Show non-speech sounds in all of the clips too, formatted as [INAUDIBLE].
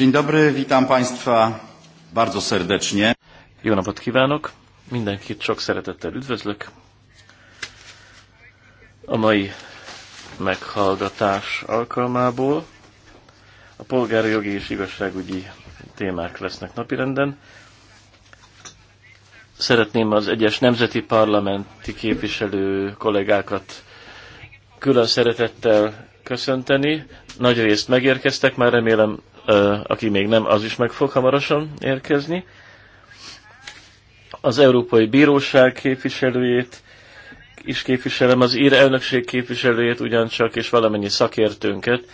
Dzień dobry, witam Państwa bardzo serdecznie. Jó napot kívánok! Mindenkit sok szeretettel üdvözlök. A mai meghallgatás alkalmából a polgári jogi és igazságügyi témák lesznek napirenden. Szeretném az egyes nemzeti parlamenti képviselő kollégákat külön szeretettel köszönteni. Nagy részt megérkeztek, már remélem, aki még nem, az is meg fog hamarosan érkezni. Az Európai Bíróság képviselőjét is képviselem, az ír elnökség képviselőjét ugyancsak, és valamennyi szakértőnket,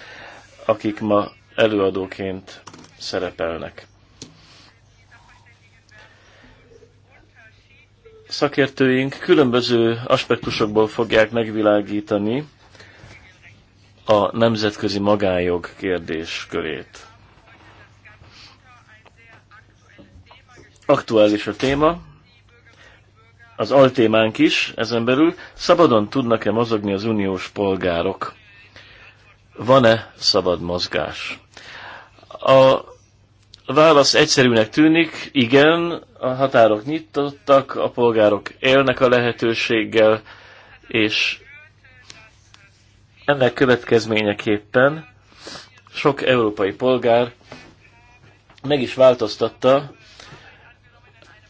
akik ma előadóként szerepelnek. Szakértőink különböző aspektusokból fogják megvilágítani a nemzetközi kérdés kérdéskörét. Aktuális a téma, az altémánk is ezen belül, szabadon tudnak-e mozogni az uniós polgárok? Van-e szabad mozgás? A válasz egyszerűnek tűnik, igen, a határok nyitottak, a polgárok élnek a lehetőséggel, és ennek következményeképpen sok európai polgár meg is változtatta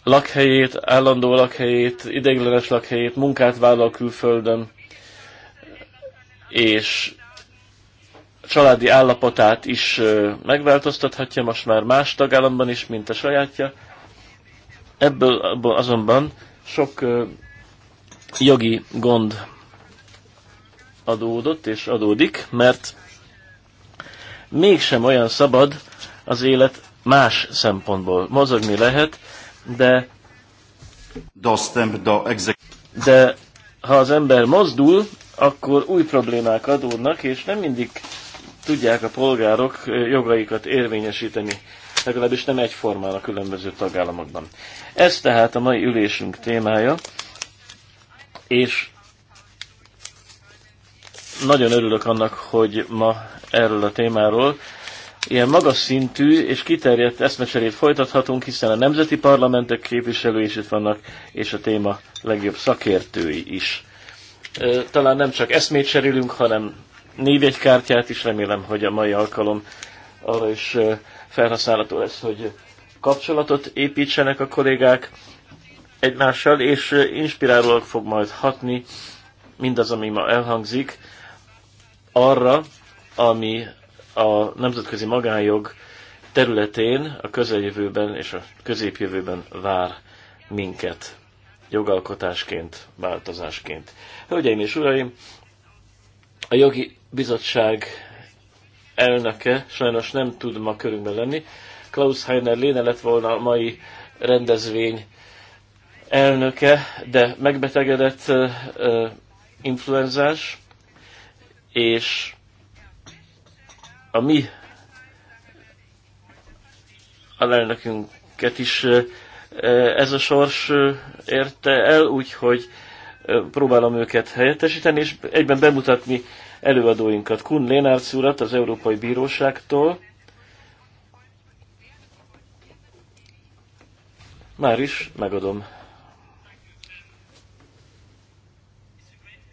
lakhelyét, állandó lakhelyét, ideiglenes lakhelyét, munkát vállal külföldön, és családi állapotát is megváltoztathatja most már más tagállamban is, mint a sajátja. Ebből azonban sok jogi gond adódott és adódik, mert mégsem olyan szabad az élet más szempontból. Mozogni lehet, de de ha az ember mozdul, akkor új problémák adódnak, és nem mindig tudják a polgárok jogaikat érvényesíteni, legalábbis nem egyformán a különböző tagállamokban. Ez tehát a mai ülésünk témája, és nagyon örülök annak, hogy ma erről a témáról ilyen magas szintű és kiterjedt eszmecserét folytathatunk, hiszen a nemzeti parlamentek képviselői is itt vannak, és a téma legjobb szakértői is. Talán nem csak eszmét cserélünk, hanem névjegykártyát is, remélem, hogy a mai alkalom arra is felhasználható lesz, hogy kapcsolatot építsenek a kollégák egymással, és inspirálóak fog majd hatni mindaz, ami ma elhangzik, arra, ami a nemzetközi magánjog területén a közeljövőben és a középjövőben vár minket jogalkotásként, változásként. Hölgyeim és uraim, a jogi bizottság elnöke sajnos nem tud ma körünkben lenni. Klaus Heiner Léne lett volna a mai rendezvény elnöke, de megbetegedett, influenzás, és a mi alelnökünket is ez a sors érte el, úgyhogy próbálom őket helyettesíteni, és egyben bemutatni előadóinkat. Kun Lénárc urat az Európai Bíróságtól. Már is megadom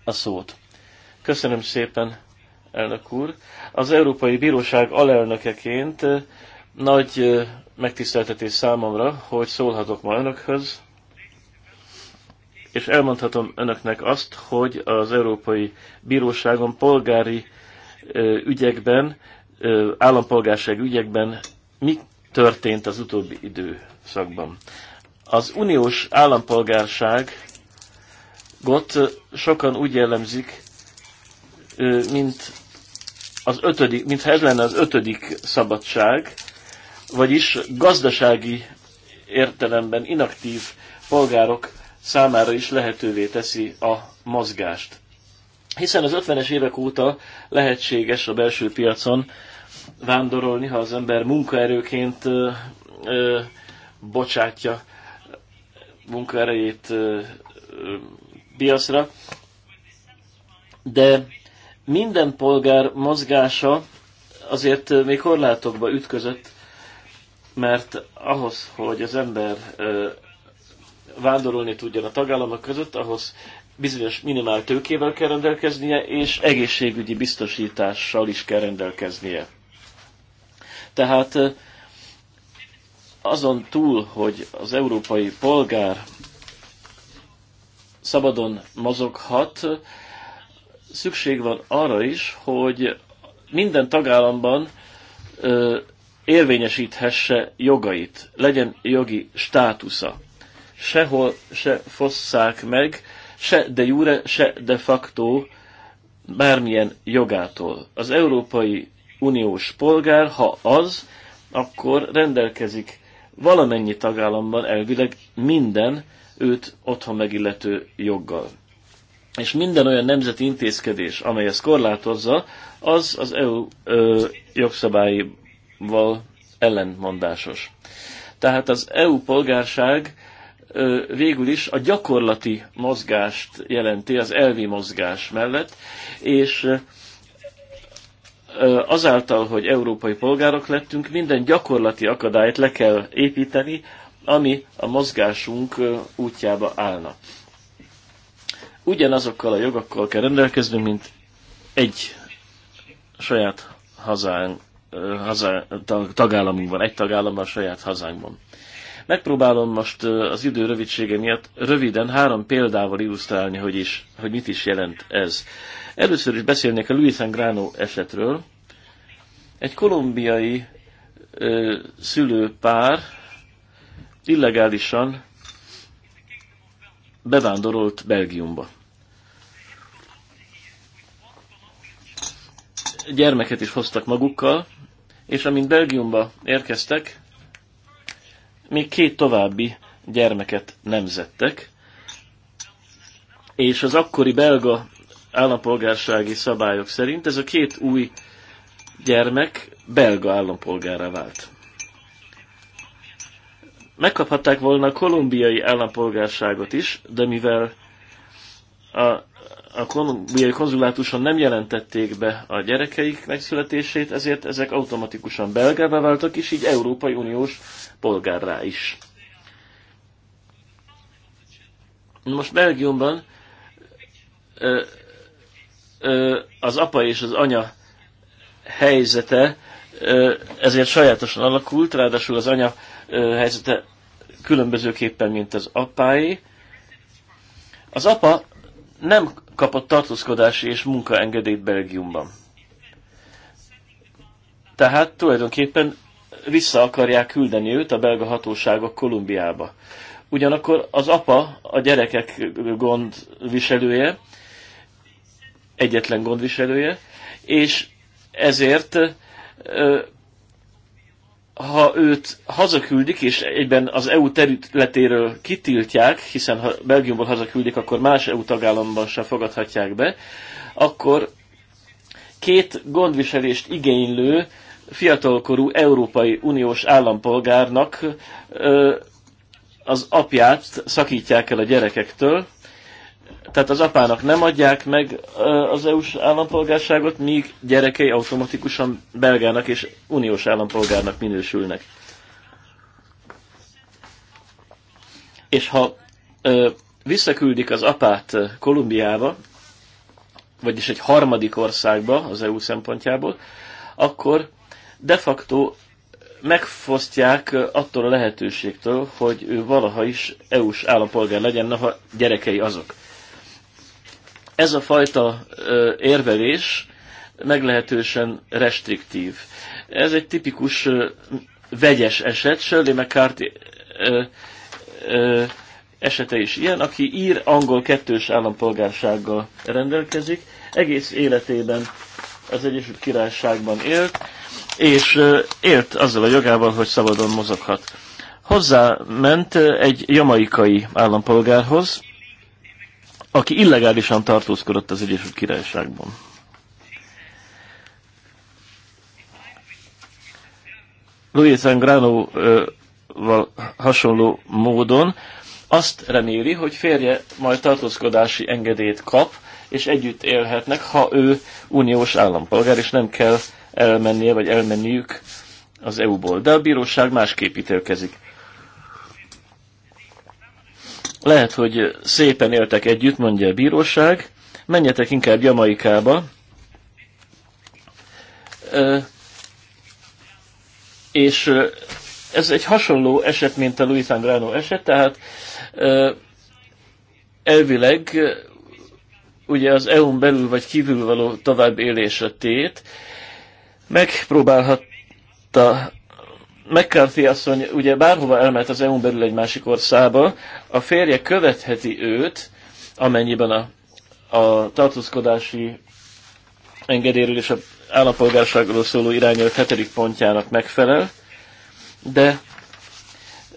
a szót. Köszönöm szépen, elnök úr. Az Európai Bíróság alelnökeként eh, nagy eh, megtiszteltetés számomra, hogy szólhatok ma önökhöz, és elmondhatom önöknek azt, hogy az Európai Bíróságon polgári eh, ügyekben, állampolgárság ügyekben mi történt az utóbbi időszakban. Az uniós állampolgárságot sokan úgy jellemzik, mint az ötödik, mintha ez lenne az ötödik szabadság, vagyis gazdasági értelemben inaktív polgárok számára is lehetővé teszi a mozgást. Hiszen az 50-es évek óta lehetséges a belső piacon vándorolni, ha az ember munkaerőként ö, ö, bocsátja munkaerejét ö, ö, piacra, de minden polgár mozgása azért még korlátokba ütközött, mert ahhoz, hogy az ember vándorolni tudjon a tagállamok között, ahhoz bizonyos minimál tőkével kell rendelkeznie, és egészségügyi biztosítással is kell rendelkeznie. Tehát azon túl, hogy az európai polgár szabadon mozoghat, szükség van arra is, hogy minden tagállamban ö, érvényesíthesse jogait, legyen jogi státusza. Sehol se fosszák meg, se de jure, se de facto bármilyen jogától. Az Európai Uniós polgár, ha az, akkor rendelkezik valamennyi tagállamban elvileg minden őt otthon megillető joggal és minden olyan nemzeti intézkedés, amely ezt korlátozza, az az EU ö, jogszabályival ellentmondásos. Tehát az EU polgárság ö, végül is a gyakorlati mozgást jelenti az elvi mozgás mellett, és ö, azáltal, hogy európai polgárok lettünk, minden gyakorlati akadályt le kell építeni, ami a mozgásunk útjába állna ugyanazokkal a jogokkal kell rendelkeznünk, mint egy saját hazán, hazá, tagállamunkban, egy tagállamban, saját hazánkban. Megpróbálom most az idő rövidsége miatt röviden három példával illusztrálni, hogy, is, hogy mit is jelent ez. Először is beszélnék a Luis Angrano esetről. Egy kolumbiai ö, szülőpár illegálisan bevándorolt Belgiumba. Gyermeket is hoztak magukkal, és amint Belgiumba érkeztek, még két további gyermeket nemzettek, és az akkori belga állampolgársági szabályok szerint ez a két új gyermek belga állampolgára vált megkaphatták volna a kolumbiai állampolgárságot is, de mivel a, a kolumbiai konzulátuson nem jelentették be a gyerekeik megszületését, ezért ezek automatikusan belgába váltak, és így Európai Uniós polgárrá is. Most Belgiumban ö, ö, az apa és az anya helyzete ö, ezért sajátosan alakult, ráadásul az anya helyzete különbözőképpen, mint az apáé. Az apa nem kapott tartózkodási és munkaengedélyt Belgiumban. Tehát tulajdonképpen vissza akarják küldeni őt a belga hatóságok Kolumbiába. Ugyanakkor az apa a gyerekek gondviselője, egyetlen gondviselője, és ezért ha őt hazaküldik, és egyben az EU területéről kitiltják, hiszen ha Belgiumból hazaküldik, akkor más EU tagállamban sem fogadhatják be, akkor két gondviselést igénylő fiatalkorú Európai Uniós állampolgárnak az apját szakítják el a gyerekektől, tehát az apának nem adják meg az EU-s állampolgárságot, míg gyerekei automatikusan belgának és uniós állampolgárnak minősülnek. És ha ö, visszaküldik az apát Kolumbiába, vagyis egy harmadik országba az EU szempontjából, akkor de facto megfosztják attól a lehetőségtől, hogy ő valaha is EU-s állampolgár legyen, ha gyerekei azok. Ez a fajta érvelés meglehetősen restriktív. Ez egy tipikus vegyes eset. Shirley McCarthy esete is ilyen, aki ír angol kettős állampolgársággal rendelkezik, egész életében az Egyesült Királyságban élt, és élt azzal a jogával, hogy szabadon mozoghat. Hozzá ment egy jamaikai állampolgárhoz, aki illegálisan tartózkodott az Egyesült Királyságban. Luis Zangrano-val hasonló módon azt reméli, hogy férje majd tartózkodási engedélyt kap, és együtt élhetnek, ha ő uniós állampolgár, és nem kell elmennie, vagy elmenniük az EU-ból. De a bíróság másképp ítélkezik. Lehet, hogy szépen éltek együtt, mondja a bíróság, menjetek inkább Jamaikába, és ez egy hasonló eset, mint a Luis Andrano eset, tehát elvileg ugye az EU-n belül vagy kívül való tovább élésre tét, megpróbálhatta McCarthy asszony ugye bárhova elmehet az EU-n belül egy másik országba, a férje követheti őt, amennyiben a, a tartózkodási engedélyről és a állampolgárságról szóló irányelv hetedik pontjának megfelel, de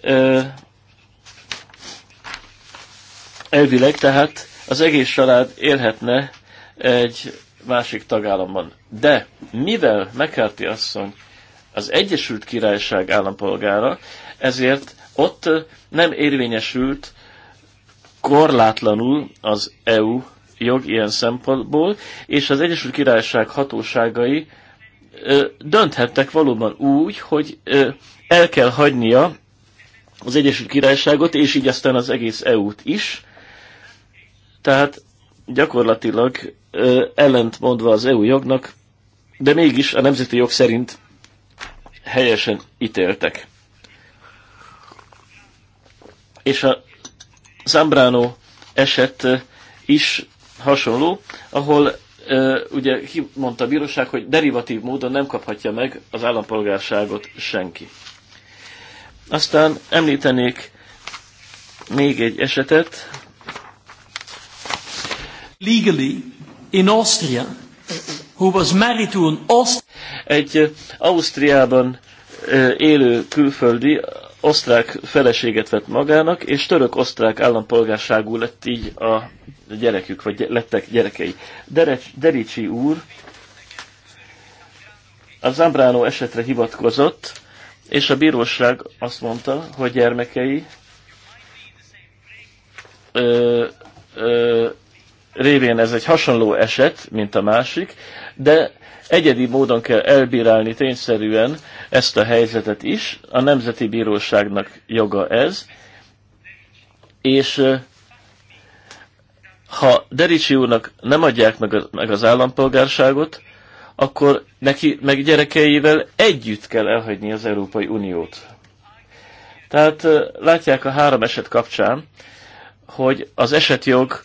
ö, elvileg tehát az egész család élhetne egy másik tagállamban. De mivel McCarthy asszony az Egyesült Királyság állampolgára, ezért ott nem érvényesült korlátlanul az EU jog ilyen szempontból, és az Egyesült Királyság hatóságai ö, dönthettek valóban úgy, hogy ö, el kell hagynia az Egyesült Királyságot, és így aztán az egész EU-t is. Tehát gyakorlatilag ö, ellentmondva az EU jognak, de mégis a nemzeti jog szerint helyesen ítéltek. És a Zambrano eset is hasonló, ahol ugye mondta a bíróság, hogy derivatív módon nem kaphatja meg az állampolgárságot senki. Aztán említenék még egy esetet. Legally in Austria who was married to an Aust- egy Ausztriában élő külföldi osztrák feleséget vett magának, és török-osztrák állampolgárságú lett így a gyerekük, vagy lettek gyerekei. Derici úr a Zambrano esetre hivatkozott, és a bíróság azt mondta, hogy gyermekei ö, ö, révén ez egy hasonló eset, mint a másik, de egyedi módon kell elbírálni tényszerűen ezt a helyzetet is. A Nemzeti Bíróságnak joga ez, és ha Dericsi úrnak nem adják meg, a, meg az állampolgárságot, akkor neki meg gyerekeivel együtt kell elhagyni az Európai Uniót. Tehát látják a három eset kapcsán, hogy az esetjog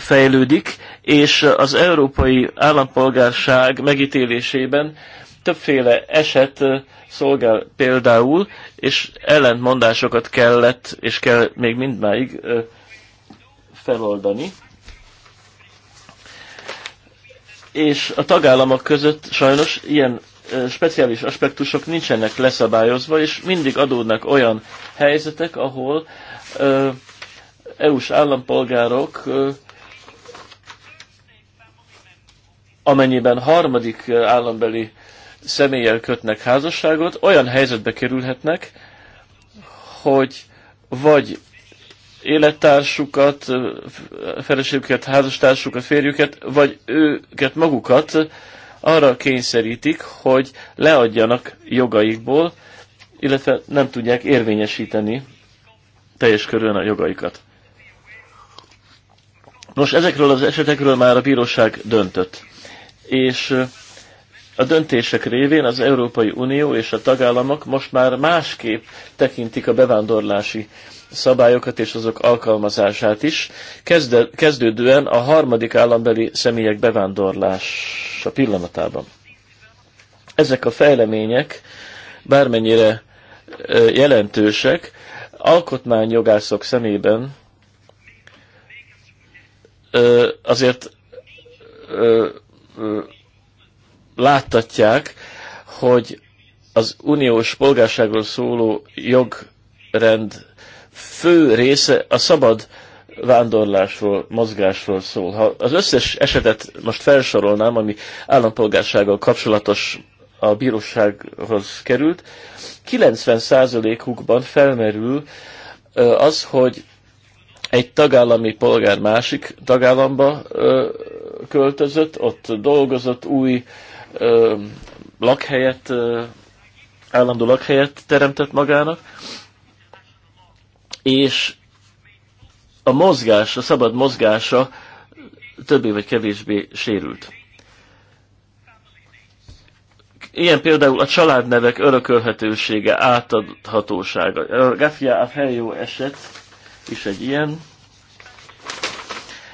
fejlődik, és az európai állampolgárság megítélésében többféle eset szolgál például, és ellentmondásokat kellett, és kell még mindmáig feloldani. És a tagállamok között sajnos ilyen speciális aspektusok nincsenek leszabályozva, és mindig adódnak olyan helyzetek, ahol EU-s állampolgárok amennyiben harmadik eh, állambeli személlyel kötnek házasságot, olyan helyzetbe kerülhetnek, hogy vagy élettársukat, eh, feleségüket, házastársukat, férjüket, vagy őket magukat arra kényszerítik, hogy leadjanak jogaikból, illetve nem tudják érvényesíteni teljes körülön a jogaikat. Nos, ezekről az esetekről már a bíróság döntött és a döntések révén az Európai Unió és a tagállamok most már másképp tekintik a bevándorlási szabályokat és azok alkalmazását is, kezde, kezdődően a harmadik állambeli személyek bevándorlása pillanatában. Ezek a fejlemények bármennyire jelentősek, alkotmányjogászok szemében azért láttatják, hogy az uniós polgárságról szóló jogrend fő része a szabad vándorlásról, mozgásról szól. Ha az összes esetet most felsorolnám, ami állampolgársággal kapcsolatos a bírósághoz került, 90%-ukban felmerül az, hogy egy tagállami polgár másik tagállamba költözött, ott dolgozott, új ö, lakhelyet, ö, állandó lakhelyet teremtett magának, és a mozgás, a szabad mozgása többé vagy kevésbé sérült. Ilyen például a családnevek örökölhetősége, átadhatósága. A Gafia Afejo eset is egy ilyen.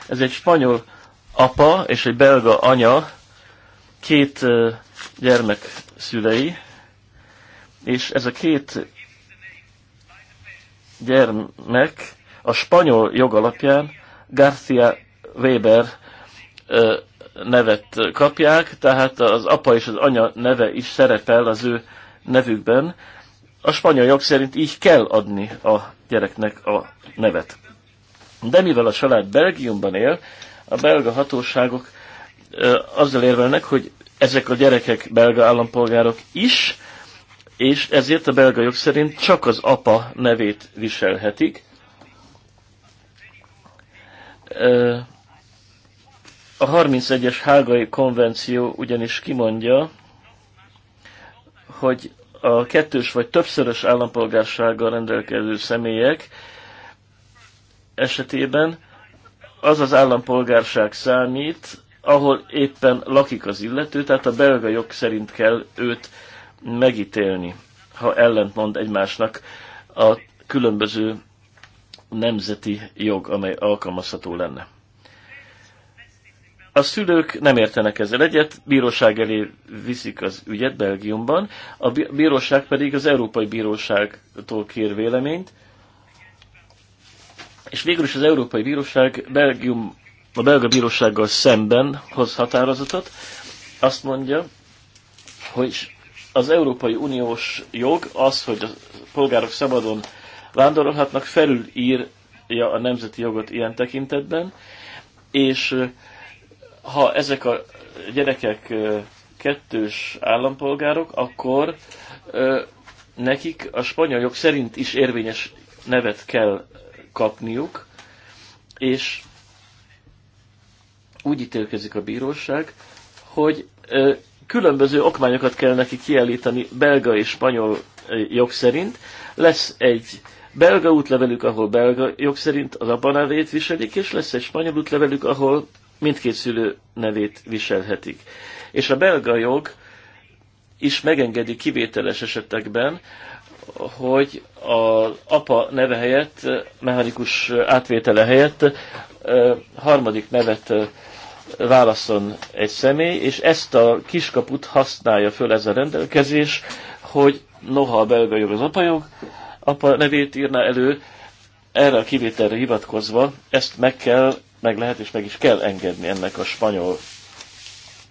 Ez egy spanyol apa és egy belga anya, két gyermek szülei, és ez a két gyermek a spanyol jog alapján García Weber nevet kapják, tehát az apa és az anya neve is szerepel az ő nevükben. A spanyol jog szerint így kell adni a gyereknek a nevet. De mivel a család Belgiumban él, a belga hatóságok azzal érvelnek, hogy ezek a gyerekek belga állampolgárok is, és ezért a belga jog szerint csak az apa nevét viselhetik. A 31-es hágai konvenció ugyanis kimondja, hogy a kettős vagy többszörös állampolgársággal rendelkező személyek esetében az az állampolgárság számít, ahol éppen lakik az illető, tehát a belga jog szerint kell őt megítélni, ha ellentmond egymásnak a különböző nemzeti jog, amely alkalmazható lenne. A szülők nem értenek ezzel egyet, bíróság elé viszik az ügyet Belgiumban, a bíróság pedig az Európai Bíróságtól kér véleményt, és végül is az Európai Bíróság Belgium, a belga bírósággal szemben hoz határozatot. Azt mondja, hogy az Európai Uniós jog az, hogy a polgárok szabadon vándorolhatnak, felülírja a nemzeti jogot ilyen tekintetben, és ha ezek a gyerekek kettős állampolgárok, akkor nekik a spanyol jog szerint is érvényes nevet kell kapniuk, és úgy ítélkezik a bíróság, hogy különböző okmányokat kell neki kiállítani belga és spanyol jog szerint. Lesz egy belga útlevelük, ahol belga jog szerint az apa nevét viselik, és lesz egy spanyol útlevelük, ahol mindkét szülő nevét viselhetik. És a belga jog is megengedi kivételes esetekben, hogy az apa neve helyett, mechanikus átvétele helyett harmadik nevet válaszol egy személy, és ezt a kiskaput használja föl ez a rendelkezés, hogy noha a belga jog az apajog, apa nevét írna elő, erre a kivételre hivatkozva ezt meg kell, meg lehet és meg is kell engedni ennek a spanyol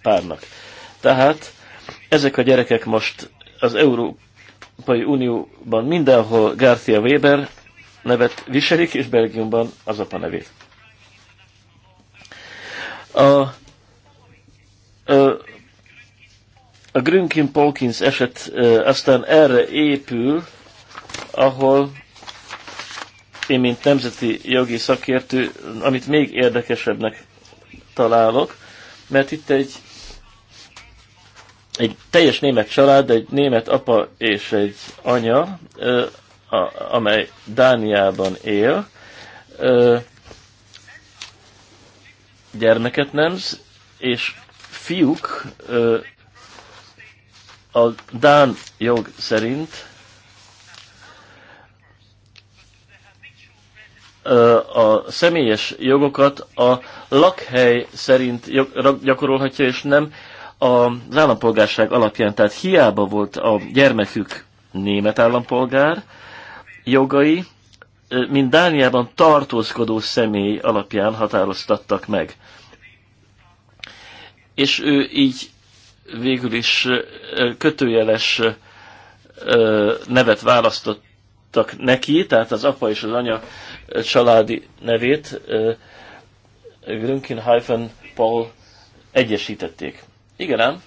párnak. Tehát ezek a gyerekek most az Európa Európai Unióban mindenhol Garcia Weber nevet viselik, és Belgiumban az apa nevét. A, a, a Grünkin-Polkins eset aztán erre épül, ahol én, mint nemzeti jogi szakértő, amit még érdekesebbnek találok, mert itt egy egy teljes német család, egy német apa és egy anya, a amely Dániában él, gyermeket nemz, és fiúk a Dán jog szerint a személyes jogokat a lakhely szerint gyakorolhatja, és nem az állampolgárság alapján, tehát hiába volt a gyermekük német állampolgár jogai, mint Dániában tartózkodó személy alapján határoztattak meg. És ő így végül is kötőjeles nevet választottak neki, tehát az apa és az anya családi nevét Grünkin Paul egyesítették. Igen ám.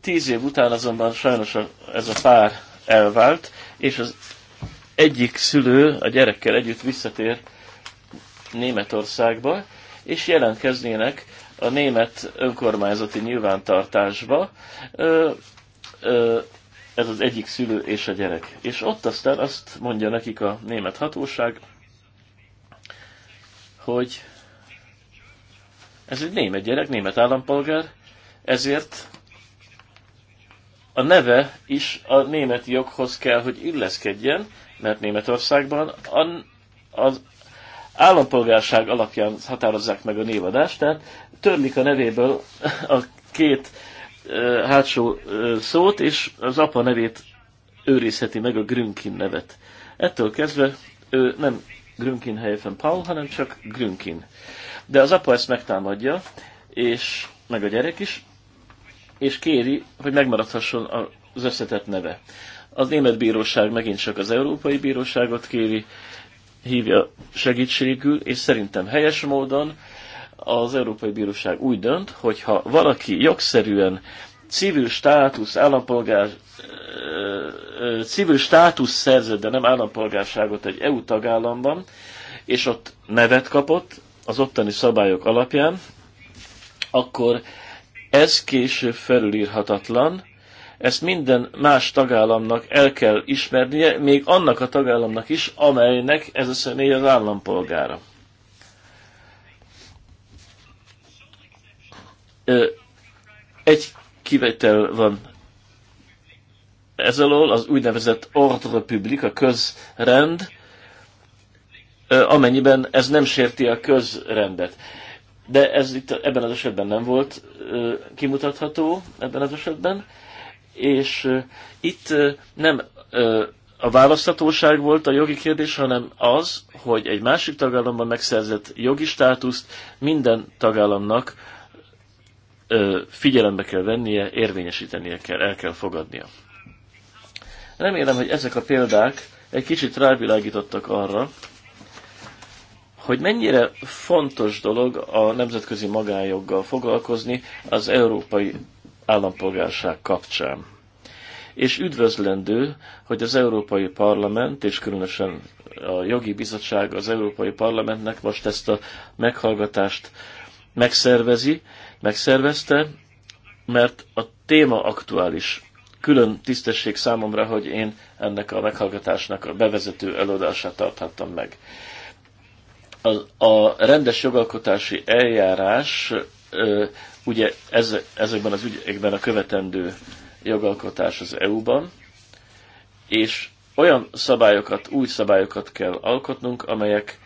Tíz év után azonban sajnos ez a pár elvált, és az egyik szülő a gyerekkel együtt visszatér Németországba, és jelentkeznének a német önkormányzati nyilvántartásba. Ö, ö, ez az egyik szülő és a gyerek. És ott aztán azt mondja nekik a német hatóság, hogy ez egy német gyerek, német állampolgár, ezért a neve is a német joghoz kell, hogy illeszkedjen, mert Németországban az állampolgárság alapján határozzák meg a névadást, tehát törlik a nevéből a két hátsó szót, és az apa nevét őrizheti meg a Grünkin nevet. Ettől kezdve ő nem Grünkin helyefen Paul, hanem csak Grünkin. De az apa ezt megtámadja, és meg a gyerek is, és kéri, hogy megmaradhasson az összetett neve. Az német bíróság megint csak az Európai Bíróságot kéri, hívja segítségül, és szerintem helyes módon az Európai Bíróság úgy dönt, hogy ha valaki jogszerűen civil státusz, állampolgár, civil státusz szerzett, de nem állampolgárságot egy EU tagállamban, és ott nevet kapott, az ottani szabályok alapján, akkor ez később felülírhatatlan, ezt minden más tagállamnak el kell ismernie, még annak a tagállamnak is, amelynek ez a személy az állampolgára. Egy kivétel van ez alól, az úgynevezett ordre public, a közrend, amennyiben ez nem sérti a közrendet. De ez itt ebben az esetben nem volt kimutatható, ebben az esetben, és itt nem a választhatóság volt a jogi kérdés, hanem az, hogy egy másik tagállamban megszerzett jogi státuszt minden tagállamnak figyelembe kell vennie, érvényesítenie kell, el kell fogadnia. Remélem, hogy ezek a példák egy kicsit rávilágítottak arra, hogy mennyire fontos dolog a nemzetközi magánjoggal foglalkozni az európai állampolgárság kapcsán. És üdvözlendő, hogy az Európai Parlament, és különösen a Jogi Bizottság az Európai Parlamentnek most ezt a meghallgatást megszervezi, megszervezte, mert a téma aktuális. Külön tisztesség számomra, hogy én ennek a meghallgatásnak a bevezető előadását tarthattam meg. A, a rendes jogalkotási eljárás ö, ugye ez, ezekben az ügyekben a követendő jogalkotás az EU-ban, és olyan szabályokat, új szabályokat kell alkotnunk, amelyek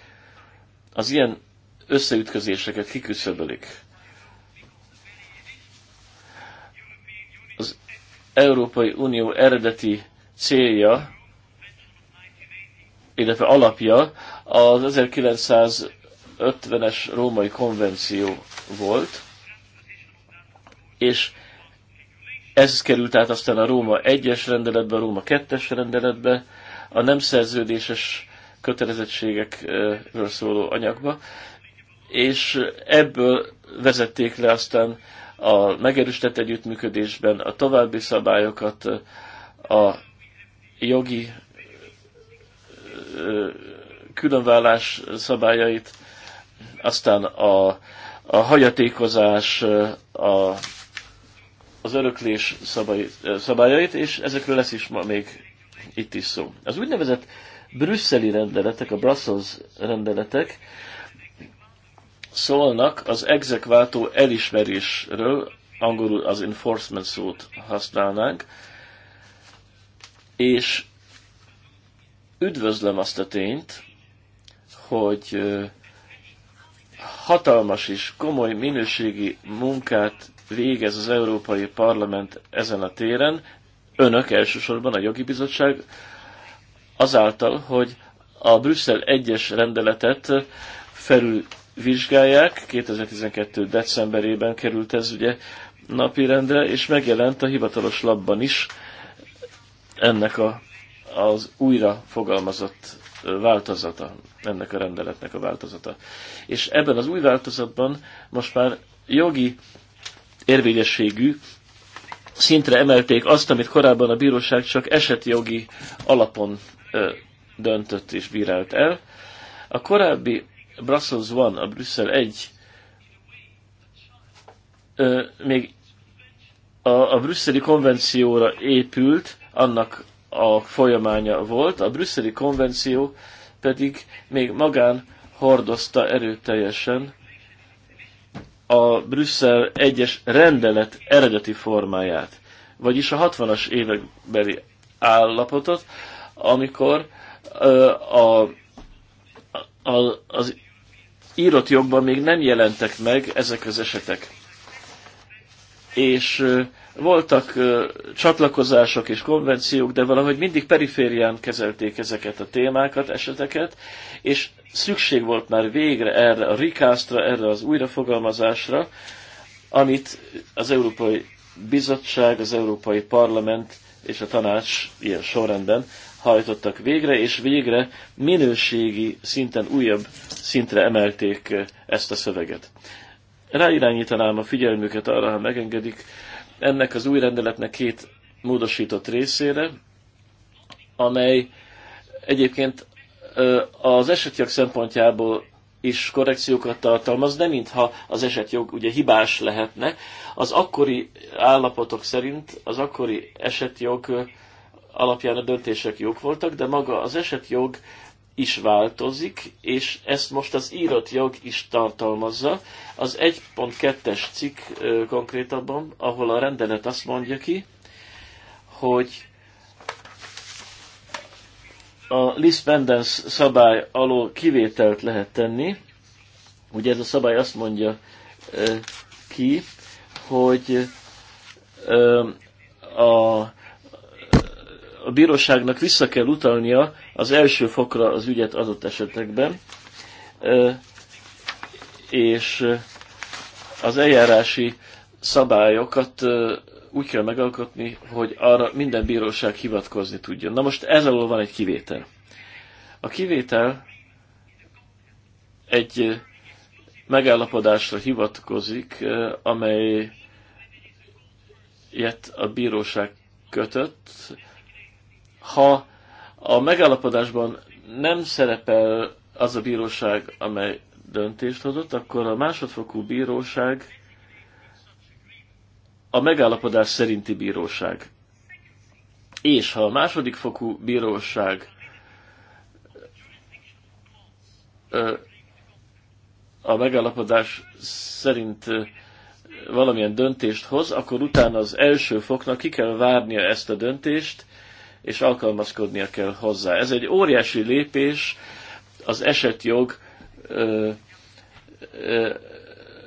az ilyen összeütközéseket kiküszöbölik. Az Európai Unió eredeti célja, illetve alapja az 1950-es római konvenció volt, és ez került át aztán a Róma 1-es rendeletbe, a Róma 2-es rendeletbe, a nem szerződéses kötelezettségekről szóló anyagba, és ebből vezették le aztán a megerősített együttműködésben a további szabályokat, a jogi különvállás szabályait, aztán a, a hagyatékozás, a, az öröklés szabály, szabályait, és ezekről lesz is ma még itt is szó. Az úgynevezett brüsszeli rendeletek, a Brussels rendeletek szólnak az exekvátó elismerésről, angolul az enforcement szót használnánk, és üdvözlöm azt a tényt, hogy hatalmas és komoly minőségi munkát végez az Európai Parlament ezen a téren, önök elsősorban a jogi bizottság, azáltal, hogy a Brüsszel egyes rendeletet felülvizsgálják, 2012. decemberében került ez ugye napirendre, és megjelent a hivatalos labban is ennek a, az újra fogalmazott változata ennek a rendeletnek a változata. És ebben az új változatban most már jogi érvényességű szintre emelték azt, amit korábban a bíróság csak esetjogi alapon ö, döntött és bírált el. A korábbi Brussels 1, a Brüsszel 1 ö, még a, a brüsszeli konvencióra épült, annak a folyamánya volt. A brüsszeli konvenció ö, pedig még magán hordozta erőteljesen a Brüsszel egyes rendelet eredeti formáját, vagyis a 60-as évekbeli állapotot, amikor ö, a, a, az írott jogban még nem jelentek meg ezek az esetek. És ö, voltak csatlakozások és konvenciók, de valahogy mindig periférián kezelték ezeket a témákat, eseteket, és szükség volt már végre erre a rikásztra, erre az újrafogalmazásra, amit az Európai Bizottság, az Európai Parlament és a tanács ilyen sorrendben hajtottak végre, és végre minőségi szinten újabb szintre emelték ezt a szöveget. Ráirányítanám a figyelmüket arra, ha megengedik, ennek az új rendeletnek két módosított részére, amely egyébként az esetjog szempontjából is korrekciókat tartalmaz, de mintha az esetjog ugye hibás lehetne. Az akkori állapotok szerint az akkori esetjog alapján a döntések jók voltak, de maga az esetjog is változik, és ezt most az írott jog is tartalmazza. Az 1.2-es cikk konkrétabban, ahol a rendelet azt mondja ki, hogy a Lisbendens szabály alól kivételt lehet tenni. Ugye ez a szabály azt mondja ki, hogy a, a bíróságnak vissza kell utalnia az első fokra az ügyet adott esetekben, és az eljárási szabályokat úgy kell megalkotni, hogy arra minden bíróság hivatkozni tudjon. Na most ez alól van egy kivétel. A kivétel egy megállapodásra hivatkozik, amelyet a bíróság kötött, ha a megállapodásban nem szerepel az a bíróság, amely döntést hozott, akkor a másodfokú bíróság a megállapodás szerinti bíróság. És ha a második fokú bíróság a megállapodás szerint valamilyen döntést hoz, akkor utána az első foknak ki kell várnia ezt a döntést, és alkalmazkodnia kell hozzá. Ez egy óriási lépés az esetjog ö, ö,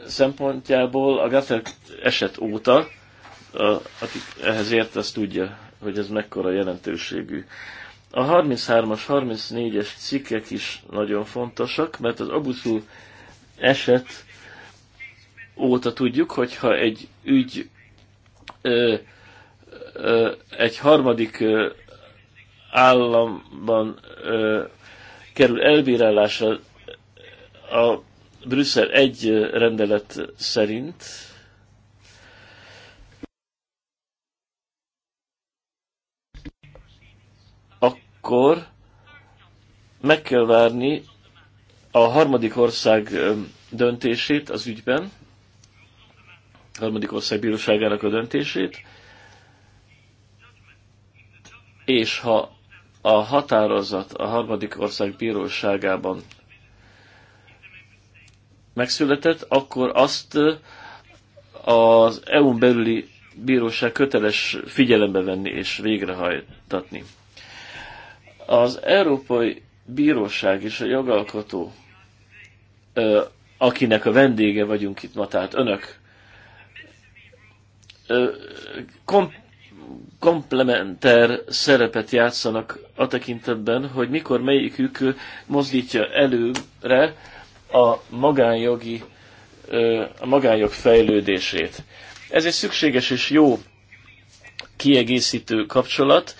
szempontjából a Gatter eset óta, a, akik ehhez ért, az tudja, hogy ez mekkora jelentőségű. A 33-as, 34-es cikkek is nagyon fontosak, mert az abuszú eset óta tudjuk, hogyha egy ügy ö, ö, egy harmadik ö, államban ö, kerül elbírálásra a Brüsszel egy rendelet szerint, akkor meg kell várni a harmadik ország döntését az ügyben, a harmadik ország bíróságának a döntését, és ha a határozat a harmadik ország bíróságában megszületett, akkor azt az EU-n belüli bíróság köteles figyelembe venni és végrehajtatni. Az Európai Bíróság és a jogalkotó, akinek a vendége vagyunk itt ma, tehát önök, komplementer szerepet játszanak a tekintetben, hogy mikor melyikük mozdítja előre a magánjogi a magánjog fejlődését. Ez egy szükséges és jó kiegészítő kapcsolat,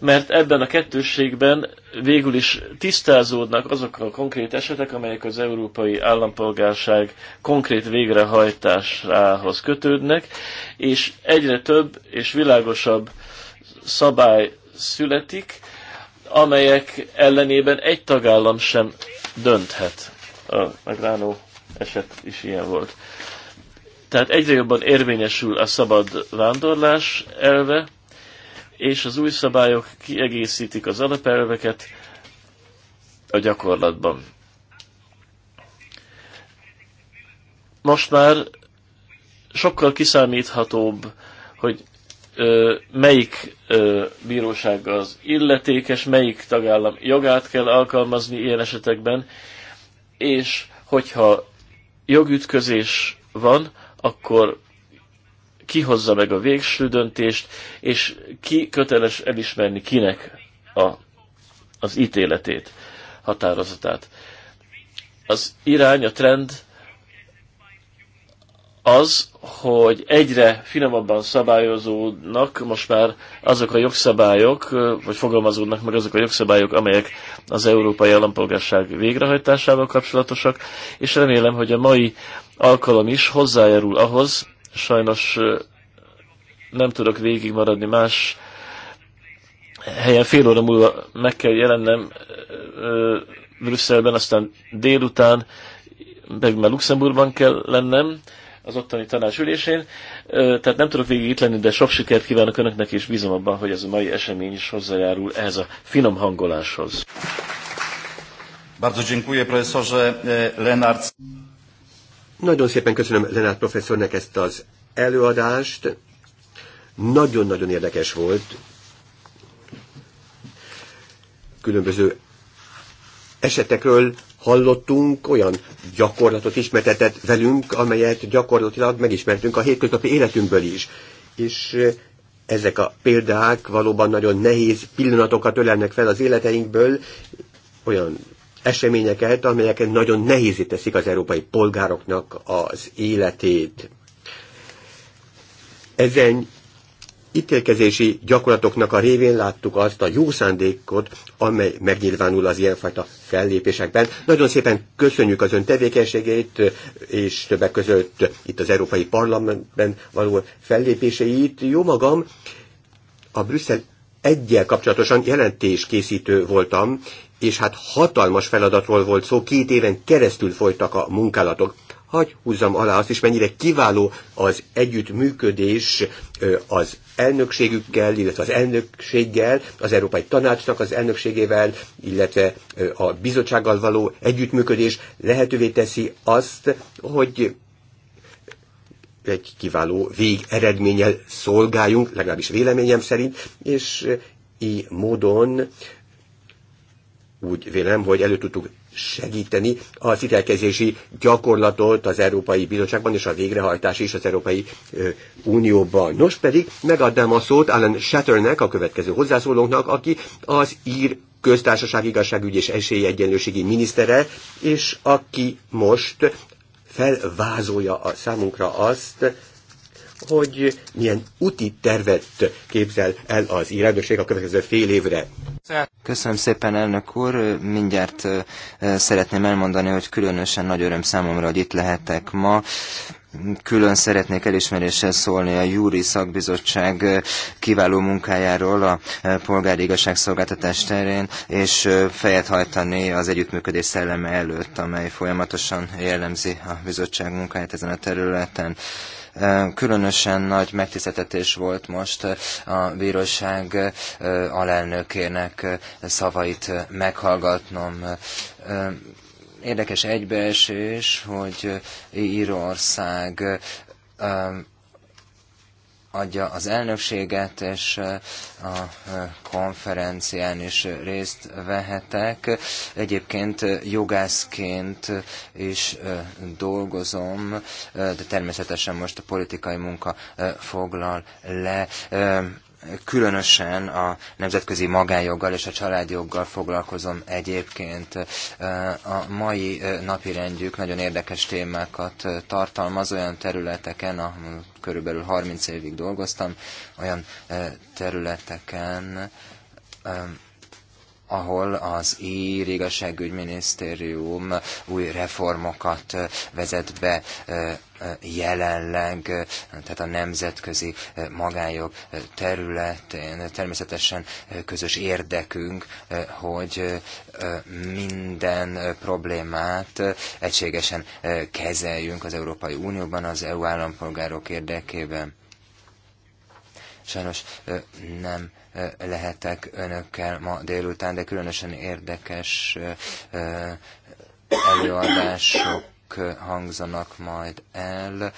mert ebben a kettősségben végül is tisztázódnak azok a konkrét esetek, amelyek az európai állampolgárság konkrét végrehajtásához kötődnek, és egyre több és világosabb szabály születik, amelyek ellenében egy tagállam sem dönthet. A Magránó eset is ilyen volt. Tehát egyre jobban érvényesül a szabad vándorlás elve, és az új szabályok kiegészítik az alapelveket a gyakorlatban. Most már sokkal kiszámíthatóbb, hogy ö, melyik ö, bíróság az illetékes, melyik tagállam jogát kell alkalmazni ilyen esetekben, és hogyha jogütközés van, akkor ki hozza meg a végső döntést, és ki köteles elismerni kinek a, az ítéletét, határozatát. Az irány, a trend az, hogy egyre finomabban szabályozódnak most már azok a jogszabályok, vagy fogalmazódnak meg azok a jogszabályok, amelyek az európai állampolgárság végrehajtásával kapcsolatosak, és remélem, hogy a mai alkalom is hozzájárul ahhoz, sajnos nem tudok végigmaradni más helyen, fél óra múlva meg kell jelennem Brüsszelben, aztán délután, meg már Luxemburgban kell lennem, az ottani tanácsülésén. Tehát nem tudok végig itt lenni, de sok sikert kívánok Önöknek, és bízom abban, hogy ez a mai esemény is hozzájárul ehhez a finom hangoláshoz. Bardzo dziękuję profesorze e, Lenart. Nagyon szépen köszönöm Lenart professzornek ezt az előadást. Nagyon-nagyon érdekes volt. Különböző esetekről hallottunk, olyan gyakorlatot ismertetett velünk, amelyet gyakorlatilag megismertünk a hétköznapi életünkből is. És eh, ezek a példák valóban nagyon nehéz pillanatokat ölelnek fel az életeinkből, olyan eseményeket, amelyek nagyon nehézé teszik az európai polgároknak az életét. Ezen ítélkezési gyakorlatoknak a révén láttuk azt a jó szándékot, amely megnyilvánul az ilyenfajta fellépésekben. Nagyon szépen köszönjük az ön tevékenységét, és többek között itt az Európai Parlamentben való fellépéseit. Jó magam, a Brüsszel egyel kapcsolatosan jelentés készítő voltam, és hát hatalmas feladatról volt szó, két éven keresztül folytak a munkálatok hagy húzzam alá azt is, mennyire kiváló az együttműködés az elnökségükkel, illetve az elnökséggel, az Európai Tanácsnak az elnökségével, illetve a bizottsággal való együttműködés lehetővé teszi azt, hogy egy kiváló végeredménnyel szolgáljunk, legalábbis véleményem szerint, és így módon úgy vélem, hogy elő tudtuk segíteni a ítélkezési gyakorlatot az Európai Bizottságban és a végrehajtás is az Európai Unióban. Nos pedig megadnám a szót Alan Shatternek, a következő hozzászólónknak, aki az ír köztársaság igazságügy és esélyegyenlőségi minisztere, és aki most felvázolja a számunkra azt, hogy milyen úti tervet képzel el az irányosság a következő fél évre. Köszönöm szépen, elnök úr. Mindjárt szeretném elmondani, hogy különösen nagy öröm számomra, hogy itt lehetek ma külön szeretnék elismeréssel szólni a Júri Szakbizottság kiváló munkájáról a polgári igazságszolgáltatás terén, és fejet hajtani az együttműködés szelleme előtt, amely folyamatosan jellemzi a bizottság munkáját ezen a területen. Különösen nagy megtiszteltetés volt most a bíróság alelnökének szavait meghallgatnom érdekes egybeesés, hogy Írország adja az elnökséget, és a konferencián is részt vehetek. Egyébként jogászként is dolgozom, de természetesen most a politikai munka foglal le különösen a nemzetközi magánjoggal és a családjoggal foglalkozom egyébként. A mai napirendjük nagyon érdekes témákat tartalmaz olyan területeken, a körülbelül 30 évig dolgoztam, olyan területeken, ahol az ír igazságügyminisztérium új reformokat vezet be jelenleg, tehát a nemzetközi magányok területén természetesen közös érdekünk, hogy minden problémát egységesen kezeljünk az Európai Unióban, az EU állampolgárok érdekében. Sajnos nem lehetek önökkel ma délután, de különösen érdekes előadások hangzanak majd el,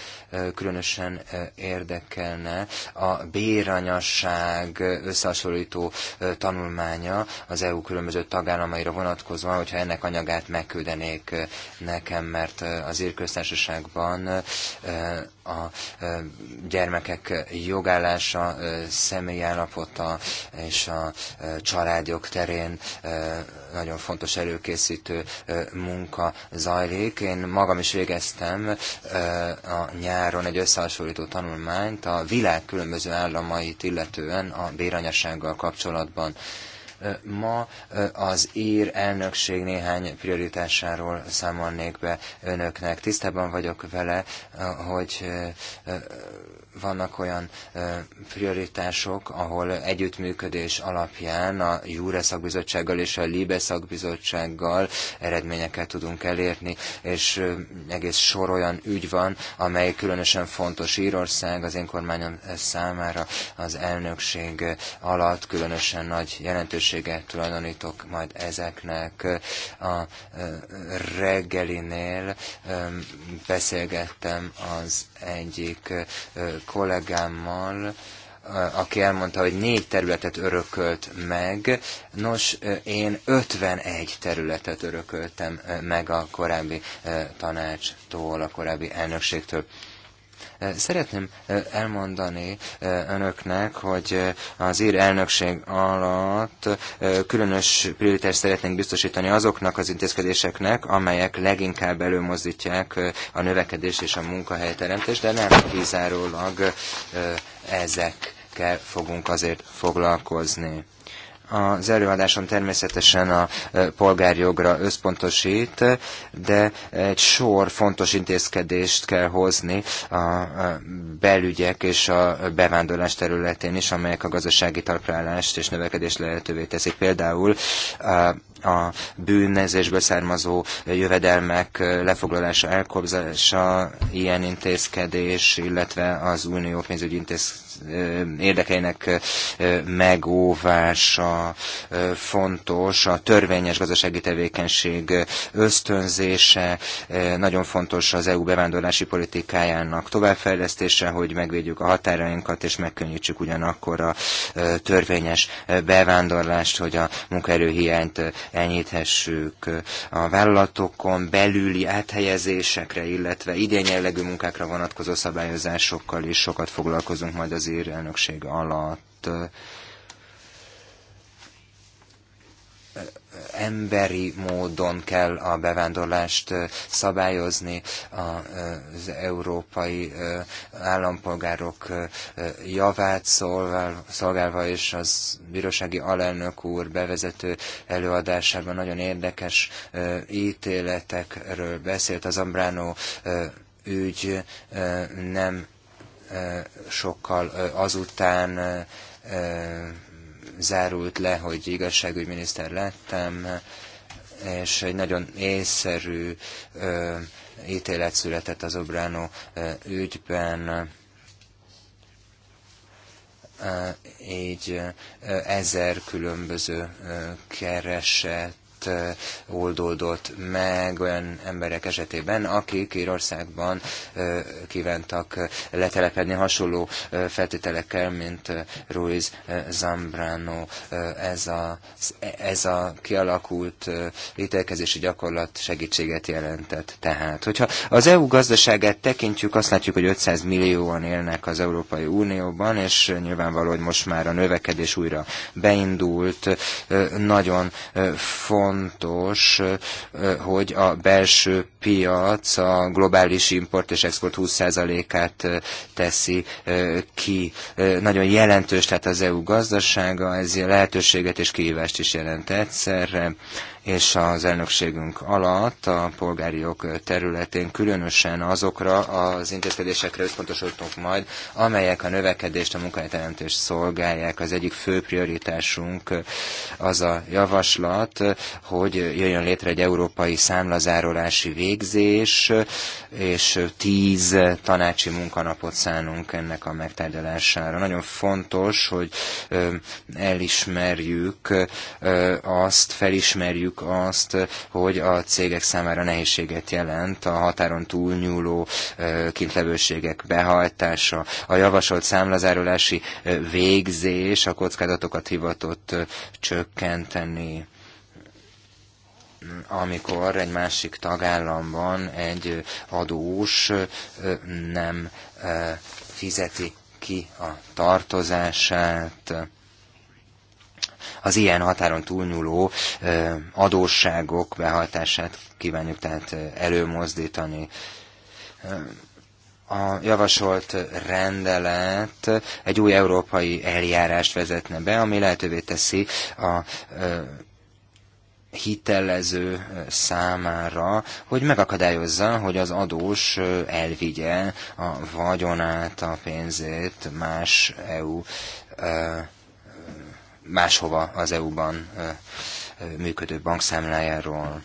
különösen érdekelne a béranyasság összehasonlító tanulmánya az EU különböző tagállamaira vonatkozóan, hogyha ennek anyagát megküldenék nekem, mert az Írköztársaságban a e, gyermekek jogállása, e, személyi állapota és a e, családjog terén nagyon fontos előkészítő munka zajlik. Én magam is végeztem a nyáron egy összehasonlító tanulmányt a világ különböző államait illetően a béranyasággal kapcsolatban. Ma az ír elnökség néhány prioritásáról számolnék be önöknek. Tisztában vagyok vele, hogy vannak olyan prioritások, ahol együttműködés alapján a Júre szakbizottsággal és a Libe szakbizottsággal eredményeket tudunk elérni, és egész sor olyan ügy van, amely különösen fontos Írország az én kormányom számára az elnökség alatt különösen nagy jelentőséget tulajdonítok majd ezeknek. A reggelinél beszélgettem az egyik kollégámmal, aki elmondta, hogy négy területet örökölt meg. Nos, én 51 területet örököltem meg a korábbi tanácstól, a korábbi elnökségtől. Szeretném elmondani önöknek, hogy az ír elnökség alatt különös prioritást szeretnénk biztosítani azoknak az intézkedéseknek, amelyek leginkább előmozdítják a növekedés és a munkahelyteremtést, de nem kizárólag ezekkel fogunk azért foglalkozni az előadáson természetesen a polgárjogra összpontosít, de egy sor fontos intézkedést kell hozni a belügyek és a bevándorlás területén is, amelyek a gazdasági talprálást és növekedést lehetővé teszik. Például a bűnnezésből származó jövedelmek lefoglalása, elkobzása, ilyen intézkedés, illetve az unió pénzügyi intézkedés érdekeinek megóvása fontos, a törvényes gazdasági tevékenység ösztönzése, nagyon fontos az EU bevándorlási politikájának továbbfejlesztése, hogy megvédjük a határainkat, és megkönnyítsük ugyanakkor a törvényes bevándorlást, hogy a munkaerőhiányt enyíthessük a vállalatokon belüli áthelyezésekre, illetve idén jellegű munkákra vonatkozó szabályozásokkal is sokat foglalkozunk majd az vezér elnökség alatt emberi módon kell a bevándorlást szabályozni, az európai állampolgárok javát szolgálva, és az bírósági alelnök úr bevezető előadásában nagyon érdekes ítéletekről beszélt. Az Ambránó ügy nem sokkal azután zárult le, hogy igazságügyminiszter lettem, és egy nagyon észszerű ítélet született az Obránó ügyben így ezer különböző kereset oldódott meg olyan emberek esetében, akik Írországban kívántak letelepedni hasonló feltételekkel, mint Ruiz Zambrano. Ez a, ez a kialakult ítélkezési gyakorlat segítséget jelentett tehát. Hogyha az EU gazdaságát tekintjük, azt látjuk, hogy 500 millióan élnek az Európai Unióban, és nyilvánvaló, hogy most már a növekedés újra beindult. Nagyon font fontos, hogy a belső piac a globális import és export 20%-át teszi ki. Nagyon jelentős, tehát az EU gazdasága, ez lehetőséget és kihívást is jelent egyszerre és az elnökségünk alatt a polgári jog területén különösen azokra az intézkedésekre összpontosultunk majd, amelyek a növekedést, a munkahelyteremtést szolgálják. Az egyik fő prioritásunk az a javaslat, hogy jöjjön létre egy európai számlazárolási végzés, és tíz tanácsi munkanapot szánunk ennek a megtárgyalására. Nagyon fontos, hogy elismerjük azt, felismerjük, értjük azt, hogy a cégek számára nehézséget jelent a határon túlnyúló kintlevőségek behajtása, a javasolt számlazárulási végzés a kockázatokat hivatott csökkenteni amikor egy másik tagállamban egy adós nem fizeti ki a tartozását az ilyen határon túlnyúló adósságok behatását kívánjuk tehát előmozdítani a javasolt rendelet egy új európai eljárást vezetne be, ami lehetővé teszi a hitelező számára, hogy megakadályozza, hogy az adós elvigye a vagyonát, a pénzét más EU máshova az EU-ban működő bankszámlájáról.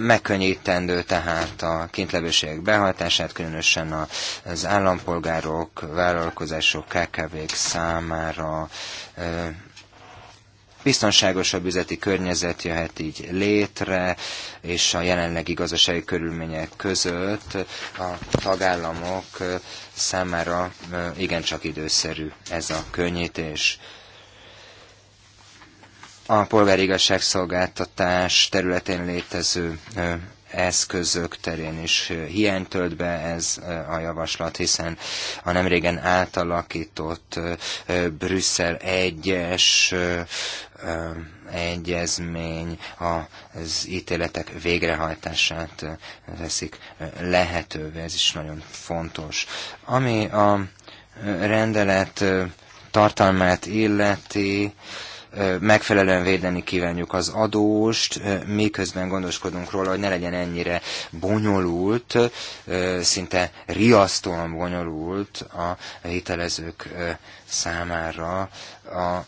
Megkönnyítendő tehát a kintlevőségek behajtását, különösen az állampolgárok, vállalkozások, KKV-k számára Biztonságosabb üzleti környezet jöhet így létre, és a jelenlegi gazdasági körülmények között a tagállamok számára igencsak időszerű ez a könnyítés a polgári igazságszolgáltatás területén létező eszközök terén is hiány tölt be ez a javaslat, hiszen a nemrégen átalakított Brüsszel egyes egyezmény az ítéletek végrehajtását veszik lehetővé, ez is nagyon fontos. Ami a rendelet tartalmát illeti, megfelelően védeni kívánjuk az adóst, miközben gondoskodunk róla, hogy ne legyen ennyire bonyolult, szinte riasztóan bonyolult a hitelezők számára a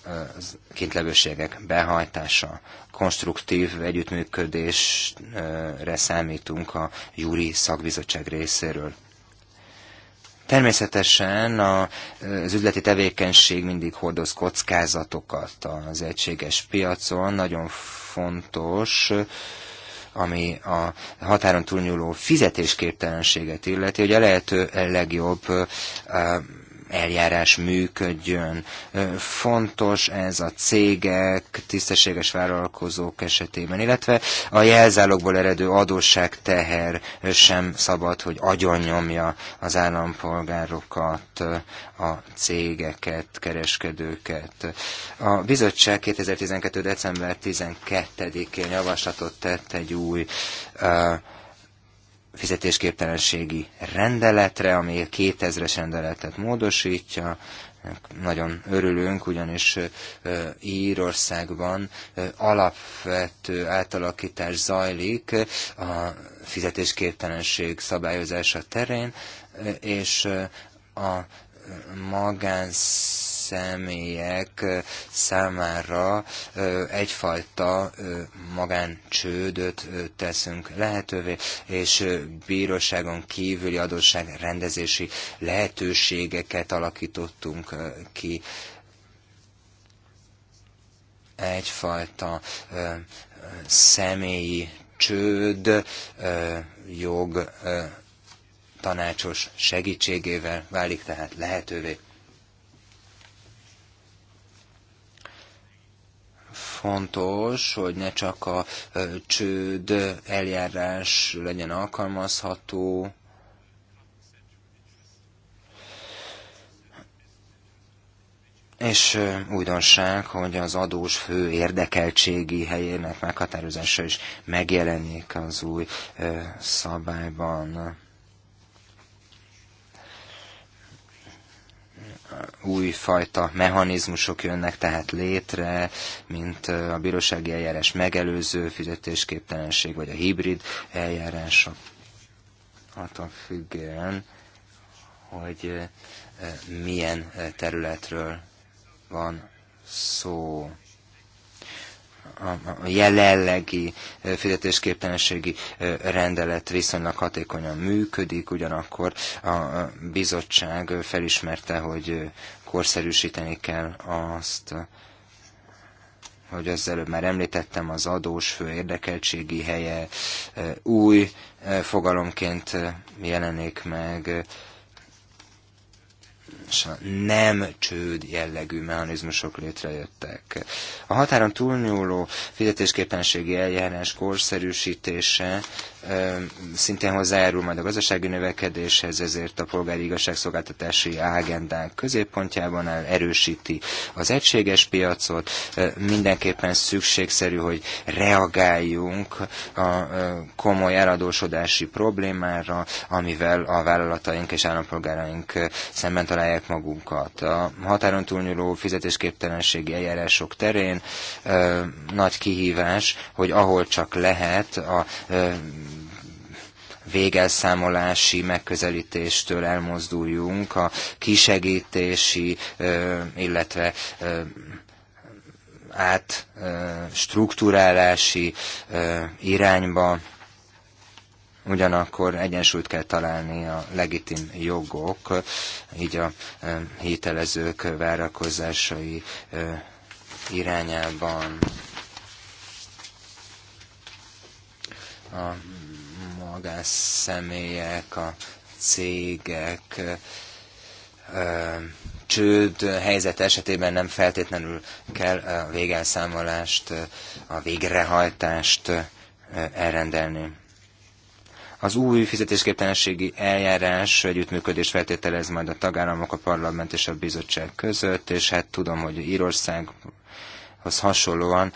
kintlevőségek behajtása. Konstruktív együttműködésre számítunk a júri szakbizottság részéről. Természetesen a, az üzleti tevékenység mindig hordoz kockázatokat az egységes piacon, nagyon fontos, ami a határon túlnyúló fizetésképtelenséget illeti, hogy a lehető legjobb eljárás működjön. Fontos ez a cégek, tisztességes vállalkozók esetében, illetve a jelzálogból eredő teher sem szabad, hogy agyonnyomja az állampolgárokat, a cégeket, kereskedőket. A bizottság 2012. december 12-én javaslatot tett egy új uh, fizetésképtelenségi rendeletre, ami a 2000-es rendeletet módosítja. Nagyon örülünk, ugyanis Írországban alapvető átalakítás zajlik a fizetésképtelenség szabályozása terén, és a magánsz személyek számára egyfajta magáncsődöt teszünk lehetővé, és bíróságon kívüli adósság rendezési lehetőségeket alakítottunk ki egyfajta személyi csőd jog tanácsos segítségével válik tehát lehetővé. fontos, hogy ne csak a csőd eljárás legyen alkalmazható, És újdonság, hogy az adós fő érdekeltségi helyének meghatározása is megjelenik az új szabályban. újfajta mechanizmusok jönnek tehát létre, mint a bírósági eljárás megelőző fizetésképtelenség, vagy a hibrid eljárás attól függően, hogy milyen területről van szó a jelenlegi fizetésképtelenségi rendelet viszonylag hatékonyan működik, ugyanakkor a bizottság felismerte, hogy korszerűsíteni kell azt, hogy az előbb már említettem, az adós fő érdekeltségi helye új fogalomként jelenik meg, bocsánat, nem csőd jellegű mechanizmusok létrejöttek. A határon túlnyúló fizetésképességi eljárás korszerűsítése szintén hozzájárul majd a gazdasági növekedéshez, ezért a polgári igazságszolgáltatási ágendánk középpontjában áll, erősíti az egységes piacot. Mindenképpen szükségszerű, hogy reagáljunk a komoly eladósodási problémára, amivel a vállalataink és állampolgáraink szemben találják magunkat. A határon túlnyúló fizetésképtelenségi eljárások terén nagy kihívás, hogy ahol csak lehet a végelszámolási megközelítéstől elmozduljunk a kisegítési, illetve át struktúrálási irányba, ugyanakkor egyensúlyt kell találni a legitim jogok, így a hitelezők várakozásai irányában. A magánszemélyek, a cégek ö, csőd helyzet esetében nem feltétlenül kell a végelszámolást, a végrehajtást elrendelni. Az új fizetésképtelenségi eljárás együttműködés feltételez majd a tagállamok, a parlament és a bizottság között, és hát tudom, hogy Írország az hasonlóan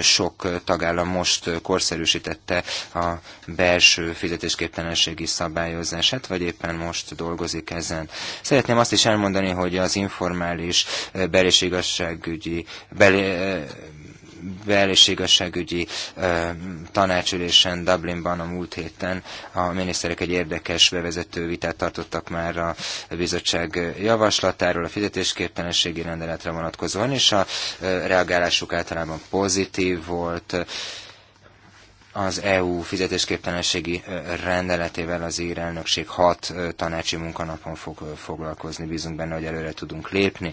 sok tagállam most korszerűsítette a belső fizetésképtelenségi szabályozását, vagy éppen most dolgozik ezen. Szeretném azt is elmondani, hogy az informális bel- igazságügyi, bel- bel- és igazságügyi tanácsülésen Dublinban a múlt héten a miniszterek egy érdekes bevezető vitát tartottak már a bizottság javaslatáról, a fizetésképtelenségi rendeletre vonatkozóan, és a reagálásuk általában pozitív volt, az EU fizetésképtelenségi rendeletével az ír elnökség hat tanácsi munkanapon fog foglalkozni, bízunk benne, hogy előre tudunk lépni.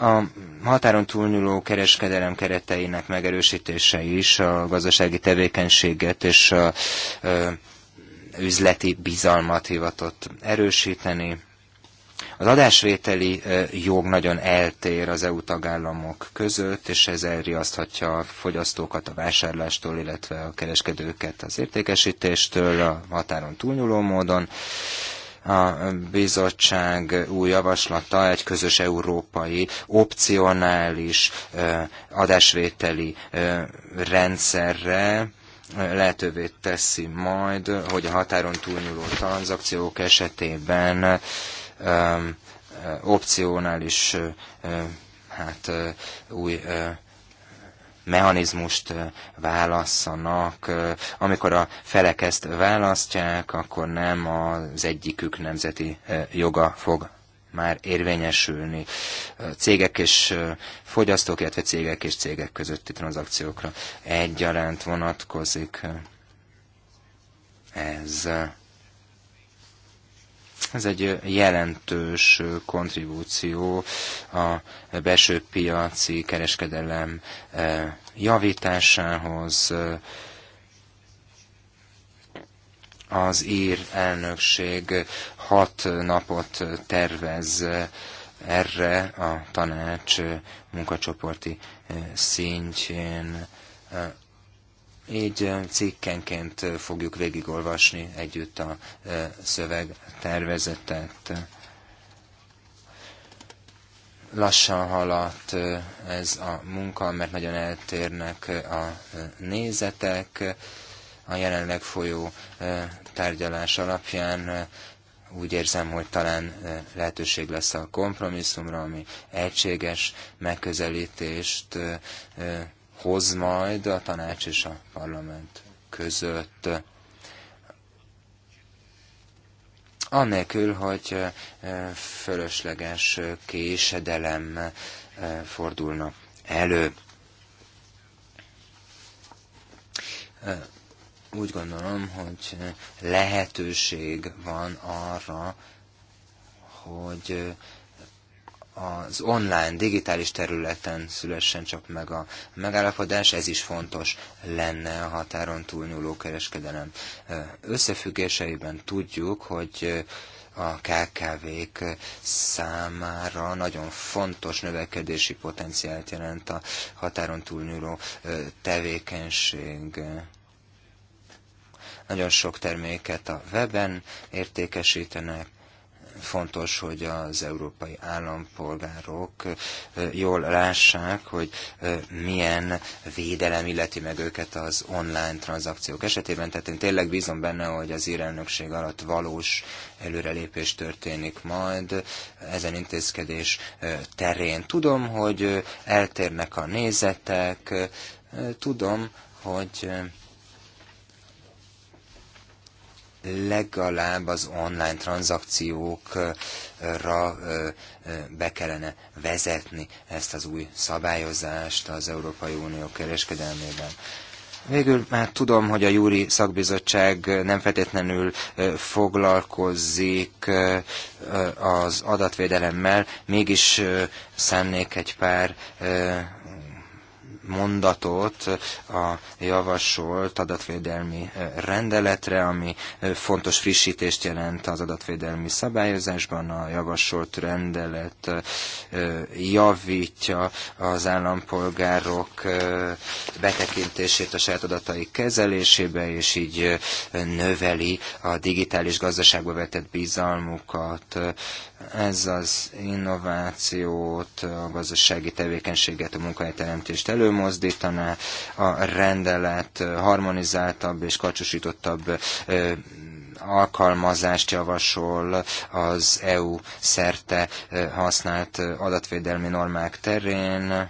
A határon túlnyúló kereskedelem kereteinek megerősítése is a gazdasági tevékenységet és a üzleti bizalmat hivatott erősíteni az adásvételi jog nagyon eltér az EU tagállamok között, és ez elriaszthatja a fogyasztókat a vásárlástól, illetve a kereskedőket az értékesítéstől a határon túlnyúló módon. A bizottság új javaslata egy közös európai opcionális adásvételi rendszerre lehetővé teszi majd, hogy a határon túlnyúló tranzakciók esetében Um, uh, opcionális uh, uh, hát, új mechanizmust válasszanak. Amikor a felek ezt választják, akkor nem az egyikük nemzeti joga fog már érvényesülni cégek és fogyasztók, illetve cégek és cégek közötti tranzakciókra egyaránt vonatkozik ez. Ez egy jelentős kontribúció a belső piaci kereskedelem eh, javításához, az ír elnökség hat napot tervez erre a tanács munkacsoporti szintjén így cikkenként fogjuk végigolvasni együtt a szöveg tervezetet. Lassan haladt ez a munka, mert nagyon eltérnek a nézetek. A jelenleg folyó tárgyalás alapján úgy érzem, hogy talán lehetőség lesz a kompromisszumra, ami egységes megközelítést hoz majd a tanács és a parlament között. Annélkül, hogy eh, fölösleges késedelem eh, fordulna elő. Eh, úgy gondolom, hogy lehetőség van arra, hogy az online, digitális területen szülessen csak meg a megállapodás, ez is fontos lenne a határon túlnyúló kereskedelem összefüggéseiben tudjuk, hogy a KKV-k számára nagyon fontos növekedési potenciált jelent a határon túlnyúló tevékenység. Nagyon sok terméket a weben értékesítenek, fontos, hogy az európai állampolgárok jól lássák, hogy milyen védelem illeti meg őket az online tranzakciók esetében. Tehát én tényleg bízom benne, hogy az írelnökség alatt valós előrelépés történik majd ezen intézkedés terén. Tudom, hogy eltérnek a nézetek, tudom, hogy legalább az online tranzakciókra be kellene vezetni ezt az új szabályozást az Európai Unió kereskedelmében. Végül már tudom, hogy a Júri Szakbizottság nem feltétlenül foglalkozik az adatvédelemmel, mégis szánnék egy pár mondatot a javasolt adatvédelmi eh, rendeletre, ami eh, fontos frissítést jelent az adatvédelmi szabályozásban. A javasolt rendelet eh, javítja az állampolgárok betekintését a saját adatai kezelésébe, és így növeli a digitális gazdaságba vetett bizalmukat, ez az innovációt, a gazdasági tevékenységet, a munkahelyteremtést előmozdítaná, a rendelet harmonizáltabb és kacsosítottabb alkalmazást javasol az EU szerte használt adatvédelmi normák terén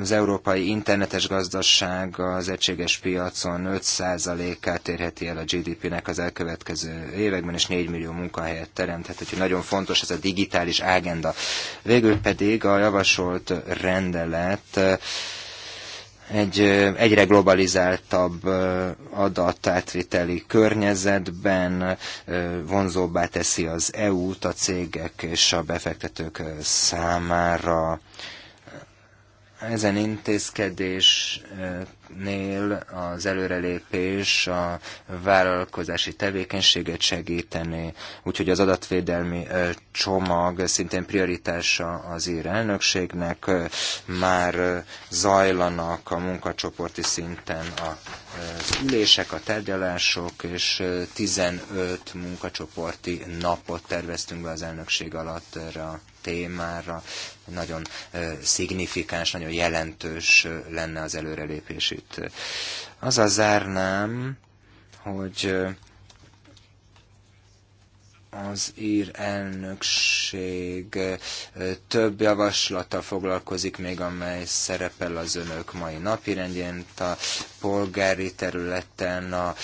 az európai internetes gazdaság az egységes piacon 5%-át érheti el a GDP-nek az elkövetkező években, és 4 millió munkahelyet teremthet, úgyhogy nagyon fontos ez a digitális ágenda. Végül pedig a javasolt rendelet egy egyre globalizáltabb adatátviteli környezetben vonzóbbá teszi az EU-t a cégek és a befektetők számára. Ezen intézkedésnél az előrelépés a vállalkozási tevékenységet segíteni, úgyhogy az adatvédelmi csomag szintén prioritása az ír elnökségnek. Már zajlanak a munkacsoporti szinten az ülések, a tárgyalások, és 15 munkacsoporti napot terveztünk be az elnökség alatt erre a témára nagyon szignifikáns, nagyon jelentős lenne az előrelépés itt. a zárnám, hogy az ír elnökség több javaslata foglalkozik még, amely szerepel az önök mai napirendjén, a polgári területen, a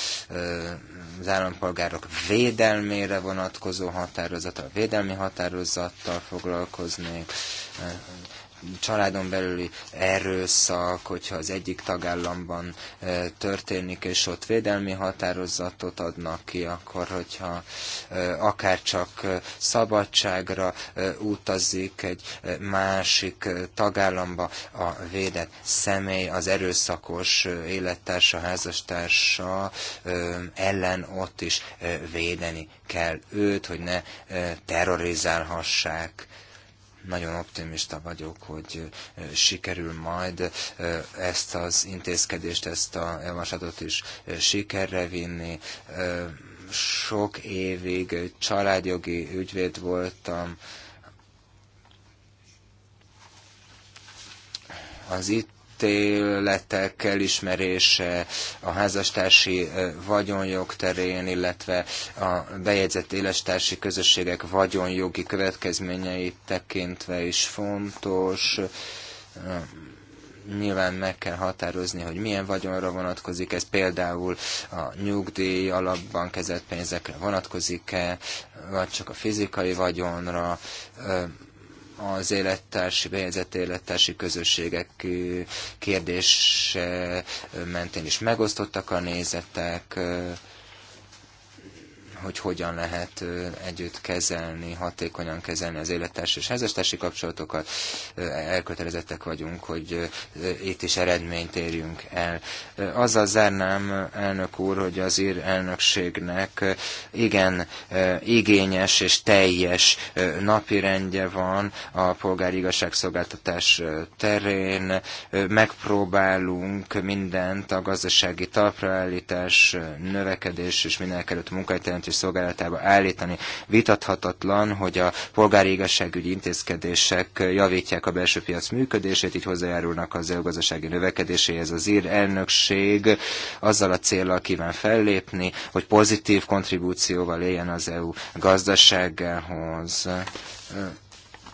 az állampolgárok védelmére vonatkozó határozattal, védelmi határozattal foglalkoznék, családon belüli erőszak, hogyha az egyik tagállamban e, történik, és ott védelmi határozatot adnak ki, akkor hogyha e, akár csak e, szabadságra utazik egy másik tagállamba a védett személy, az erőszakos élettársa, házastársa ellen ott is védeni kell őt, hogy ne terrorizálhassák nagyon optimista vagyok, hogy sikerül majd ezt az intézkedést, ezt a javaslatot is sikerre vinni. Sok évig családjogi ügyvéd voltam, az itt ítéletek elismerése a házastársi eh, vagyonjog terén, illetve a bejegyzett élestársi közösségek vagyonjogi következményeit tekintve is fontos eh, nyilván meg kell határozni, hogy milyen vagyonra vonatkozik ez, például a nyugdíj alapban kezelt pénzekre vonatkozik-e, vagy csak a fizikai vagyonra, eh, az élettársi, bejegyzett élettársi közösségek kérdése mentén is megosztottak a nézetek, hogy hogyan lehet együtt kezelni, hatékonyan kezelni az élettárs és házastársi kapcsolatokat. Elkötelezettek vagyunk, hogy itt is eredményt érjünk el. Azzal zárnám, elnök úr, hogy az ír elnökségnek igen igényes és teljes napirendje van a polgári igazságszolgáltatás terén. Megpróbálunk mindent a gazdasági talpraállítás, növekedés és mindenek előtt munkahelyteremtés fejlesztés szolgálatába állítani. Vitathatatlan, hogy a polgári igazságügyi intézkedések javítják a belső piac működését, így hozzájárulnak az elgazdasági növekedéséhez. Az ír elnökség azzal a célral kíván fellépni, hogy pozitív kontribúcióval éljen az EU gazdaságához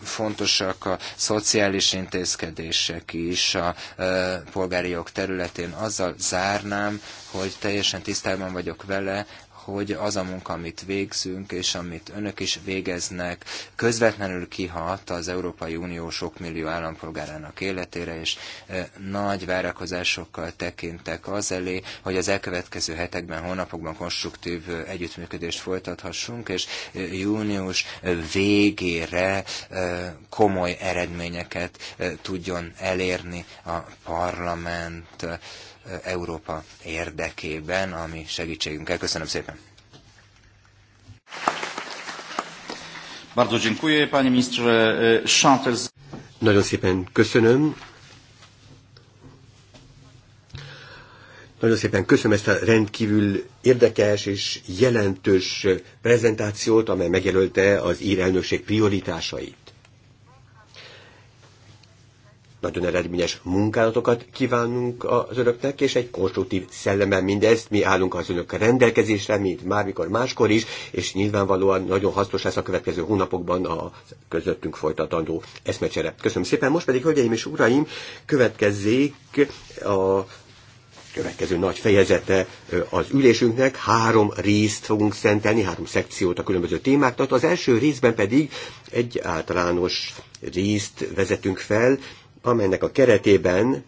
fontosak a szociális intézkedések is a e, polgári jog területén. Azzal zárnám, hogy teljesen tisztában vagyok vele, hogy az a munka, amit végzünk, és amit önök is végeznek, közvetlenül kihat az Európai Unió sok millió állampolgárának életére, és e, nagy várakozásokkal tekintek az elé, hogy az elkövetkező hetekben, hónapokban konstruktív e, együttműködést folytathassunk, és e, június végére komoly eredményeket tudjon elérni a parlament Európa érdekében, ami segítségünkkel. Köszönöm szépen! E, Nagyon szépen köszönöm. Nagyon szépen köszönöm ezt a rendkívül érdekes és jelentős prezentációt, amely megjelölte az ír elnökség prioritásait nagyon eredményes munkálatokat kívánunk az önöknek, és egy konstruktív szellemmel mindezt mi állunk az önök rendelkezésre, mint mármikor máskor is, és nyilvánvalóan nagyon hasznos lesz a következő hónapokban a közöttünk folytatandó eszmecsere. Köszönöm szépen, most pedig, hölgyeim és uraim, következzék a következő nagy fejezete az ülésünknek. Három részt fogunk szentelni, három szekciót a különböző témáknak. Az első részben pedig egy általános részt vezetünk fel, amelynek a keretében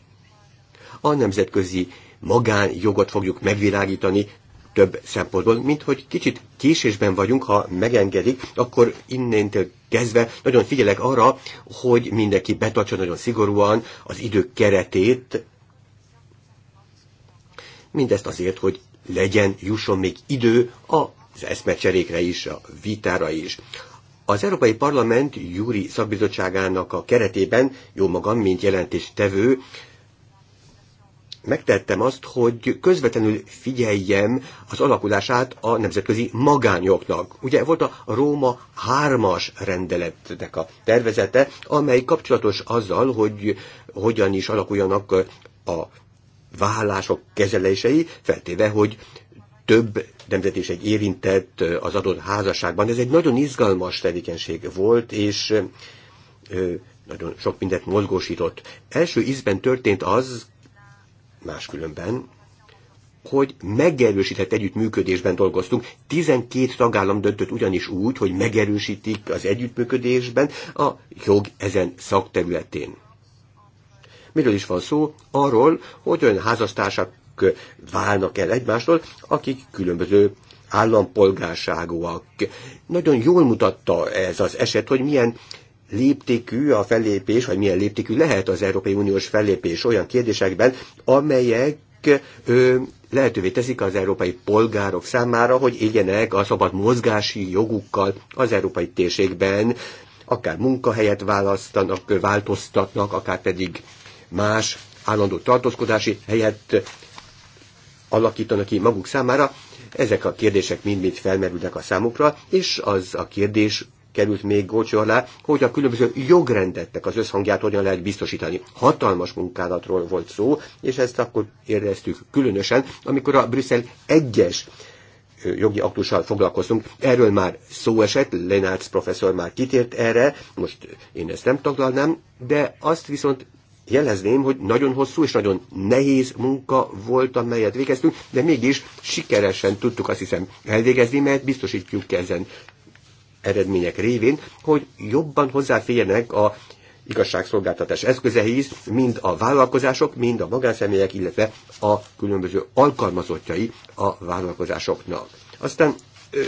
a nemzetközi magánjogot fogjuk megvilágítani több szempontból, mint hogy kicsit késésben vagyunk, ha megengedik, akkor innentől kezdve nagyon figyelek arra, hogy mindenki betartsa nagyon szigorúan az idő keretét, mindezt azért, hogy legyen, jusson még idő az eszmecserékre is, a vitára is. Az Európai Parlament júri szakbizottságának a keretében, jó magam, mint jelentéstevő, megtettem azt, hogy közvetlenül figyeljem az alakulását a nemzetközi magányoknak. Ugye volt a Róma 3-as rendeletnek a tervezete, amely kapcsolatos azzal, hogy hogyan is alakuljanak a vállások kezelései, feltéve, hogy több nemzetiség érintett az adott házasságban. Ez egy nagyon izgalmas tevékenység volt, és nagyon sok mindent mozgósított. Első ízben történt az, máskülönben, hogy megerősített együttműködésben dolgoztunk. 12 tagállam döntött ugyanis úgy, hogy megerősítik az együttműködésben a jog ezen szakterületén. Miről is van szó? Arról, hogy olyan házastársak azok válnak el egymástól, akik különböző állampolgárságúak. Nagyon jól mutatta ez az eset, hogy milyen léptékű a fellépés, vagy milyen léptékű lehet az Európai Uniós fellépés olyan kérdésekben, amelyek ö, lehetővé teszik az európai polgárok számára, hogy éljenek a szabad mozgási jogukkal az európai térségben, akár munkahelyet választanak, változtatnak, akár pedig más állandó tartózkodási helyet alakítanak ki maguk számára, ezek a kérdések mind-mind felmerülnek a számukra, és az a kérdés került még Gócsó alá, hogy a különböző jogrendetnek az összhangját hogyan lehet biztosítani. Hatalmas munkálatról volt szó, és ezt akkor éreztük különösen, amikor a Brüsszel egyes jogi aktussal foglalkoztunk. Erről már szó esett, Lenárc professzor már kitért erre, most én ezt nem taglalnám, de azt viszont jelezném, hogy nagyon hosszú és nagyon nehéz munka volt, amelyet végeztünk, de mégis sikeresen tudtuk azt hiszem elvégezni, mert biztosítjuk ezen eredmények révén, hogy jobban hozzáférjenek a igazságszolgáltatás eszközehíz, mind a vállalkozások, mind a magánszemélyek, illetve a különböző alkalmazottjai a vállalkozásoknak. Aztán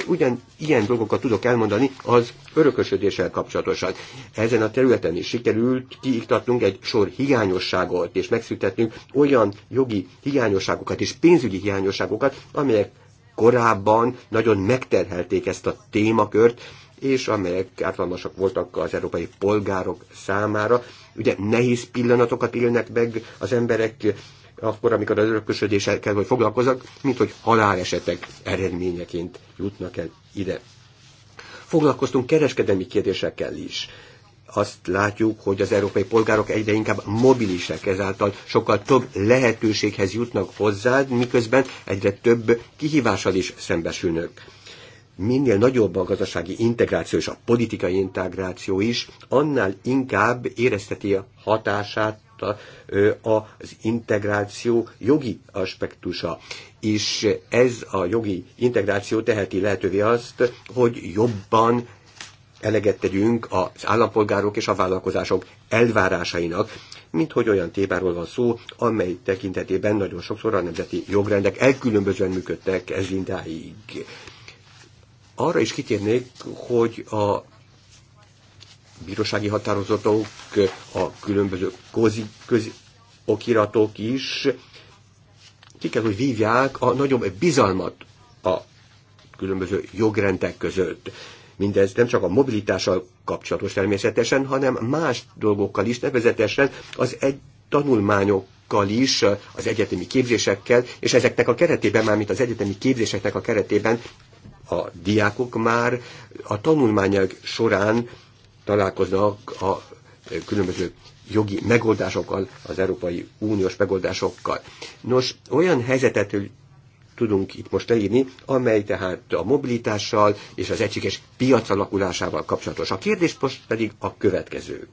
ugyan ilyen dolgokat tudok elmondani az örökösödéssel kapcsolatosan. Ezen a területen is sikerült kiiktatnunk egy sor hiányosságot, és megszüntetnünk olyan jogi hiányosságokat és pénzügyi hiányosságokat, amelyek korábban nagyon megterhelték ezt a témakört, és amelyek ártalmasak voltak az európai polgárok számára. Ugye nehéz pillanatokat élnek meg az emberek, akkor, amikor az örökösödésekkel vagy foglalkoznak, mint hogy halálesetek eredményeként jutnak el ide. Foglalkoztunk kereskedelmi kérdésekkel is azt látjuk, hogy az európai polgárok egyre inkább mobilisek, ezáltal sokkal több lehetőséghez jutnak hozzá, miközben egyre több kihívással is szembesülnek. Minél nagyobb a gazdasági integráció és a politikai integráció is, annál inkább érezteti a hatását feladata az integráció jogi aspektusa. És ez a jogi integráció teheti lehetővé azt, hogy jobban eleget tegyünk az állampolgárok és a vállalkozások elvárásainak, mint hogy olyan tépáról van szó, amely tekintetében nagyon sokszor a nemzeti jogrendek elkülönbözően működtek ez indáig. Arra is kitérnék, hogy a bírósági határozatok, a különböző kozi, közi okiratok is ki kell, hogy vívják a nagyobb bizalmat a különböző jogrendek között. Mindez nem csak a mobilitással kapcsolatos természetesen, hanem más dolgokkal is, nevezetesen az egy tanulmányok is, az egyetemi képzésekkel, és ezeknek a keretében, mint az egyetemi képzéseknek a keretében a diákok már a tanulmányok során találkoznak a különböző jogi megoldásokkal, az Európai Uniós megoldásokkal. Nos, olyan helyzetet tudunk itt most leírni, amely tehát a mobilitással és az egységes piac alakulásával kapcsolatos. A kérdés most pedig a következő.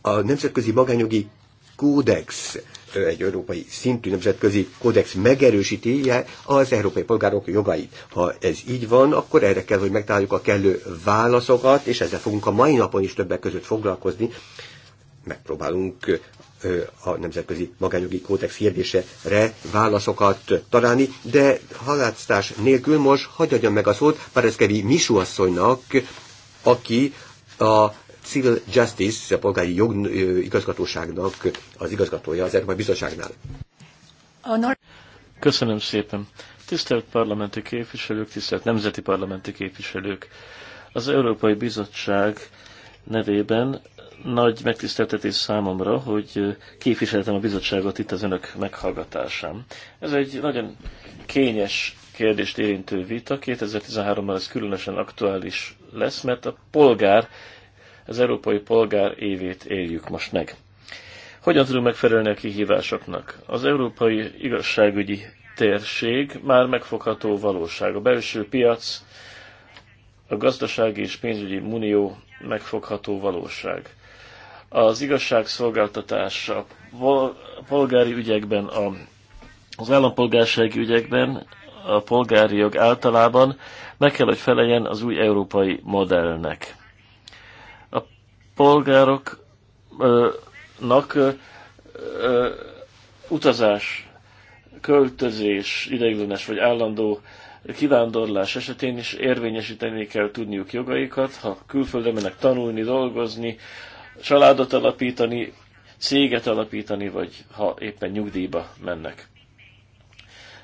A Nemzetközi Magányjogi Kódex egy európai szintű nemzetközi kódex megerősíti az európai polgárok jogait. Ha ez így van, akkor erre kell, hogy megtaláljuk a kellő válaszokat, és ezzel fogunk a mai napon is többek között foglalkozni. Megpróbálunk a nemzetközi magányjogi kódex kérdésére válaszokat találni, de halásztás nélkül most hagyja meg a szót Pereszkevi Misu asszonynak, aki a Civil Justice, a polgári jog igazgatóságnak az igazgatója az Európai Bizottságnál. Köszönöm szépen. Tisztelt parlamenti képviselők, tisztelt nemzeti parlamenti képviselők! Az Európai Bizottság nevében nagy megtiszteltetés számomra, hogy képviseltem a bizottságot itt az önök meghallgatásán. Ez egy nagyon kényes kérdést érintő vita. 2013-ban ez különösen aktuális lesz, mert a polgár az európai polgár évét éljük most meg. Hogyan tudunk megfelelni a kihívásoknak? Az európai igazságügyi térség már megfogható valóság. A belső piac, a gazdasági és pénzügyi unió megfogható valóság. Az igazságszolgáltatás a polgári ügyekben, a, az állampolgársági ügyekben, a polgári jog általában meg kell, hogy feleljen az új európai modellnek polgároknak utazás, költözés, ideiglenes vagy állandó kivándorlás esetén is érvényesíteni kell tudniuk jogaikat, ha külföldre mennek tanulni, dolgozni, családot alapítani, céget alapítani, vagy ha éppen nyugdíjba mennek.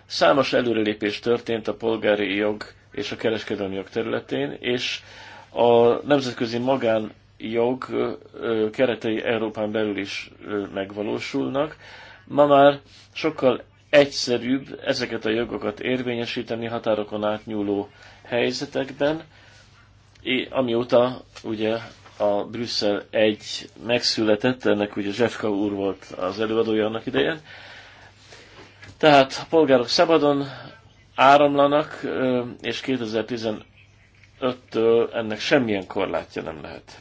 Számos előrelépés történt a polgári jog és a kereskedelmi jog területén, és a nemzetközi magán jog keretei Európán belül is megvalósulnak. Ma már sokkal egyszerűbb ezeket a jogokat érvényesíteni határokon átnyúló helyzetekben, amióta ugye a Brüsszel egy megszületett, ennek ugye Zsefka úr volt az előadója annak idején. Tehát a polgárok szabadon áramlanak, és 2015-től ennek semmilyen korlátja nem lehet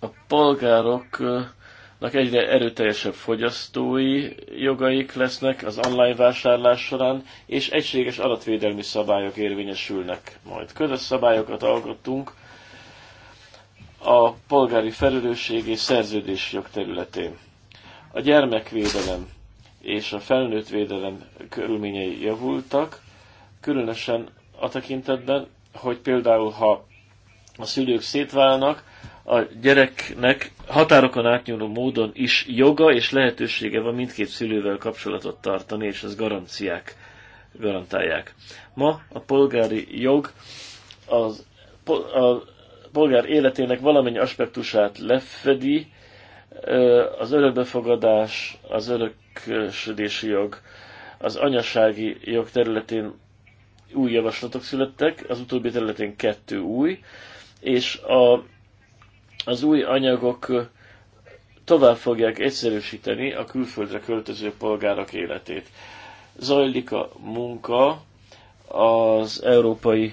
a polgároknak egyre erőteljesebb fogyasztói jogaik lesznek az online vásárlás során, és egységes adatvédelmi szabályok érvényesülnek majd. Közös szabályokat alkottunk a polgári felelősség és szerződésjog területén. A gyermekvédelem és a felnőttvédelem körülményei javultak, különösen a tekintetben, hogy például ha a szülők szétválnak, a gyereknek határokon átnyúló módon is joga és lehetősége van mindkét szülővel kapcsolatot tartani, és az garanciák garantálják. Ma a polgári jog az, a polgár életének valamennyi aspektusát lefedi, az örökbefogadás, az öröksödési jog, az anyasági jog területén új javaslatok születtek, az utóbbi területén kettő új, és a az új anyagok tovább fogják egyszerűsíteni a külföldre költöző polgárok életét. Zajlik a munka az európai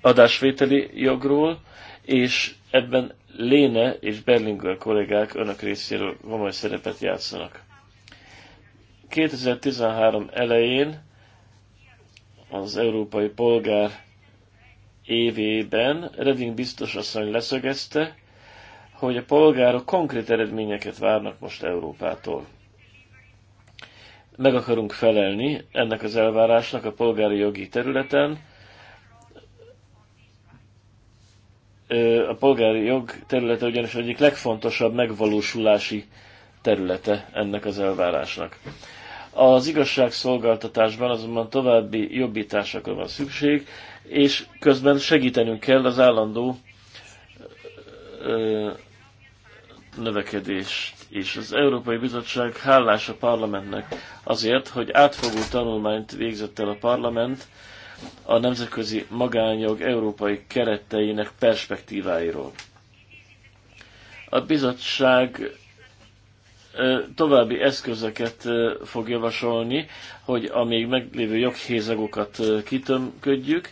adásvételi jogról, és ebben Léne és Berlinger kollégák önök részéről komoly szerepet játszanak. 2013 elején az európai polgár évében Reding biztos asszony leszögezte, hogy a polgárok konkrét eredményeket várnak most Európától. Meg akarunk felelni ennek az elvárásnak a polgári jogi területen. A polgári jog területe ugyanis egyik legfontosabb megvalósulási területe ennek az elvárásnak. Az igazságszolgáltatásban azonban további jobbításokra van szükség, és közben segítenünk kell az állandó ö, növekedést is. Az Európai Bizottság hálás a parlamentnek azért, hogy átfogó tanulmányt végzett el a parlament a nemzetközi magányjog európai kereteinek perspektíváiról. A bizottság további eszközöket fog javasolni, hogy a még meglévő joghézagokat kitömködjük,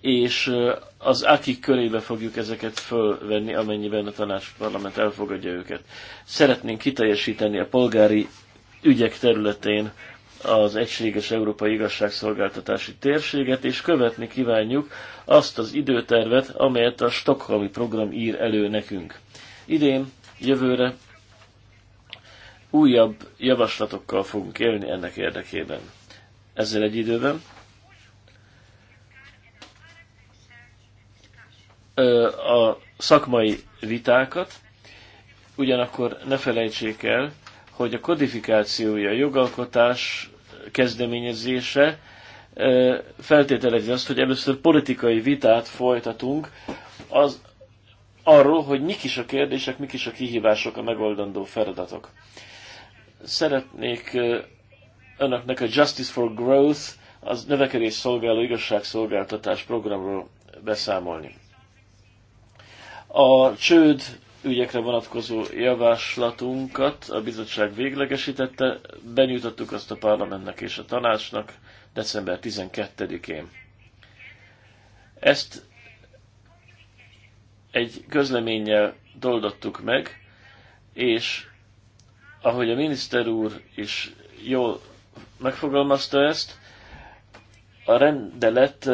és az akik körébe fogjuk ezeket fölvenni, amennyiben a tanács parlament elfogadja őket. Szeretnénk kiteljesíteni a polgári ügyek területén az egységes európai igazságszolgáltatási térséget, és követni kívánjuk azt az időtervet, amelyet a Stockholmi program ír elő nekünk. Idén, jövőre újabb javaslatokkal fogunk élni ennek érdekében. Ezzel egy időben. A szakmai vitákat, ugyanakkor ne felejtsék el, hogy a kodifikációja, a jogalkotás kezdeményezése feltételezi azt, hogy először politikai vitát folytatunk az, arról, hogy mik is a kérdések, mik is a kihívások, a megoldandó feladatok. Szeretnék önöknek a Justice for Growth, az növekedés szolgáló igazságszolgáltatás programról beszámolni. A csőd ügyekre vonatkozó javaslatunkat a bizottság véglegesítette, benyújtottuk azt a parlamentnek és a tanácsnak december 12-én. Ezt egy közleménnyel doldottuk meg, és ahogy a miniszter úr is jól megfogalmazta ezt, a rendelet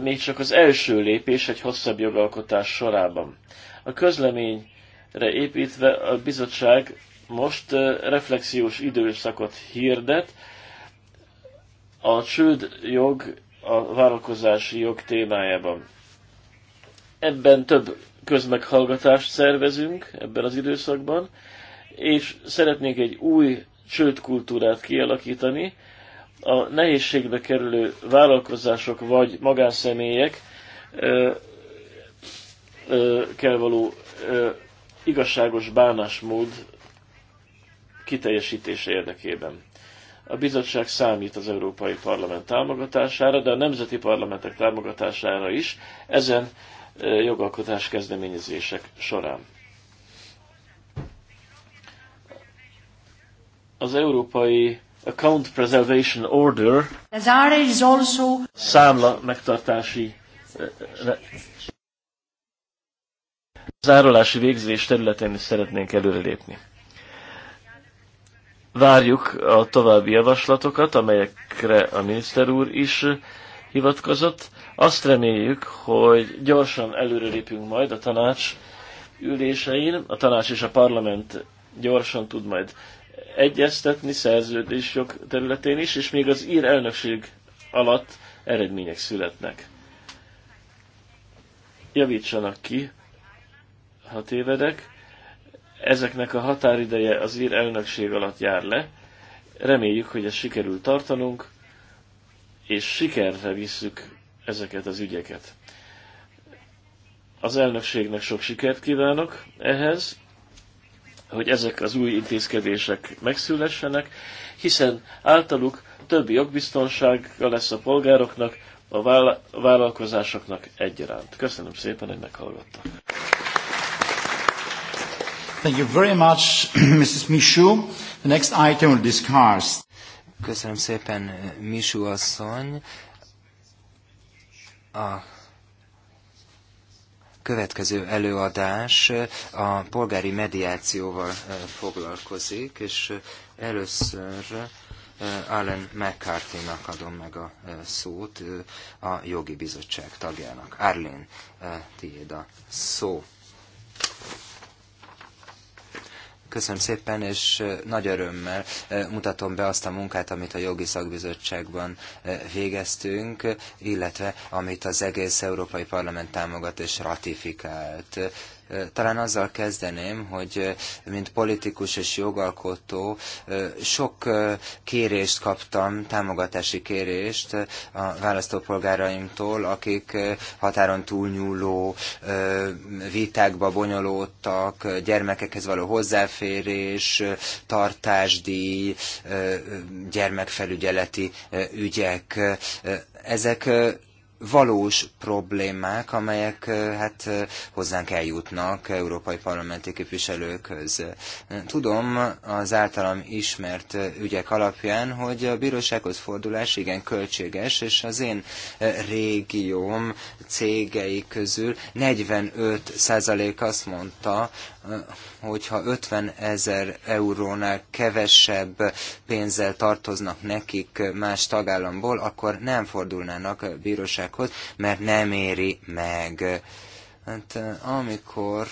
még csak az első lépés egy hosszabb jogalkotás sorában. A közleményre építve a bizottság most reflexiós időszakot hirdet, a csőd jog a várakozási jog témájában. Ebben több közmeghallgatást szervezünk ebben az időszakban, és szeretnénk egy új csődkultúrát kialakítani. A nehézségbe kerülő vállalkozások vagy magánszemélyek ö, ö, kell való ö, igazságos bánásmód kiteljesítése érdekében. A bizottság számít az Európai Parlament támogatására, de a nemzeti parlamentek támogatására is ezen jogalkotás kezdeményezések során. az európai Account Preservation Order also... számla megtartási eh, zárolási végzés területén is szeretnénk előrelépni. Várjuk a további javaslatokat, amelyekre a miniszter úr is hivatkozott. Azt reméljük, hogy gyorsan előrelépünk majd a tanács ülésein. A tanács és a parlament gyorsan tud majd egyeztetni szerződések területén is, és még az ír elnökség alatt eredmények születnek. Javítsanak ki, ha tévedek. Ezeknek a határideje az ír elnökség alatt jár le. Reméljük, hogy ezt sikerül tartanunk, és sikerre visszük ezeket az ügyeket. Az elnökségnek sok sikert kívánok ehhez, hogy ezek az új intézkedések megszülessenek, hiszen általuk több jogbiztonsága lesz a polgároknak, a vállalkozásoknak egyaránt. Köszönöm szépen, hogy meghallgattak. Thank you very much, [CLEARS THROAT] Mrs. Michu. The next item discussed. Köszönöm szépen, Michu asszony. A következő előadás a polgári mediációval foglalkozik, és először Allen McCarthy-nak adom meg a szót, a jogi bizottság tagjának. Arlene, tiéd a szó. Köszönöm szépen, és nagy örömmel mutatom be azt a munkát, amit a jogi szakbizottságban végeztünk, illetve amit az egész Európai Parlament támogat és ratifikált. Talán azzal kezdeném, hogy mint politikus és jogalkotó sok kérést kaptam, támogatási kérést a választópolgáraimtól, akik határon túlnyúló vitákba bonyolódtak, gyermekekhez való hozzáférés, tartásdíj, gyermekfelügyeleti ügyek. Ezek valós problémák, amelyek hát hozzánk eljutnak európai parlamenti képviselőkhöz. Tudom az általam ismert ügyek alapján, hogy a bírósághoz fordulás igen költséges, és az én régióm cégei közül 45% azt mondta, hogyha 50 ezer eurónál kevesebb pénzzel tartoznak nekik más tagállamból, akkor nem fordulnának a bírósághoz, mert nem éri meg. Hát eh, amikor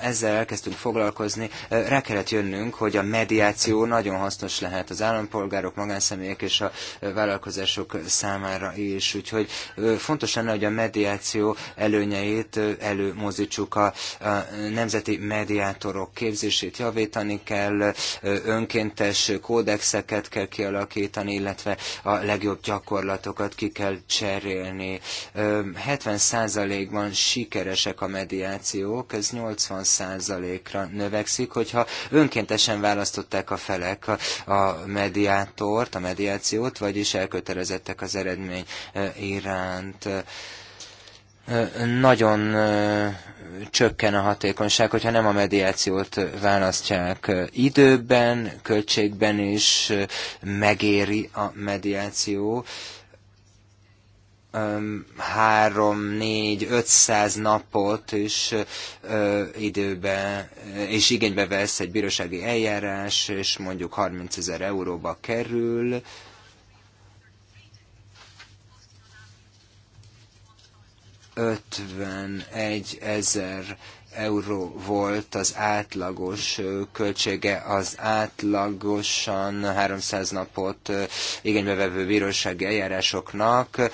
ezzel elkezdtünk foglalkozni, rá kellett jönnünk, hogy a mediáció nagyon hasznos lehet az állampolgárok, magánszemélyek és a vállalkozások számára is. Úgyhogy fontos lenne, hogy a mediáció előnyeit előmozítsuk a nemzeti mediátorok képzését javítani kell, önkéntes kódexeket kell kialakítani, illetve a legjobb gyakorlatokat ki kell cserélni. 70%-ban sikeresek a mediációk, ez 80%-ra növekszik, hogyha önkéntesen választották a felek a, a mediátort, a mediációt, vagyis elkötelezettek az eredmény e, iránt e, e, nagyon csökken a hatékonyság, hogyha nem a mediációt választják időben, költségben is megéri a mediáció, három, négy, ötszáz napot is ö, időbe, és igénybe vesz egy bírósági eljárás, és mondjuk 30 ezer euróba kerül, ötven egy ezer euró volt az átlagos költsége az átlagosan 300 napot igénybevevő bírósági eljárásoknak.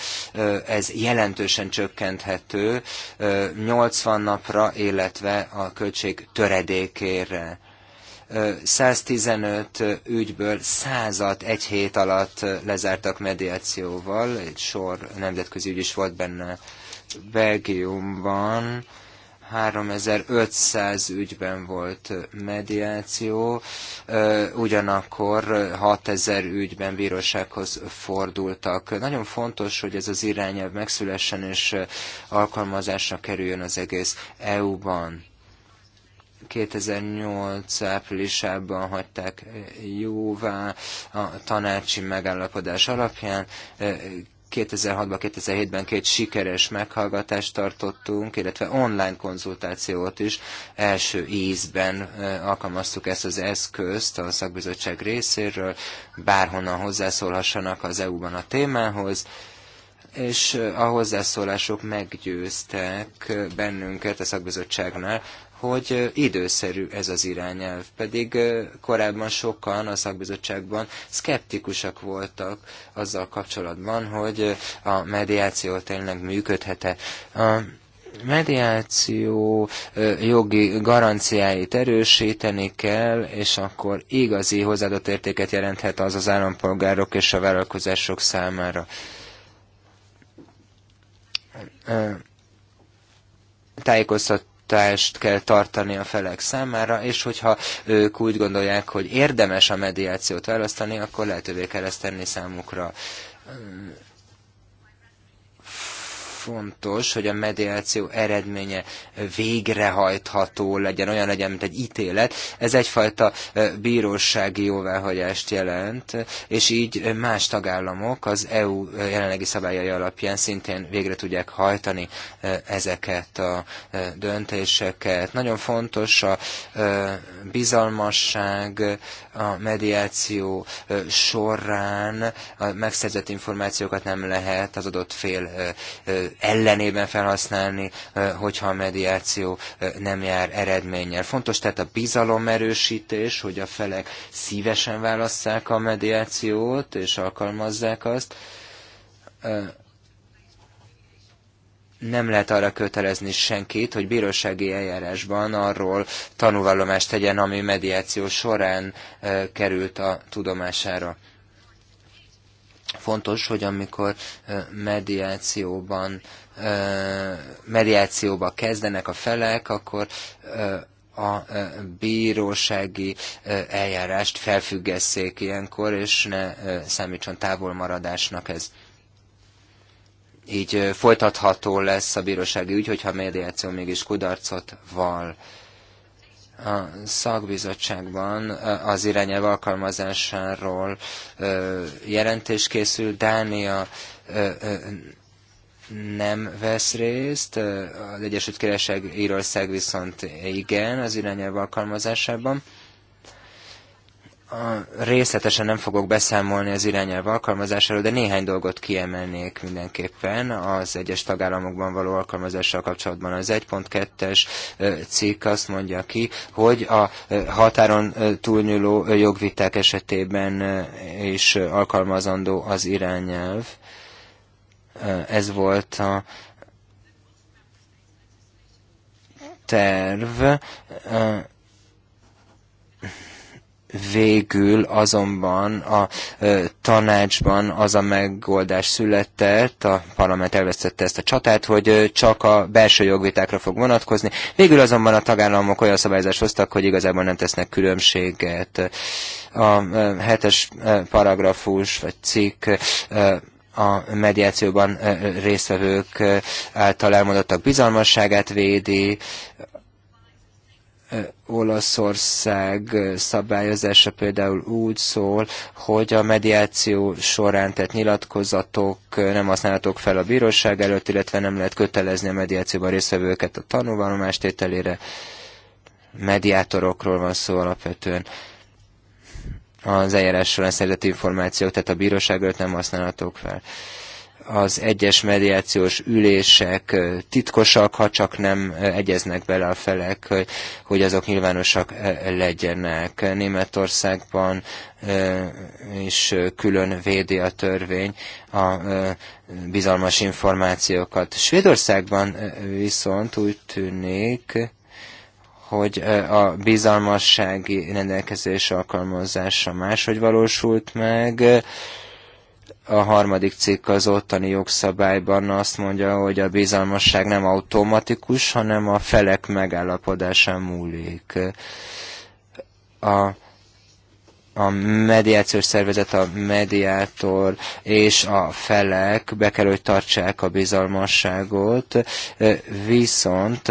Ez jelentősen csökkenthető 80 napra, illetve a költség töredékére. 115 ügyből 100-at egy hét alatt lezártak mediációval, egy sor nemzetközi ügy is volt benne Belgiumban, 3500 ügyben volt mediáció, ugyanakkor 6000 ügyben bírósághoz fordultak. Nagyon fontos, hogy ez az irányelv megszülessen és alkalmazásra kerüljön az egész EU-ban. 2008 áprilisában hagyták jóvá a tanácsi megállapodás alapján. 2006-ban, 2007-ben két sikeres meghallgatást tartottunk, illetve online konzultációt is. Első ízben alkalmaztuk ezt az eszközt a szakbizottság részéről, bárhonnan hozzászólhassanak az EU-ban a témához és a hozzászólások meggyőztek bennünket a szakbizottságnál, hogy időszerű ez az irányelv, pedig korábban sokan a szakbizottságban szkeptikusak voltak azzal kapcsolatban, hogy a mediáció tényleg működhet-e. A mediáció jogi garanciáit erősíteni kell, és akkor igazi hozzáadott értéket jelenthet az az állampolgárok és a vállalkozások számára tájékoztat tájékoztatást kell tartani a felek számára, és hogyha ők úgy gondolják, hogy érdemes a mediációt választani, akkor lehetővé kell ezt tenni számukra fontos, hogy a mediáció eredménye végrehajtható legyen, olyan legyen, mint egy ítélet. Ez egyfajta bírósági jóváhagyást jelent, és így más tagállamok az EU jelenlegi szabályai alapján szintén végre tudják hajtani ezeket a döntéseket. Nagyon fontos a bizalmasság a mediáció során a megszerzett információkat nem lehet az adott fél ellenében felhasználni, hogyha a mediáció nem jár eredménnyel. Fontos tehát a bizalom erősítés, hogy a felek szívesen válasszák a mediációt és alkalmazzák azt nem lehet arra kötelezni senkit, hogy bírósági eljárásban arról tanúvallomást tegyen, ami mediáció során került a tudomására. Fontos, hogy amikor mediációban, mediációba kezdenek a felek, akkor a bírósági eljárást felfüggesszék ilyenkor, és ne számítson távolmaradásnak ez. Így folytatható lesz a bírósági ügy, hogyha a mediáció mégis kudarcot val a szakbizottságban az irányelv alkalmazásáról jelentés készül. Dánia nem vesz részt, az Egyesült Királyság Írország viszont igen az irányelv alkalmazásában részletesen nem fogok beszámolni az irányelv alkalmazásáról, de néhány dolgot kiemelnék mindenképpen az egyes tagállamokban való alkalmazással kapcsolatban. Az 1.2-es cikk azt mondja ki, hogy a határon túlnyúló jogviták esetében is alkalmazandó az irányelv. Ez volt a terv Végül azonban a tanácsban az a megoldás született, a parlament elvesztette ezt a csatát, hogy csak a belső jogvitákra fog vonatkozni. Végül azonban a tagállamok olyan szabályzást hoztak, hogy igazából nem tesznek különbséget. A hetes paragrafus vagy cikk a mediációban résztvevők által elmondottak bizalmasságát védi, Olaszország szabályozása például úgy szól, hogy a mediáció során tett nyilatkozatok nem használhatók fel a bíróság előtt, illetve nem lehet kötelezni a mediációban résztvevőket a tanulvallomás tételére. Mediátorokról van szó alapvetően. Az eljárás során szerzett információk, tehát a bíróság előtt nem használhatók fel az egyes mediációs ülések titkosak, ha csak nem egyeznek bele a felek, hogy azok nyilvánosak legyenek. Németországban is külön védi a törvény a bizalmas információkat. Svédországban viszont úgy tűnik, hogy a bizalmassági rendelkezés alkalmazása máshogy valósult meg, a harmadik cikk az ottani jogszabályban azt mondja, hogy a bizalmasság nem automatikus, hanem a felek megállapodásán múlik. A, a mediációs szervezet, a mediátor és a felek be kell, hogy tartsák a bizalmasságot, viszont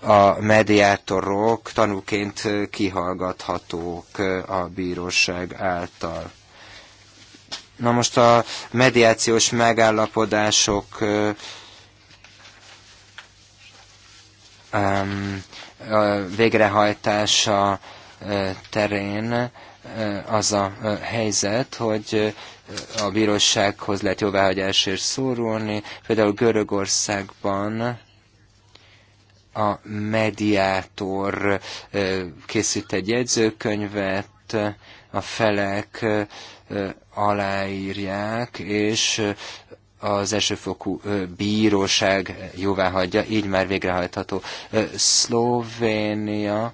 a mediátorok tanúként kihallgathatók a bíróság által Na most a mediációs megállapodások végrehajtása terén az a helyzet, hogy a bírósághoz lehet jóváhagyásért szórulni. Például Görögországban a mediátor készít egy jegyzőkönyvet, a felek aláírják, és az elsőfokú bíróság jóváhagyja, így már végrehajtható. Szlovénia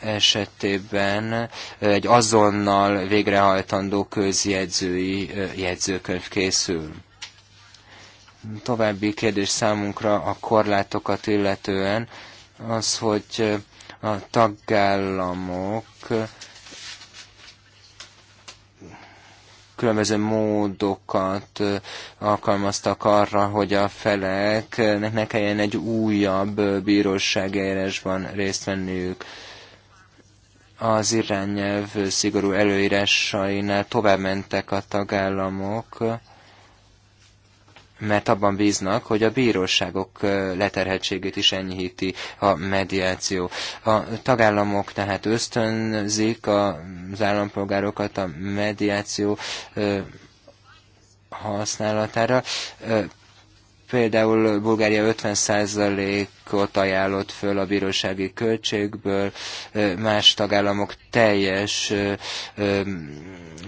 esetében egy azonnal végrehajtandó közjegyzői jegyzőkönyv készül. További kérdés számunkra a korlátokat illetően az, hogy a tagállamok különböző módokat alkalmaztak arra, hogy a feleknek ne kelljen egy újabb bírósági eljárásban részt venniük az irányelv szigorú előírásainál tovább mentek a tagállamok, mert abban bíznak, hogy a bíróságok leterhetségét is enyhíti a mediáció. A tagállamok tehát ösztönzik az állampolgárokat a mediáció használatára. Például Bulgária 50%-ot ajánlott föl a bírósági költségből, más tagállamok teljes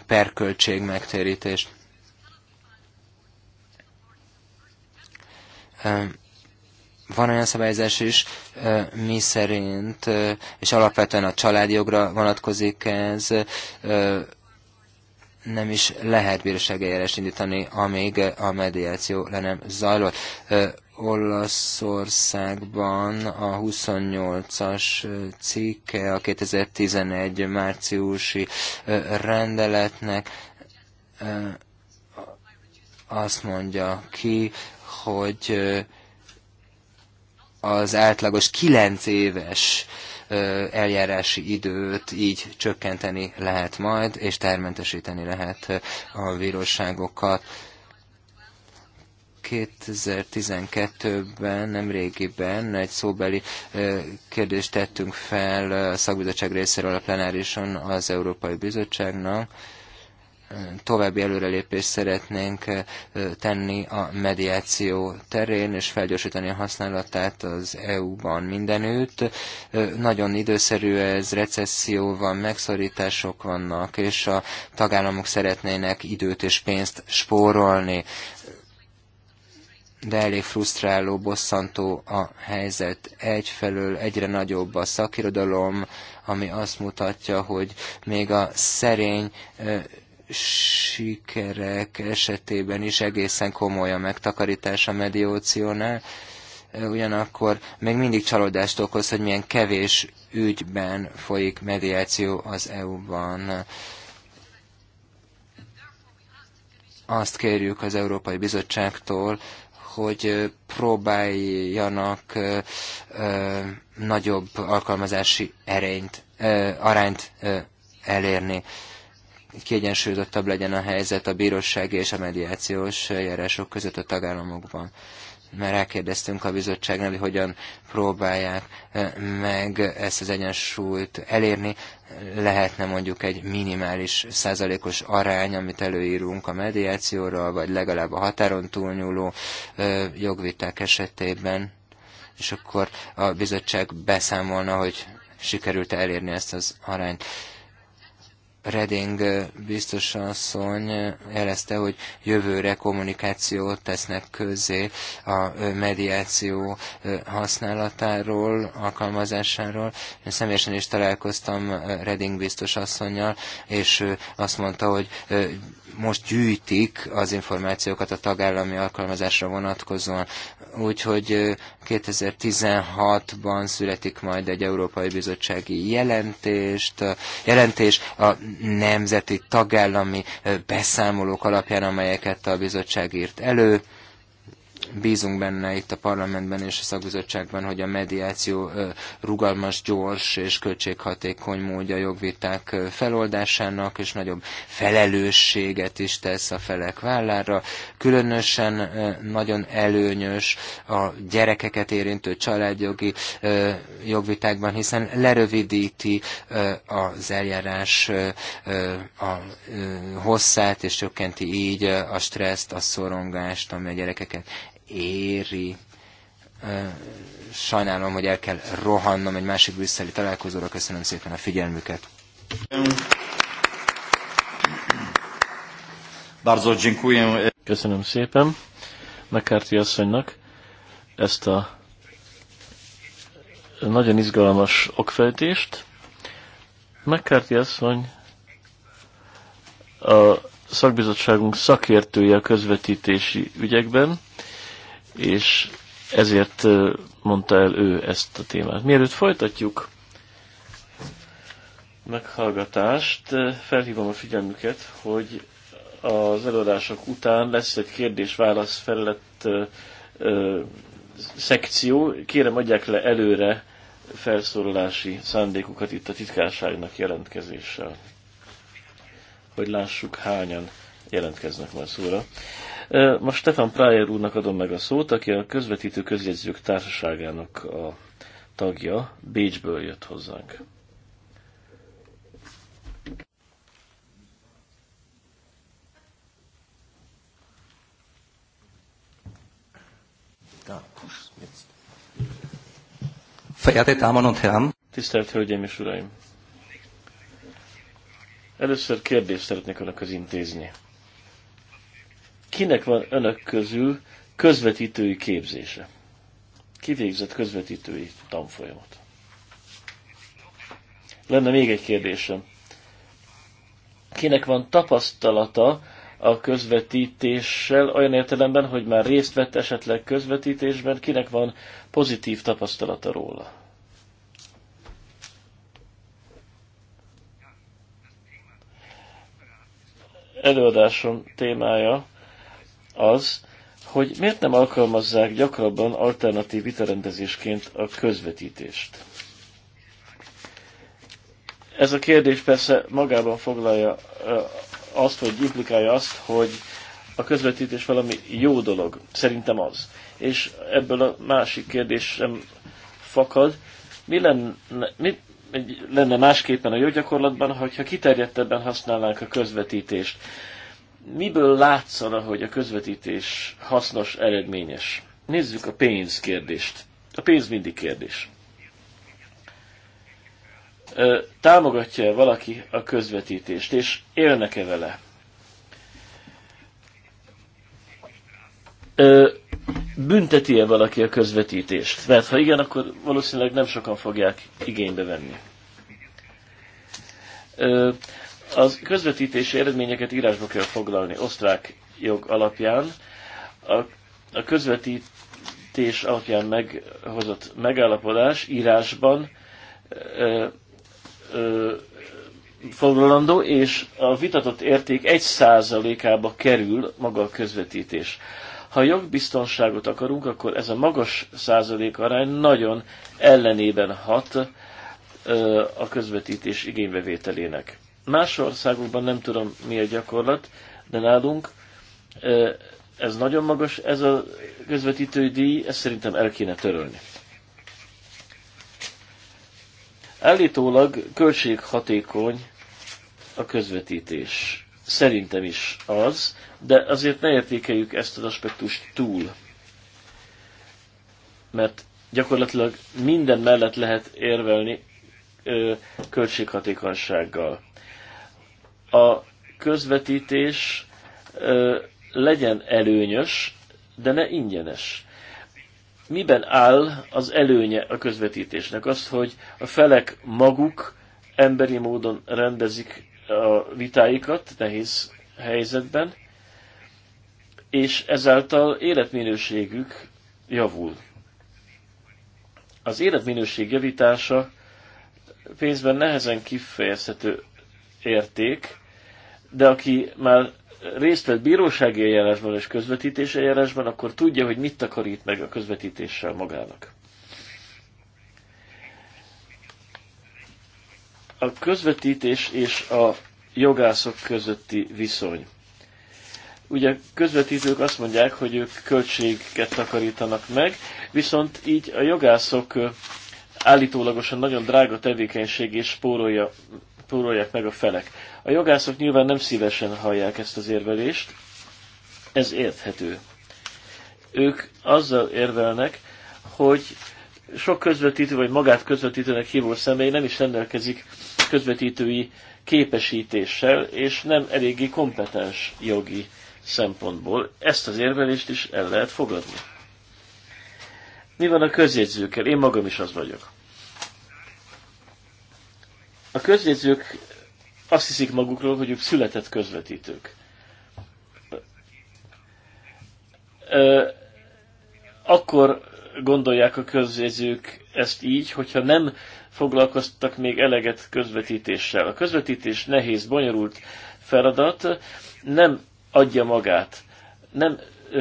perköltség megtérítést. Van olyan szabályozás is, mi szerint, és alapvetően a családjogra vonatkozik ez, nem is lehet bíróságeljárást indítani, amíg a mediáció le nem zajlott. Olaszországban a 28-as cikke a 2011 márciusi rendeletnek azt mondja ki, hogy az átlagos 9 éves eljárási időt így csökkenteni lehet majd, és termentesíteni lehet a bíróságokat. 2012-ben, nem régiben egy szóbeli kérdést tettünk fel a szakbizottság részéről a plenárison az Európai Bizottságnak, további előrelépést szeretnénk tenni a mediáció terén, és felgyorsítani a használatát az EU-ban mindenütt. Nagyon időszerű ez, recesszió van, megszorítások vannak, és a tagállamok szeretnének időt és pénzt spórolni de elég frusztráló, bosszantó a helyzet. Egyfelől egyre nagyobb a szakirodalom, ami azt mutatja, hogy még a szerény sikerek esetében is egészen komoly a megtakarítás a medióciónál, ugyanakkor még mindig csalódást okoz, hogy milyen kevés ügyben folyik mediáció az EU-ban. Azt kérjük az Európai Bizottságtól, hogy próbáljanak ö, ö, nagyobb alkalmazási erényt, ö, arányt ö, elérni. Ö, kiegyensúlyozottabb legyen a helyzet a bírósági és a mediációs járások között a tagállamokban. mert rákérdeztünk a bizottságnál, hogy hogyan próbálják eh, meg ezt az egyensúlyt elérni. Lehetne mondjuk egy minimális százalékos arány, amit előírunk a mediációra, vagy legalább a határon túlnyúló eh, jogviták esetében, és akkor a bizottság beszámolna, hogy sikerült elérni ezt az arányt. Reding biztos asszony jelezte, hogy jövőre kommunikációt tesznek közé a mediáció használatáról, alkalmazásáról. Én személyesen is találkoztam Reding biztos asszonynal, és azt mondta, hogy most gyűjtik az információkat a tagállami alkalmazásra vonatkozóan. Úgyhogy 2016-ban születik majd egy Európai Bizottsági jelentést, jelentés a nemzeti tagállami beszámolók alapján, amelyeket a bizottság írt elő Bízunk benne itt a parlamentben és a szakbizottságban, hogy a mediáció rugalmas, gyors és költséghatékony módja jogviták feloldásának, és nagyobb felelősséget is tesz a felek vállára. Különösen nagyon előnyös a gyerekeket érintő családjogi jogvitákban, hiszen lerövidíti az eljárás a hosszát, és csökkenti így a stresszt, a szorongást, ami a gyerekeket éri. Sajnálom, hogy el kell rohannom egy másik brüsszeli találkozóra. Köszönöm szépen a figyelmüket. Köszönöm szépen McCarthy asszonynak ezt a nagyon izgalmas okfejtést. McCarthy asszony a szakbizottságunk szakértője a közvetítési ügyekben, és ezért mondta el ő ezt a témát. Mielőtt folytatjuk meghallgatást, felhívom a figyelmüket, hogy az előadások után lesz egy kérdés-válasz felett szekció. Kérem, adják le előre felszólalási szándékukat itt a titkárságnak jelentkezéssel, hogy lássuk hányan jelentkeznek majd szóra. Most Stefan Prayer úrnak adom meg a szót, aki a közvetítő közjegyzők társaságának a tagja, Bécsből jött hozzánk. Tisztelt Hölgyeim és Uraim! Először kérdést szeretnék az intézni kinek van önök közül közvetítői képzése? Kivégzett közvetítői tanfolyamot. Lenne még egy kérdésem. Kinek van tapasztalata a közvetítéssel olyan értelemben, hogy már részt vett esetleg közvetítésben, kinek van pozitív tapasztalata róla? Előadásom témája az, hogy miért nem alkalmazzák gyakrabban alternatív vitarendezésként a közvetítést. Ez a kérdés persze magában foglalja azt, vagy implikálja azt, hogy a közvetítés valami jó dolog. Szerintem az. És ebből a másik kérdésem fakad, mi lenne, mi lenne másképpen a jó gyakorlatban, hogyha kiterjedtebben használnánk a közvetítést? miből látszana, hogy a közvetítés hasznos, eredményes? Nézzük a pénz kérdést. A pénz mindig kérdés. Támogatja -e valaki a közvetítést, és élnek-e vele? Bünteti-e valaki a közvetítést? Mert ha igen, akkor valószínűleg nem sokan fogják igénybe venni az közvetítési eredményeket írásba kell foglalni osztrák jog alapján. A, a közvetítés alapján meghozott megállapodás írásban ö, ö, foglalandó, és a vitatott érték egy százalékába kerül maga a közvetítés. Ha jogbiztonságot akarunk, akkor ez a magas százalék arány nagyon ellenében hat a közvetítés igénybevételének. Más országokban nem tudom, mi a gyakorlat, de nálunk ez nagyon magas, ez a közvetítői díj, ezt szerintem el kéne törölni. Állítólag költséghatékony a közvetítés. Szerintem is az, de azért ne értékeljük ezt az aspektust túl. Mert gyakorlatilag minden mellett lehet érvelni ö, költséghatékonysággal a közvetítés legyen előnyös, de ne ingyenes. Miben áll az előnye a közvetítésnek? Az, hogy a felek maguk emberi módon rendezik a vitáikat nehéz helyzetben, és ezáltal életminőségük javul. Az életminőség javítása pénzben nehezen kifejezhető érték, de aki már részt vett bírósági eljárásban és közvetítés eljárásban, akkor tudja, hogy mit takarít meg a közvetítéssel magának. A közvetítés és a jogászok közötti viszony. Ugye közvetítők azt mondják, hogy ők költséget takarítanak meg, viszont így a jogászok állítólagosan nagyon drága tevékenység és spórolja tórolják meg a felek. A jogászok nyilván nem szívesen hallják ezt az érvelést, ez érthető. Ők azzal érvelnek, hogy sok közvetítő vagy magát közvetítőnek hívó személy nem is rendelkezik közvetítői képesítéssel, és nem eléggé kompetens jogi szempontból. Ezt az érvelést is el lehet fogadni. Mi van a közjegyzőkkel? Én magam is az vagyok. A közvetítők azt hiszik magukról, hogy ők született közvetítők. Akkor gondolják a közvetítők ezt így, hogyha nem foglalkoztak még eleget közvetítéssel. A közvetítés nehéz, bonyolult feladat, nem adja magát, nem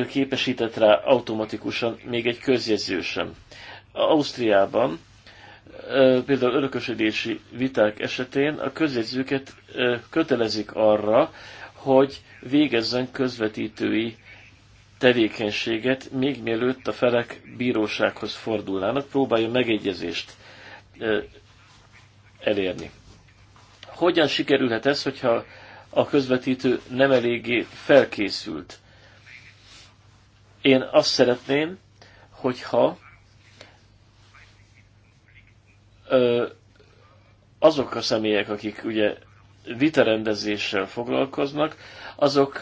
képesített rá automatikusan még egy közjegyző sem. Ausztriában például örökösödési viták esetén a közjegyzőket kötelezik arra, hogy végezzen közvetítői tevékenységet, még mielőtt a felek bírósághoz fordulnának, próbálja megegyezést elérni. Hogyan sikerülhet ez, hogyha a közvetítő nem eléggé felkészült? Én azt szeretném, hogyha azok a személyek, akik ugye vitarendezéssel foglalkoznak, azok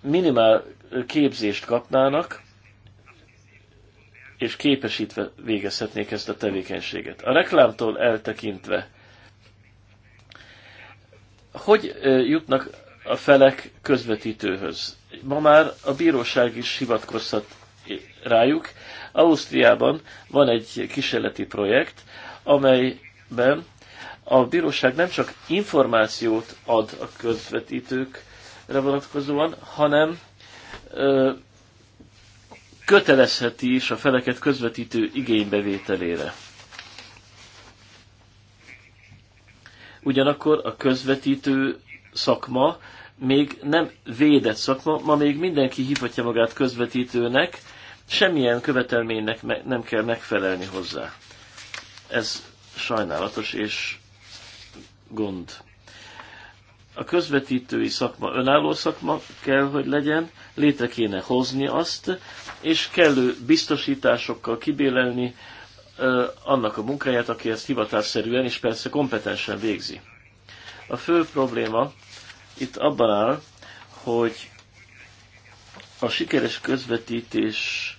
minimál képzést kapnának, és képesítve végezhetnék ezt a tevékenységet. A reklámtól eltekintve, hogy jutnak a felek közvetítőhöz? Ma már a bíróság is hivatkozhat rájuk. Ausztriában van egy kísérleti projekt, amelyben a bíróság nem csak információt ad a közvetítőkre vonatkozóan, hanem ö, kötelezheti is a feleket közvetítő igénybevételére. Ugyanakkor a közvetítő szakma még nem védett szakma, ma még mindenki hívhatja magát közvetítőnek, semmilyen követelménynek nem kell megfelelni hozzá. Ez sajnálatos és gond. A közvetítői szakma önálló szakma kell, hogy legyen, létre kéne hozni azt, és kellő biztosításokkal kibélelni annak a munkáját, aki ezt hivatásszerűen és persze kompetensen végzi. A fő probléma itt abban áll, hogy a sikeres közvetítés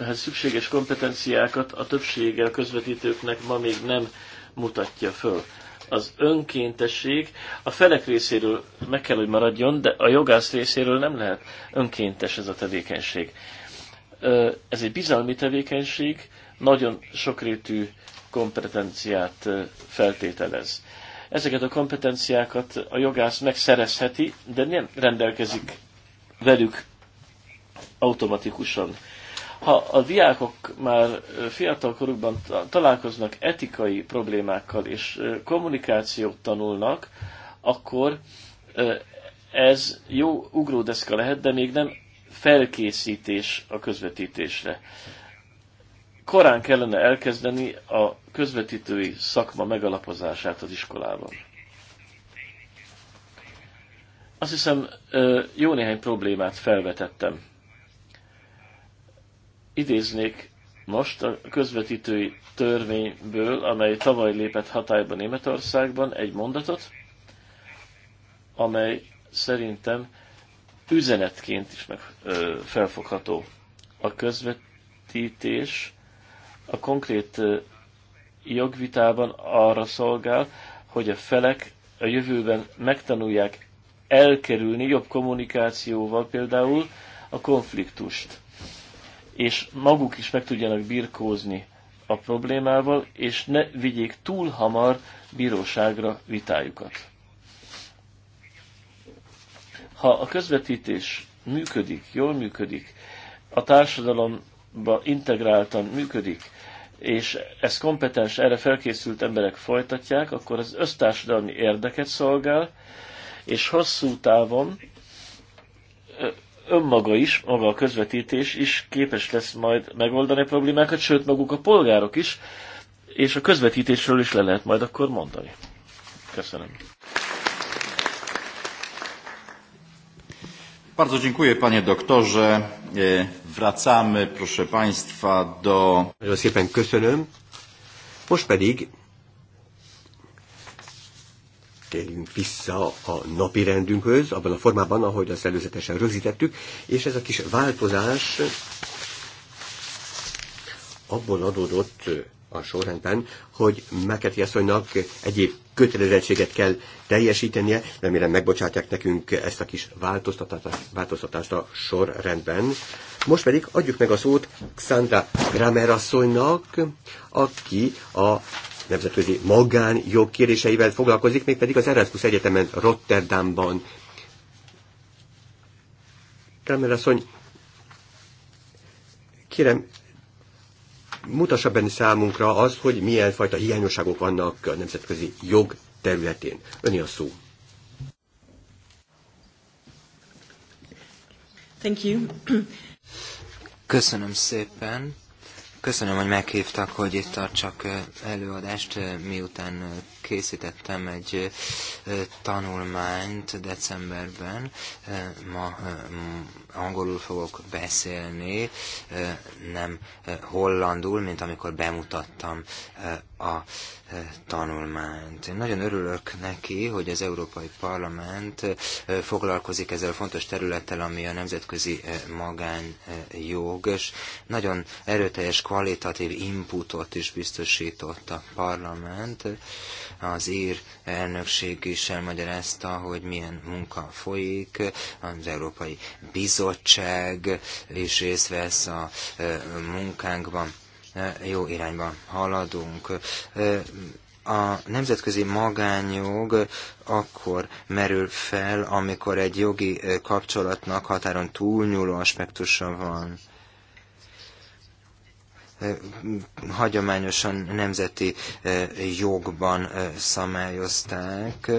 ehhez szükséges kompetenciákat a többsége a közvetítőknek ma még nem mutatja föl. Az önkéntesség a felek részéről meg kell, hogy maradjon, de a jogász részéről nem lehet önkéntes ez a tevékenység. Ez egy bizalmi tevékenység, nagyon sokrétű kompetenciát feltételez. Ezeket a kompetenciákat a jogász megszerezheti, de nem rendelkezik velük automatikusan. Ha a diákok már fiatal korukban találkoznak etikai problémákkal és kommunikációt tanulnak, akkor ez jó ugródeszka lehet, de még nem felkészítés a közvetítésre. Korán kellene elkezdeni a közvetítői szakma megalapozását az iskolában. Azt hiszem, jó néhány problémát felvetettem idéznék most a közvetítői törvényből, amely tavaly lépett hatályba Németországban, egy mondatot, amely szerintem üzenetként is meg, ö, felfogható. A közvetítés a konkrét jogvitában arra szolgál, hogy a felek a jövőben megtanulják elkerülni jobb kommunikációval például a konfliktust és maguk is meg tudjanak birkózni a problémával, és ne vigyék túl hamar bíróságra vitájukat. Ha a közvetítés működik, jól működik, a társadalomba integráltan működik, és ez kompetens, erre felkészült emberek folytatják, akkor az össztársadalmi érdeket szolgál, és hosszú távon önmaga is, maga a közvetítés is képes lesz majd megoldani a problémákat, sőt maguk a polgárok is, és a közvetítésről is le lehet majd akkor mondani. Köszönöm. Bardzo dziękuję panie doktorze. E, wracamy, proszę państwa, do... Nagyon szépen köszönöm. Most pedig térjünk vissza a napi rendünkhöz, abban a formában, ahogy azt előzetesen rögzítettük, és ez a kis változás abból adódott a sorrendben, hogy Meketi asszonynak egyéb kötelezettséget kell teljesítenie, remélem megbocsátják nekünk ezt a kis változtatást, változtatást a sorrendben. Most pedig adjuk meg a szót Xandra Gramer asszonynak, aki a nemzetközi magánjog kérdéseivel foglalkozik, mégpedig az Erasmus Egyetemen Rotterdamban. Kramer asszony, kérem, mutassa benne számunkra azt, hogy milyen fajta hiányosságok vannak a nemzetközi jog területén. Öni a szó. Thank you. Köszönöm szépen. Köszönöm, hogy meghívtak, hogy itt tartsak előadást, miután készítettem egy tanulmányt decemberben. Ma angolul fogok beszélni, nem hollandul, mint amikor bemutattam a tanulmányt. Én nagyon örülök neki, hogy az Európai Parlament foglalkozik ezzel a fontos területtel, ami a nemzetközi magánjog, és nagyon erőteljes kvalitatív inputot is biztosított a parlament. Az ír elnökség is elmagyarázta, hogy milyen munka folyik, az Európai Bizottság is részt vesz a munkánkban, jó irányba haladunk a nemzetközi magányjog akkor merül fel, amikor egy jogi kapcsolatnak határon túlnyúló aspektusa van hagyományosan nemzeti jogban szamályozták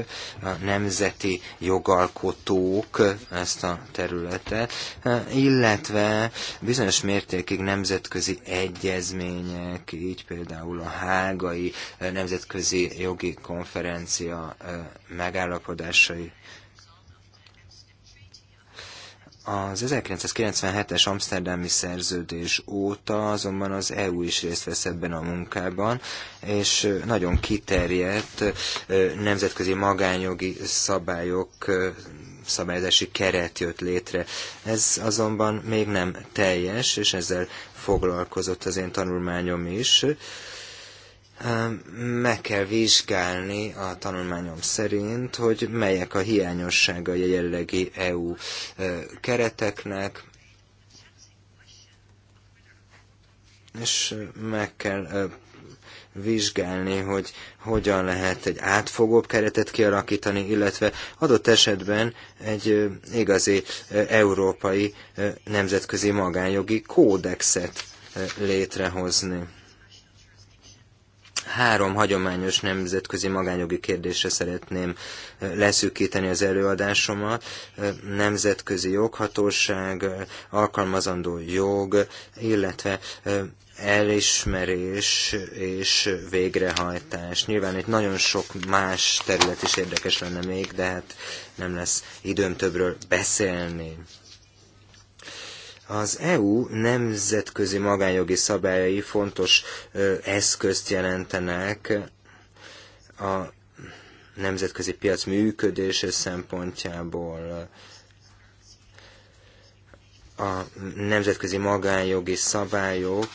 a nemzeti jogalkotók ezt a területet, illetve bizonyos mértékig nemzetközi egyezmények, így például a hágai nemzetközi jogi konferencia megállapodásai az 1997-es Amsterdami szerződés óta azonban az EU is részt vesz ebben a munkában, és nagyon kiterjedt nemzetközi magányjogi szabályok szabályozási keret jött létre. Ez azonban még nem teljes, és ezzel foglalkozott az én tanulmányom is meg kell vizsgálni a tanulmányom szerint, hogy melyek a hiányosságai a jelenlegi EU kereteknek, és meg kell vizsgálni, hogy hogyan lehet egy átfogóbb keretet kialakítani, illetve adott esetben egy igazi európai nemzetközi magánjogi kódexet létrehozni. Három hagyományos nemzetközi magányogi kérdésre szeretném leszűkíteni az előadásomat. Nemzetközi joghatóság, alkalmazandó jog, illetve elismerés és végrehajtás. Nyilván egy nagyon sok más terület is érdekes lenne még, de hát nem lesz időm többről beszélni. Az EU nemzetközi magánjogi szabályai fontos eszközt jelentenek a nemzetközi piac működése szempontjából a nemzetközi magánjogi szabályok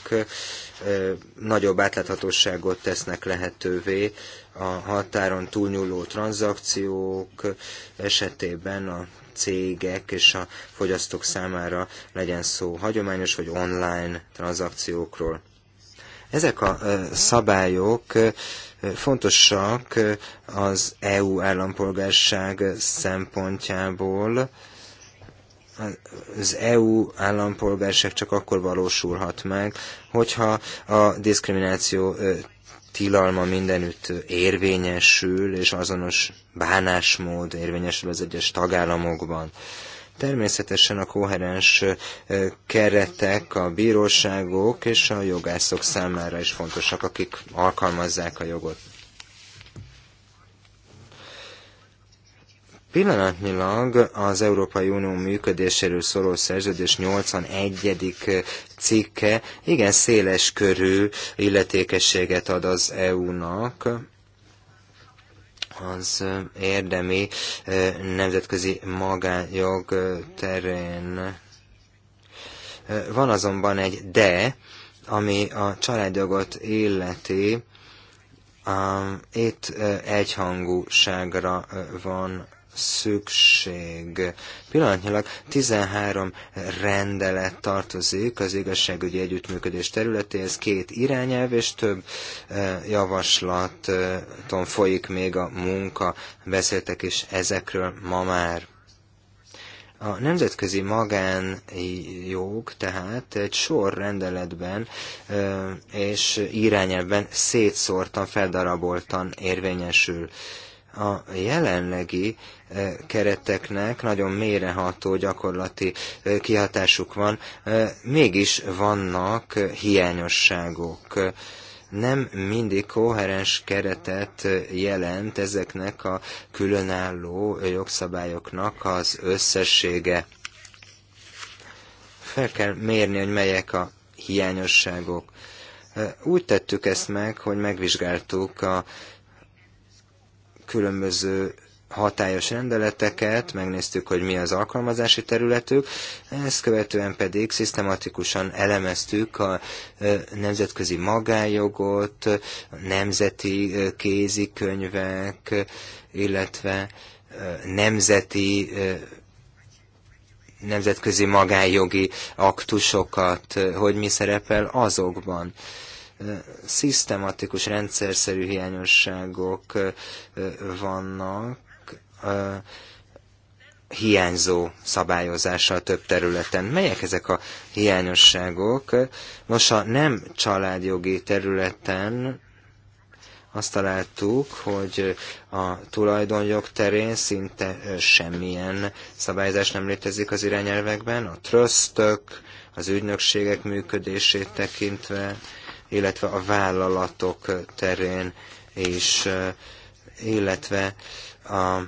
nagyobb átláthatóságot tesznek lehetővé a határon túlnyúló tranzakciók esetében a cégek és a fogyasztók számára legyen szó hagyományos vagy online tranzakciókról. Ezek a szabályok fontosak az EU állampolgárság szempontjából. Az EU állampolgárság csak akkor valósulhat meg, hogyha a diszkrimináció tilalma mindenütt érvényesül, és azonos bánásmód érvényesül az egyes tagállamokban. Természetesen a koherens keretek a bíróságok és a jogászok számára is fontosak, akik alkalmazzák a jogot. Pillanatnyilag az Európai Unió működéséről szóló szerződés 81. cikke igen széles körű illetékességet ad az EU-nak az érdemi eh, nemzetközi magánjog eh, terén. Eh, van azonban egy de, ami a családjogot illeti, itt egyhangúságra van szükség. Pillanatnyilag 13 rendelet tartozik az igazságügyi együttműködés területéhez, két irányelv és több eh, javaslaton folyik még a munka. Beszéltek is ezekről ma már. A nemzetközi magánjog tehát egy sor rendeletben eh, és irányelvben szétszórtan, feldaraboltan érvényesül. A jelenlegi E, kereteknek nagyon méreható gyakorlati e, kihatásuk van, e, mégis vannak hiányosságok nem mindig koherens keretet jelent ezeknek a különálló jogszabályoknak az összessége. Fel kell mérni, hogy melyek a hiányosságok. Úgy tettük ezt meg, hogy megvizsgáltuk a különböző hatályos rendeleteket, megnéztük, hogy mi az alkalmazási területük, ezt követően pedig szisztematikusan elemeztük a nemzetközi magájogot, nemzeti kézikönyvek, illetve nemzeti nemzetközi magájogi aktusokat, hogy mi szerepel azokban szisztematikus, rendszerszerű hiányosságok vannak, hiányzó szabályozása a több területen. Melyek ezek a hiányosságok? Nos, a nem családjogi területen azt találtuk, hogy a tulajdonjog terén szinte semmilyen szabályozás nem létezik az irányelvekben, a trösztök, az ügynökségek működését tekintve, illetve a vállalatok terén is, illetve a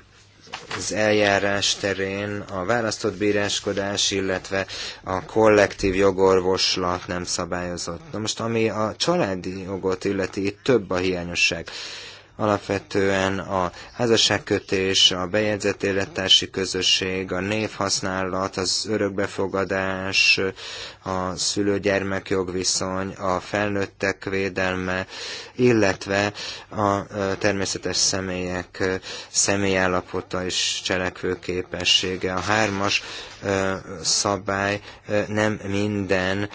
az eljárás terén a választott bíráskodás, illetve a kollektív jogorvoslat nem szabályozott. Na most, ami a családi jogot illeti, itt több a hiányosság. Alapvetően a házasságkötés, a bejegyzett élettársi közösség, a névhasználat, az örökbefogadás, a szülőgyermek jogviszony, a felnőttek védelme, illetve a természetes személyek személyállapota és cselekvőképessége. A hármas szabály nem minden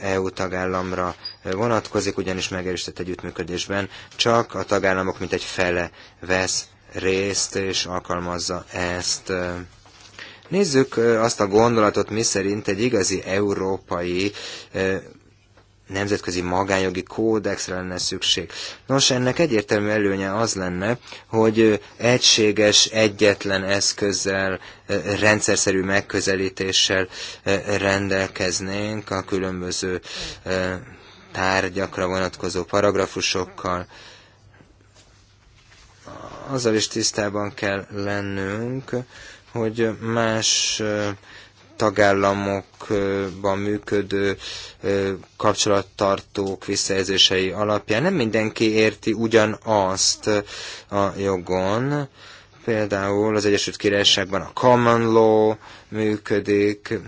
EU tagállamra vonatkozik, ugyanis megerősített együttműködésben csak a tagállamok mint egy fele vesz részt és alkalmazza ezt. Nézzük azt a gondolatot, szerint egy igazi európai nemzetközi magánjogi kódexre lenne szükség. Nos, ennek egyértelmű előnye az lenne, hogy egységes, egyetlen eszközzel, rendszerszerű megközelítéssel rendelkeznénk a különböző tárgyakra vonatkozó paragrafusokkal. Azzal is tisztában kell lennünk, hogy más tagállamokban működő kapcsolattartók visszajelzései alapján nem mindenki érti ugyanazt a jogon. Például az Egyesült Királyságban a common law működik,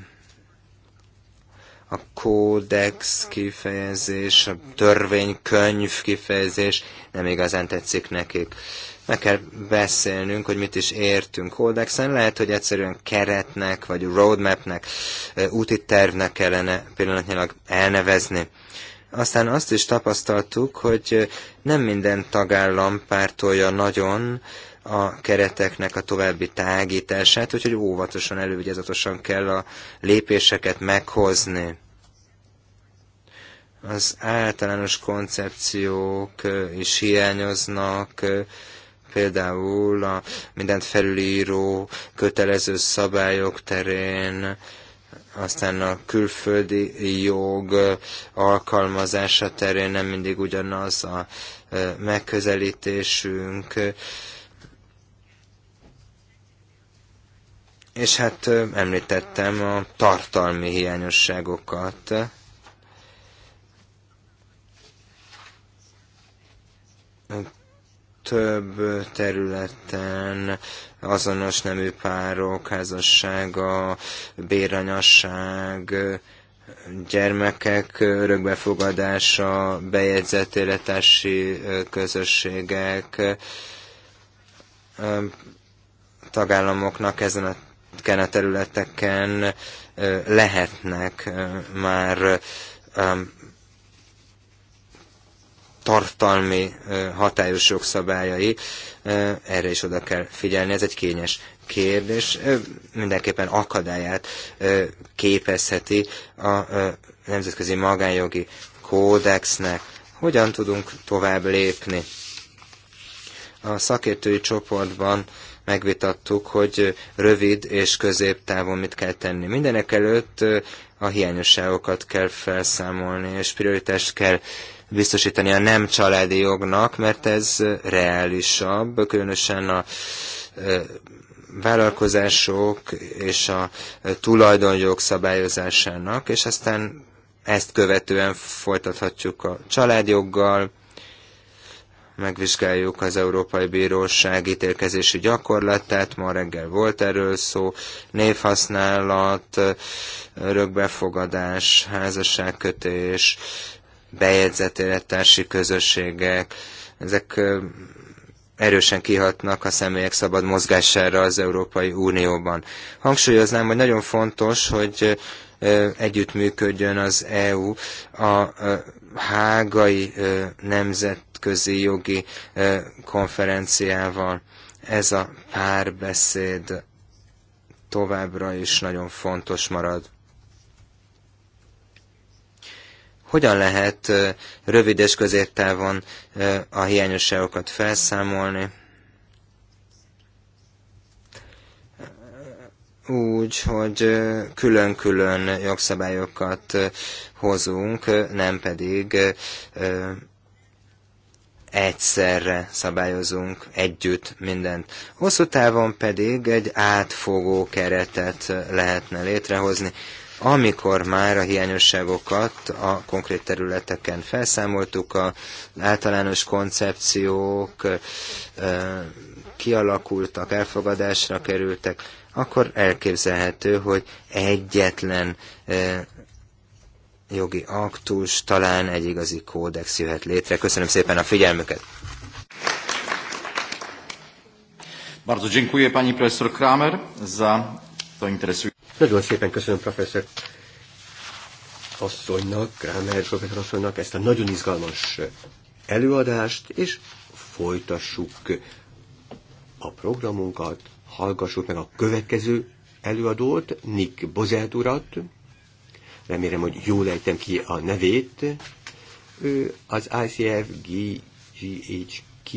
a kódex kifejezés, a törvénykönyv kifejezés nem igazán tetszik nekik. Uh, meg kell beszélnünk, hogy mit is értünk Holdexen. Lehet, hogy egyszerűen keretnek, vagy roadmapnek, úti tervnek kellene pillanatnyilag elnevezni. Aztán azt is tapasztaltuk, hogy nem minden tagállam pártolja nagyon a kereteknek a további tágítását, úgyhogy óvatosan, elővigyázatosan kell a lépéseket meghozni az általános koncepciók is hiányoznak, például a mindent felülíró kötelező szabályok terén, aztán a külföldi jog alkalmazása terén nem mindig ugyanaz a megközelítésünk. És hát említettem a tartalmi hiányosságokat. több területen azonos nemű párok házassága, béranyasság, gyermekek örökbefogadása, bejegyzett életási közösségek, tagállamoknak ezen a, a területeken lehetnek már tartalmi hatályos jogszabályai, erre is oda kell figyelni, ez egy kényes kérdés, mindenképpen akadályát képezheti a nemzetközi magánjogi kódexnek. Hogyan tudunk tovább lépni? A szakértői csoportban megvitattuk, hogy rövid és középtávon mit kell tenni. Mindenek előtt a hiányosságokat kell felszámolni, és prioritást kell biztosítani a nem családi jognak, mert ez reálisabb, különösen a vállalkozások és a tulajdonjog szabályozásának, és aztán ezt követően folytathatjuk a családjoggal, megvizsgáljuk az Európai Bíróság ítélkezési gyakorlatát, ma reggel volt erről szó, névhasználat, örökbefogadás, házasságkötés, bejegyzett élettársi közösségek, ezek erősen kihatnak a személyek szabad mozgására az Európai Unióban. Hangsúlyoznám, hogy nagyon fontos, hogy együttműködjön az EU a hágai nemzetközi jogi konferenciával. Ez a párbeszéd továbbra is nagyon fontos marad. Hogyan lehet rövid és középtávon a hiányosságokat felszámolni? Úgy, hogy külön-külön jogszabályokat hozunk, nem pedig egyszerre szabályozunk együtt mindent. Hosszú távon pedig egy átfogó keretet lehetne létrehozni amikor már a hiányosságokat a konkrét területeken felszámoltuk, a általános koncepciók kialakultak, elfogadásra kerültek, akkor elképzelhető, hogy egyetlen jogi aktus, talán egy igazi kódex jöhet létre. Köszönöm szépen a figyelmüket! Bardzo dziękuję pani profesor Kramer za to interesujące. Nagyon szépen köszönöm professzor asszonynak, Kramer professzor asszonynak ezt a nagyon izgalmas előadást, és folytassuk a programunkat, hallgassuk meg a következő előadót, Nick Bozelt urat, remélem, hogy jól ejtem ki a nevét, ő az ICF GGHK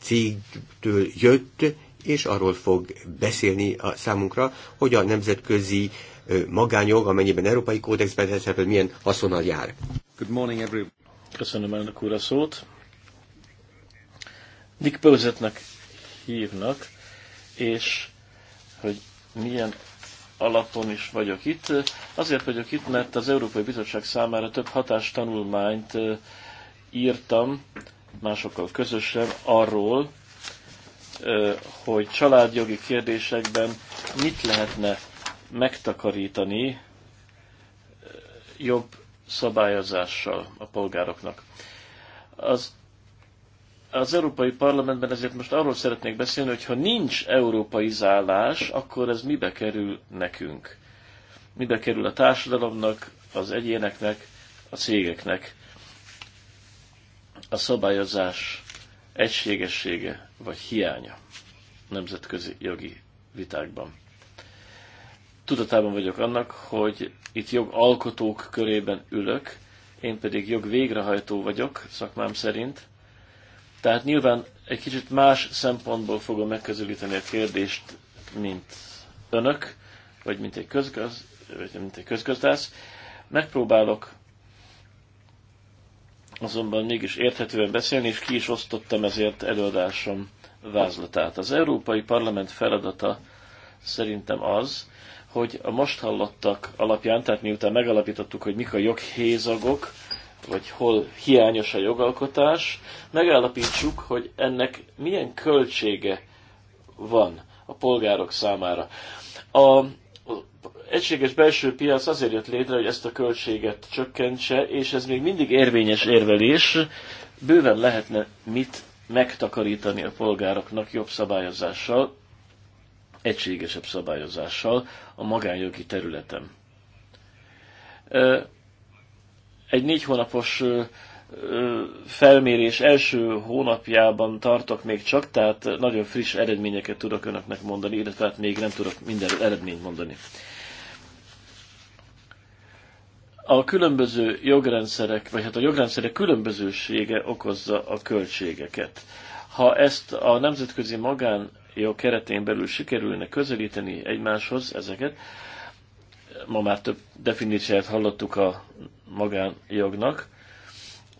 cégtől jött, és arról fog beszélni a számunkra, hogy a nemzetközi magányog, amennyiben európai kódexben szerepel, milyen haszonnal jár. Good morning, everyone. Köszönöm elnök úr a szót. Nick Pözetnek hívnak, és hogy milyen alapon is vagyok itt. Azért vagyok itt, mert az Európai Bizottság számára több tanulmányt írtam másokkal közösen arról, hogy családjogi kérdésekben mit lehetne megtakarítani jobb szabályozással a polgároknak. Az, az Európai Parlamentben ezért most arról szeretnék beszélni, hogy ha nincs európai zállás, akkor ez mibe kerül nekünk? Mibe kerül a társadalomnak, az egyéneknek, a cégeknek? A szabályozás egységessége vagy hiánya nemzetközi jogi vitákban. Tudatában vagyok annak, hogy itt jogalkotók körében ülök, én pedig jog végrehajtó vagyok szakmám szerint, tehát nyilván egy kicsit más szempontból fogom megközelíteni a kérdést, mint önök, vagy mint egy, közgaz, vagy mint egy közgazdász. Megpróbálok azonban mégis érthetően beszélni, és ki is osztottam ezért előadásom vázlatát. Az Európai Parlament feladata szerintem az, hogy a most hallottak alapján, tehát miután megalapítottuk, hogy mik a joghézagok, vagy hol hiányos a jogalkotás, megállapítsuk, hogy ennek milyen költsége van a polgárok számára. A egységes belső piac azért jött létre, hogy ezt a költséget csökkentse, és ez még mindig érvényes érvelés, bőven lehetne mit megtakarítani a polgároknak jobb szabályozással, egységesebb szabályozással a magánjogi területen. Egy négy hónapos felmérés első hónapjában tartok még csak, tehát nagyon friss eredményeket tudok önöknek mondani, illetve hát még nem tudok minden eredményt mondani a különböző jogrendszerek, vagy hát a jogrendszerek különbözősége okozza a költségeket. Ha ezt a nemzetközi magánjog keretén belül sikerülne közelíteni egymáshoz ezeket, ma már több definíciát hallottuk a magánjognak,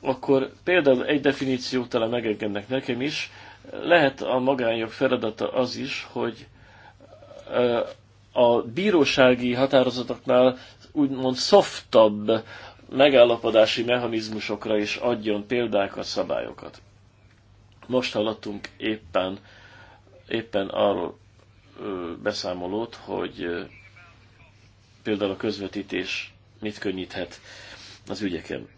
akkor például egy definíció talán megengednek nekem is, lehet a magánjog feladata az is, hogy a bírósági határozatoknál úgymond szoftabb megállapodási mechanizmusokra is adjon példákat, szabályokat. Most hallottunk éppen, éppen arról beszámolót, hogy például a közvetítés mit könnyíthet az ügyeken.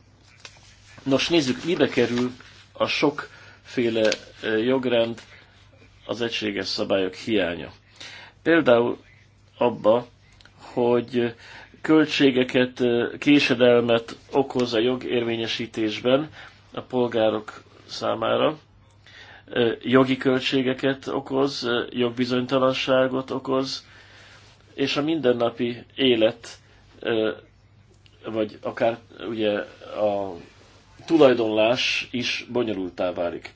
Nos, nézzük, mibe kerül a sokféle jogrend, az egységes szabályok hiánya. Például abba, hogy költségeket, késedelmet okoz a jogérvényesítésben a polgárok számára, jogi költségeket okoz, jogbizonytalanságot okoz, és a mindennapi élet, vagy akár ugye a tulajdonlás is bonyolultá válik.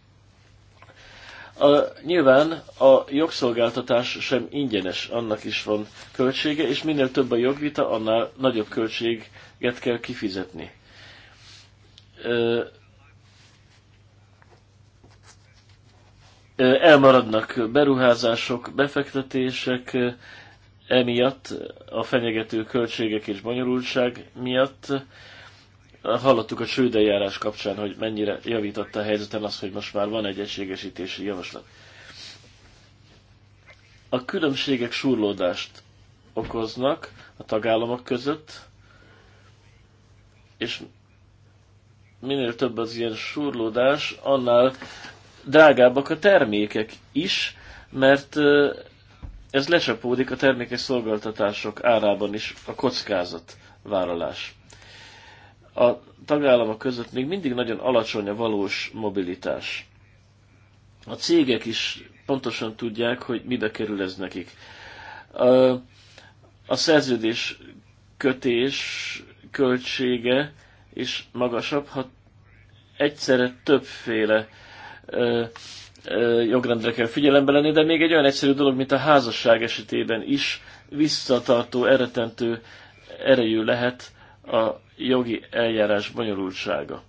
A, nyilván a jogszolgáltatás sem ingyenes, annak is van költsége, és minél több a jogvita, annál nagyobb költséget kell kifizetni. elmaradnak beruházások, befektetések emiatt, a fenyegető költségek és bonyolultság miatt Hallottuk a csődeljárás kapcsán, hogy mennyire javította a helyzeten az, hogy most már van egy egységesítési javaslat. A különbségek súrlódást okoznak a tagállamok között, és minél több az ilyen súrlódás, annál drágábbak a termékek is, mert ez lecsapódik a termékes szolgáltatások árában is, a kockázat vállalás a tagállamok között még mindig nagyon alacsony a valós mobilitás. A cégek is pontosan tudják, hogy mibe kerül ez nekik. A szerződés kötés költsége is magasabb, ha egyszerre többféle jogrendre kell figyelembe lenni, de még egy olyan egyszerű dolog, mint a házasság esetében is visszatartó, eretentő erejű lehet a jogi eljárás bonyolultsága.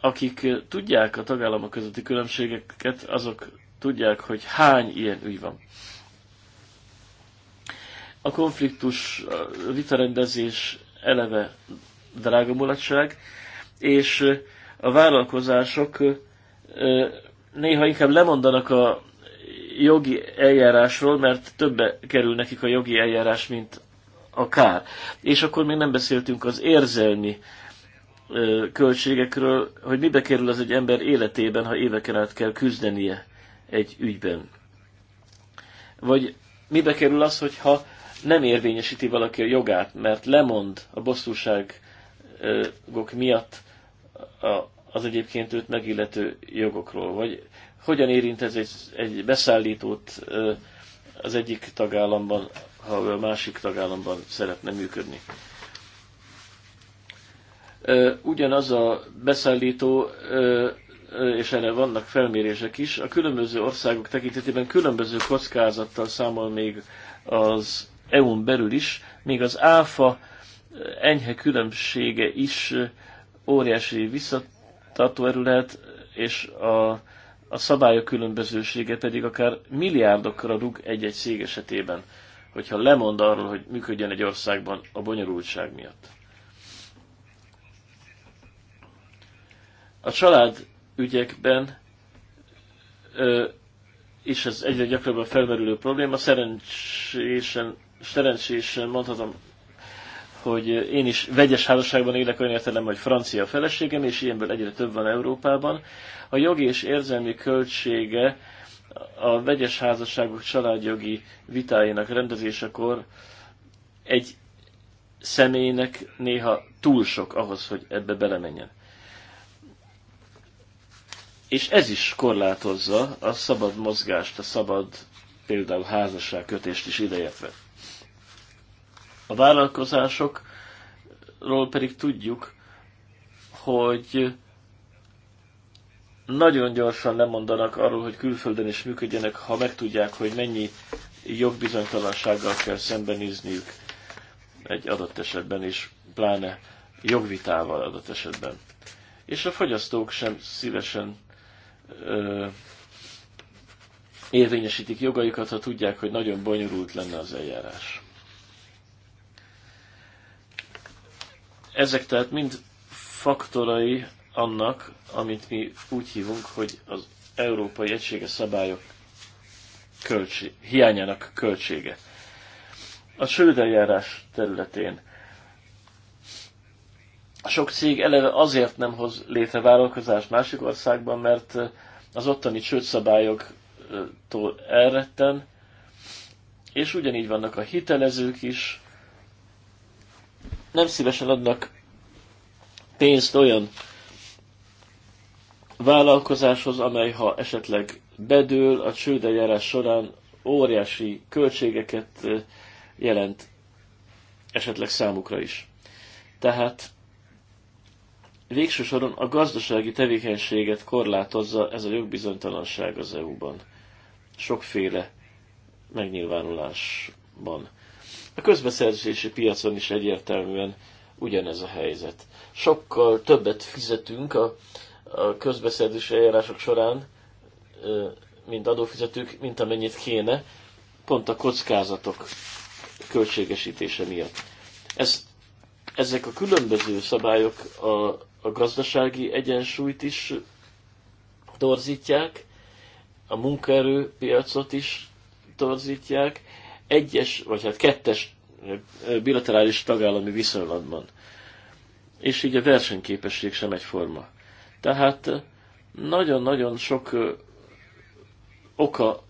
Akik tudják a tagállamok közötti különbségeket, azok tudják, hogy hány ilyen ügy van. A konfliktus, a vitarendezés eleve drága mulatság, és a vállalkozások néha inkább lemondanak a jogi eljárásról, mert többe kerül nekik a jogi eljárás, mint a kár. És akkor még nem beszéltünk az érzelmi költségekről, hogy mibe kerül az egy ember életében, ha éveken át kell küzdenie egy ügyben. Vagy mibe kerül az, hogyha nem érvényesíti valaki a jogát, mert lemond a bosszúságok miatt az egyébként őt megillető jogokról, vagy hogyan érint ez egy, egy beszállítót az egyik tagállamban ha ő a másik tagállamban szeretne működni. Ugyanaz a beszállító, és erre vannak felmérések is, a különböző országok tekintetében különböző kockázattal számol még az EU-n belül is, még az áfa enyhe különbsége is óriási visszatartó erő lehet, és a, a szabályok különbözősége pedig akár milliárdokra rúg egy-egy szég esetében hogyha lemond arról, hogy működjön egy országban a bonyolultság miatt. A család ügyekben ö, és ez egyre gyakrabban felmerülő probléma, szerencsésen, szerencsésen mondhatom, hogy én is vegyes házasságban élek olyan értelem, hogy francia feleségem, és ilyenből egyre több van Európában. A jogi és érzelmi költsége a vegyes házasságok családjogi vitájának rendezésekor egy személynek néha túl sok ahhoz, hogy ebbe belemenjen. És ez is korlátozza a szabad mozgást, a szabad például házasságkötést is ideértve. A vállalkozásokról pedig tudjuk, hogy nagyon gyorsan lemondanak arról, hogy külföldön is működjenek, ha megtudják, hogy mennyi jogbizonytalansággal kell szembenézniük egy adott esetben, és pláne jogvitával adott esetben. És a fogyasztók sem szívesen ö, érvényesítik jogaikat, ha tudják, hogy nagyon bonyolult lenne az eljárás. Ezek tehát mind faktorai annak, amit mi úgy hívunk, hogy az európai egységes szabályok költség, hiányának költsége. A csődeljárás területén sok cég eleve azért nem hoz létre vállalkozást másik országban, mert az ottani csődszabályoktól elretten, és ugyanígy vannak a hitelezők is, nem szívesen adnak pénzt olyan vállalkozáshoz, amely ha esetleg bedől, a csődeljárás során óriási költségeket jelent esetleg számukra is. Tehát végső soron a gazdasági tevékenységet korlátozza ez a jogbizonytalanság az EU-ban. Sokféle megnyilvánulásban. A közbeszerzési piacon is egyértelműen ugyanez a helyzet. Sokkal többet fizetünk a a közbeszerzési eljárások során, mint adófizetők, mint amennyit kéne, pont a kockázatok költségesítése miatt. Ez, ezek a különböző szabályok a, a gazdasági egyensúlyt is torzítják, a munkaerőpiacot is torzítják, egyes, vagy hát kettes bilaterális tagállami viszonylatban. És így a versenyképesség sem egyforma. Tehát nagyon-nagyon sok oka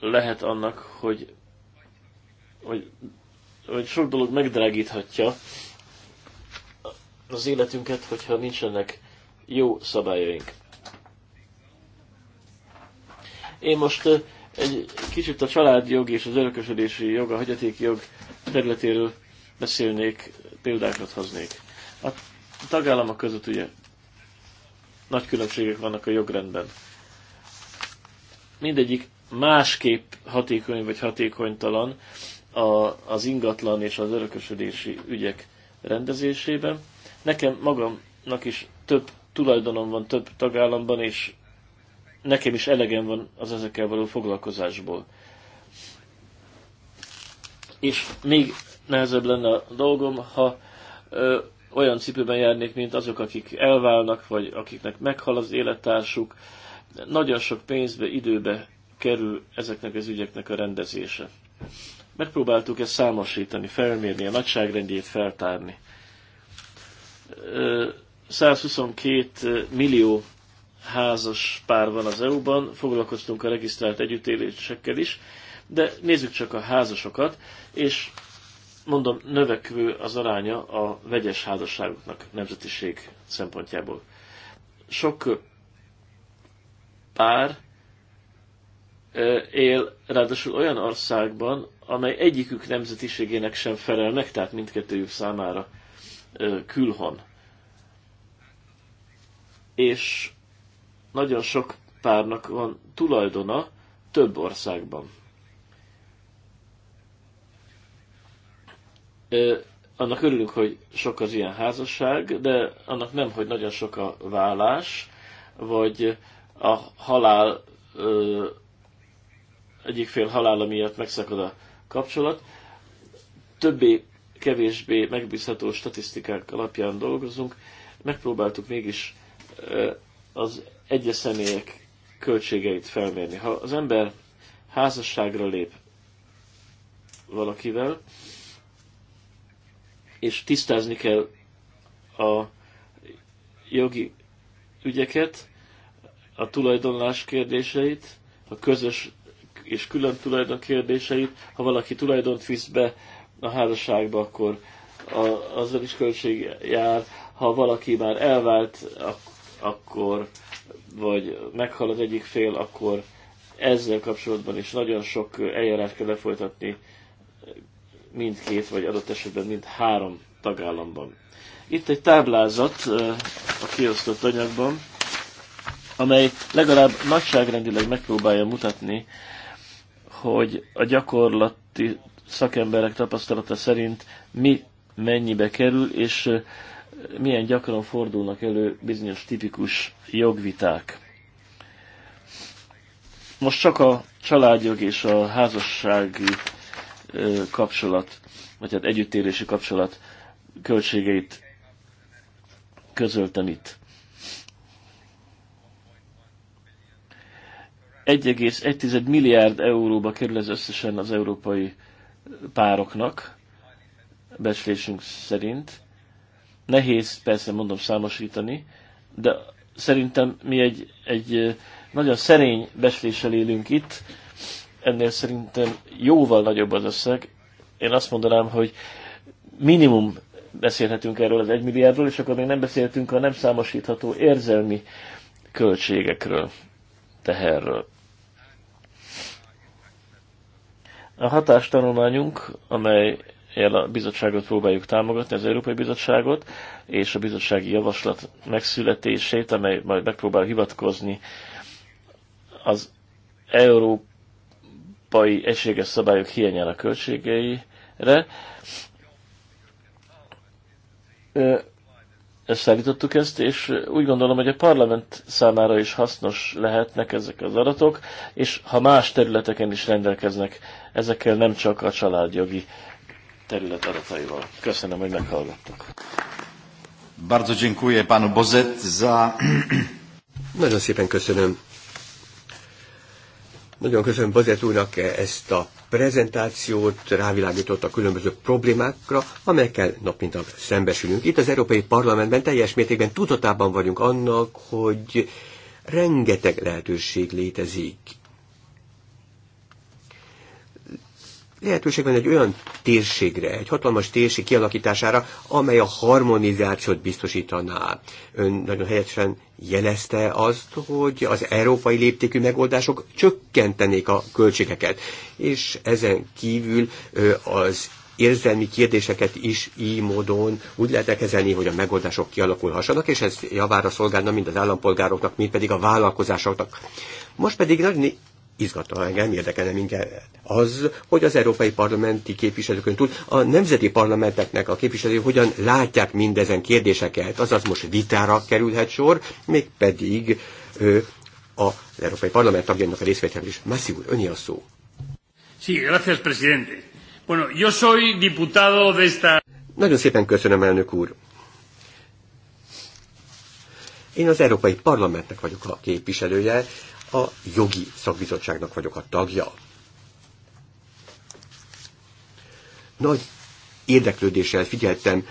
lehet annak, hogy, hogy, hogy sok dolog megdrágíthatja az életünket, hogyha nincsenek jó szabályaink. Én most egy kicsit a családjog és az örökösödési jog, a hagyatéki jog területéről beszélnék, példákat hoznék. A tagállamok között ugye nagy különbségek vannak a jogrendben. Mindegyik másképp hatékony vagy hatékonytalan a, az ingatlan és az örökösödési ügyek rendezésében. Nekem magamnak is több tulajdonom van több tagállamban, és nekem is elegem van az ezekkel való foglalkozásból. És még nehezebb lenne a dolgom, ha ö, olyan cipőben járnék, mint azok, akik elválnak, vagy akiknek meghal az élettársuk. Nagyon sok pénzbe, időbe kerül ezeknek az ügyeknek a rendezése. Megpróbáltuk ezt számosítani, felmérni, a nagyságrendjét feltárni. 122 millió házas pár van az EU-ban, foglalkoztunk a regisztrált együttélésekkel is, de nézzük csak a házasokat, és mondom, növekvő az aránya a vegyes házasságoknak nemzetiség szempontjából. Sok pár él ráadásul olyan országban, amely egyikük nemzetiségének sem felel meg, tehát mindkettőjük számára külhon. És nagyon sok párnak van tulajdona több országban. annak örülünk, hogy sok az ilyen házasság, de annak nem, hogy nagyon sok a vállás, vagy a halál, egyik fél halála miatt megszakad a kapcsolat. Többé, kevésbé megbízható statisztikák alapján dolgozunk. Megpróbáltuk mégis az egyes személyek költségeit felmérni. Ha az ember házasságra lép valakivel, és tisztázni kell a jogi ügyeket, a tulajdonlás kérdéseit, a közös és külön tulajdon kérdéseit. Ha valaki tulajdont visz be a házasságba, akkor a, azzal is költség jár. Ha valaki már elvált, akkor vagy meghal az egyik fél, akkor ezzel kapcsolatban is nagyon sok eljárást kell lefolytatni mindkét, vagy adott esetben mind három tagállamban. Itt egy táblázat a kiosztott anyagban, amely legalább nagyságrendileg megpróbálja mutatni, hogy a gyakorlati szakemberek tapasztalata szerint mi mennyibe kerül, és milyen gyakran fordulnak elő bizonyos tipikus jogviták. Most csak a családjog és a házassági kapcsolat, vagy hát együttélési kapcsolat költségeit közöltem itt. 1,1 milliárd euróba kerül ez összesen az európai pároknak, becslésünk szerint. Nehéz persze mondom számosítani, de szerintem mi egy, egy nagyon szerény besléssel élünk itt, ennél szerintem jóval nagyobb az összeg. Én azt mondanám, hogy minimum beszélhetünk erről az egymilliárdról, és akkor még nem beszéltünk a nem számosítható érzelmi költségekről, teherről. A hatástanulmányunk, amely a bizottságot próbáljuk támogatni, az Európai Bizottságot, és a bizottsági javaslat megszületését, amely majd megpróbál hivatkozni az Európa európai egységes szabályok hiányára költségeire. Ezt szállítottuk ezt, és úgy gondolom, hogy a parlament számára is hasznos lehetnek ezek az adatok, és ha más területeken is rendelkeznek, ezekkel nem csak a családjogi terület adataival. Köszönöm, hogy meghallgattak. Bardzo dziękuję panu Bozet za... Nagyon szépen köszönöm nagyon köszönöm Bazet úrnak ezt a prezentációt, rávilágított a különböző problémákra, amelyekkel nap mint nap szembesülünk. Itt az Európai Parlamentben teljes mértékben tudatában vagyunk annak, hogy rengeteg lehetőség létezik lehetőség van egy olyan térségre, egy hatalmas térség kialakítására, amely a harmonizációt biztosítaná. Ön nagyon helyesen jelezte azt, hogy az európai léptékű megoldások csökkentenék a költségeket, és ezen kívül az érzelmi kérdéseket is így módon úgy lehet kezelni, hogy a megoldások kialakulhassanak, és ez javára szolgálna mind az állampolgároknak, mind pedig a vállalkozásoknak. Most pedig nagyon izgatta engem, érdekelne minket az, hogy az európai parlamenti képviselőkön túl a nemzeti parlamenteknek a képviselői hogyan látják mindezen kérdéseket, azaz most vitára kerülhet sor, mégpedig a, az Európai Parlament tagjának a részvétel is. Mászi úr, öni a szó. Sí, gracias, presidente. Bueno, yo soy diputado de esta... Nagyon szépen köszönöm, elnök úr. Én az Európai Parlamentnek vagyok a képviselője, a jogi szakbizottságnak vagyok a tagja. Nagy érdeklődéssel figyeltem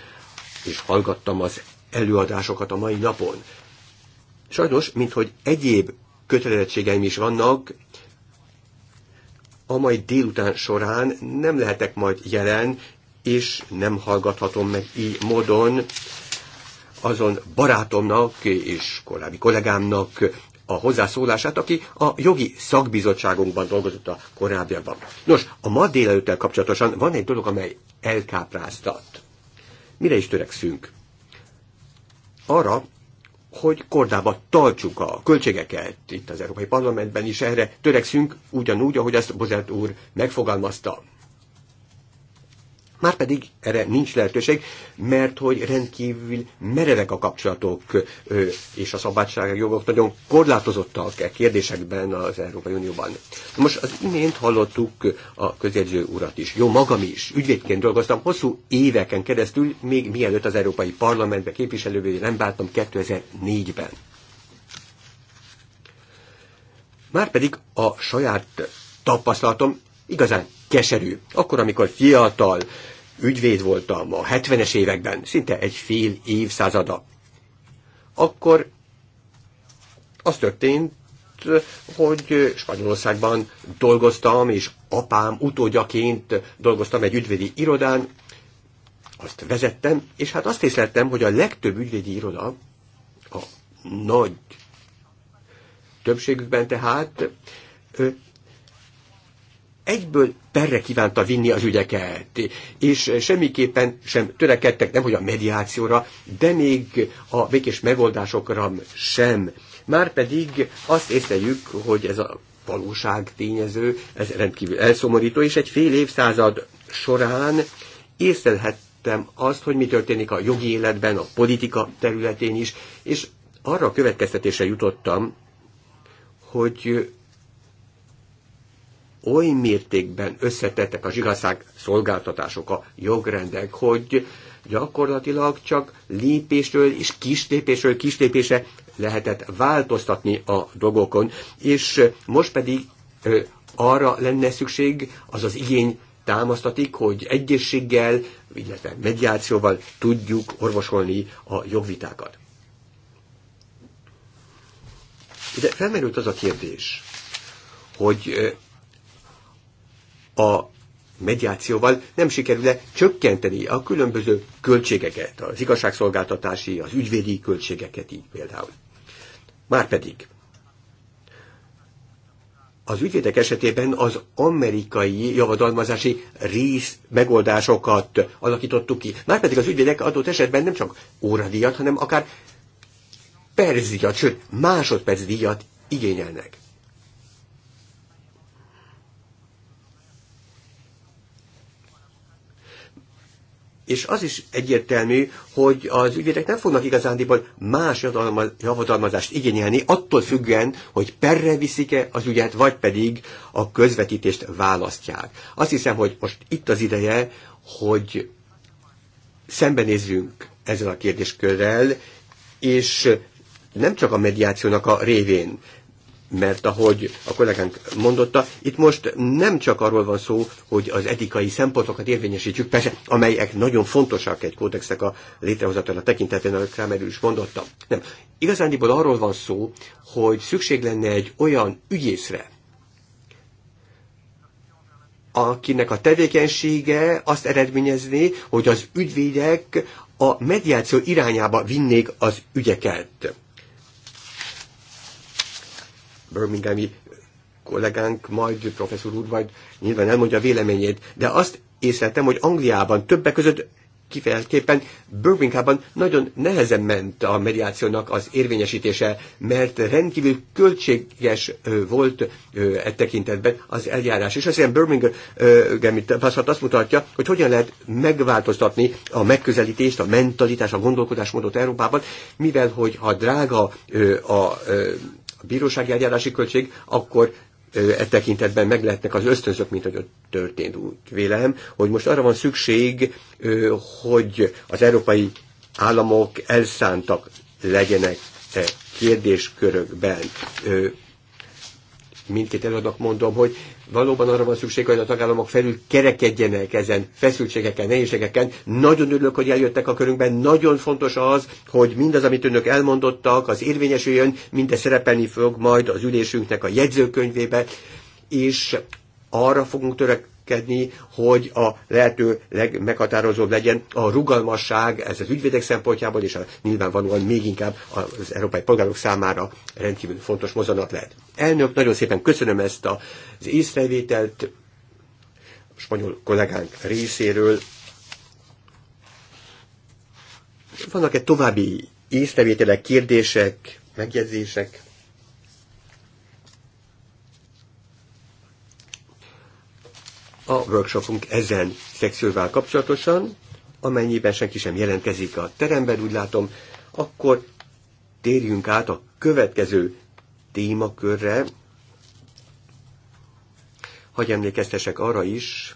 és hallgattam az előadásokat a mai napon. Sajnos, minthogy egyéb kötelezettségeim is vannak, a mai délután során nem lehetek majd jelen, és nem hallgathatom meg így módon azon barátomnak és korábbi kollégámnak a hozzászólását, aki a jogi szakbizottságunkban dolgozott a korábbiakban. Nos, a ma délelőttel kapcsolatosan van egy dolog, amely elkápráztat. Mire is törekszünk? Arra, hogy kordába tartsuk a költségeket itt az Európai Parlamentben is, erre törekszünk ugyanúgy, ahogy ezt Bozert úr megfogalmazta. Márpedig erre nincs lehetőség, mert hogy rendkívül merevek a kapcsolatok, és a jogok nagyon korlátozottak e kérdésekben az Európai Unióban. Most az imént hallottuk a közjegyző urat is. Jó, magam is. Ügyvédként dolgoztam hosszú éveken keresztül, még mielőtt az Európai Parlamentbe képviselővé nem váltam 2004-ben. Márpedig a saját tapasztalatom igazán keserű. Akkor, amikor fiatal ügyvéd voltam a 70-es években, szinte egy fél évszázada, akkor az történt, hogy Spanyolországban dolgoztam, és apám utódjaként dolgoztam egy ügyvédi irodán, azt vezettem, és hát azt észleltem, hogy a legtöbb ügyvédi iroda, a nagy többségükben tehát egyből perre kívánta vinni az ügyeket, és semmiképpen sem törekedtek nem hogy a mediációra, de még a békés megoldásokra sem. Márpedig azt észleljük, hogy ez a valóság tényező, ez rendkívül elszomorító, és egy fél évszázad során észlelhettem azt, hogy mi történik a jogi életben, a politika területén is, és arra a következtetése jutottam, hogy oly mértékben összetettek a igazság szolgáltatások, a jogrendek, hogy gyakorlatilag csak lépésről és kislépésről kislépése lehetett változtatni a dolgokon, és most pedig ö, arra lenne szükség, az az igény támasztatik, hogy egyességgel, illetve mediációval tudjuk orvosolni a jogvitákat. De felmerült az a kérdés, hogy a mediációval nem sikerül-e csökkenteni a különböző költségeket, az igazságszolgáltatási, az ügyvédi költségeket így például. Márpedig az ügyvédek esetében az amerikai javadalmazási rész megoldásokat alakítottuk ki. Márpedig az ügyvédek adott esetben nem csak óradíjat, hanem akár percdíjat, sőt díjat igényelnek. és az is egyértelmű, hogy az ügyvédek nem fognak igazándiból más javadalmazást igényelni, attól függően, hogy perre viszik-e az ügyet, vagy pedig a közvetítést választják. Azt hiszem, hogy most itt az ideje, hogy szembenézzünk ezzel a kérdéskörrel, és nem csak a mediációnak a révén mert ahogy a kollégánk mondotta, itt most nem csak arról van szó, hogy az etikai szempontokat érvényesítjük, persze, amelyek nagyon fontosak egy kódexnek a létrehozatala tekintetén, amit Kramer is mondotta. Nem. Igazándiból arról van szó, hogy szükség lenne egy olyan ügyészre, akinek a tevékenysége azt eredményezné, hogy az ügyvédek a mediáció irányába vinnék az ügyeket Birminghami kollégánk, majd professzor úr majd nyilván elmondja a véleményét, de azt észleltem, hogy Angliában többek között kifejezetten Birminghamban nagyon nehezen ment a mediációnak az érvényesítése, mert rendkívül költséges volt e tekintetben az eljárás. És azért Birmingham tapasztalat azt mutatja, hogy hogyan lehet megváltoztatni a megközelítést, a mentalitást, a gondolkodásmódot Európában, mivel hogy ha drága a a bírósági eljárási költség, akkor e tekintetben meg lehetnek az ösztönzök, mint hogy ott történt. Úgy vélem, hogy most arra van szükség, hogy az európai államok elszántak legyenek e kérdéskörökben. Mindkét előadnak mondom, hogy valóban arra van szükség, hogy a tagállamok felül kerekedjenek ezen feszültségeken, nehézségeken. Nagyon örülök, hogy eljöttek a körünkben. Nagyon fontos az, hogy mindaz, amit önök elmondottak, az érvényesüljön, mindez szerepelni fog majd az ülésünknek a jegyzőkönyvébe, és arra fogunk törek, törekedni, hogy a lehető legmeghatározóbb legyen a rugalmasság, ez az ügyvédek szempontjából, és a, nyilvánvalóan még inkább az európai polgárok számára rendkívül fontos mozanat lehet. Elnök, nagyon szépen köszönöm ezt az észrevételt a spanyol kollégánk részéről. Vannak-e további észrevételek, kérdések, megjegyzések? a workshopunk ezen szekcióval kapcsolatosan. Amennyiben senki sem jelentkezik a teremben, úgy látom, akkor térjünk át a következő témakörre. Hagy emlékeztesek arra is,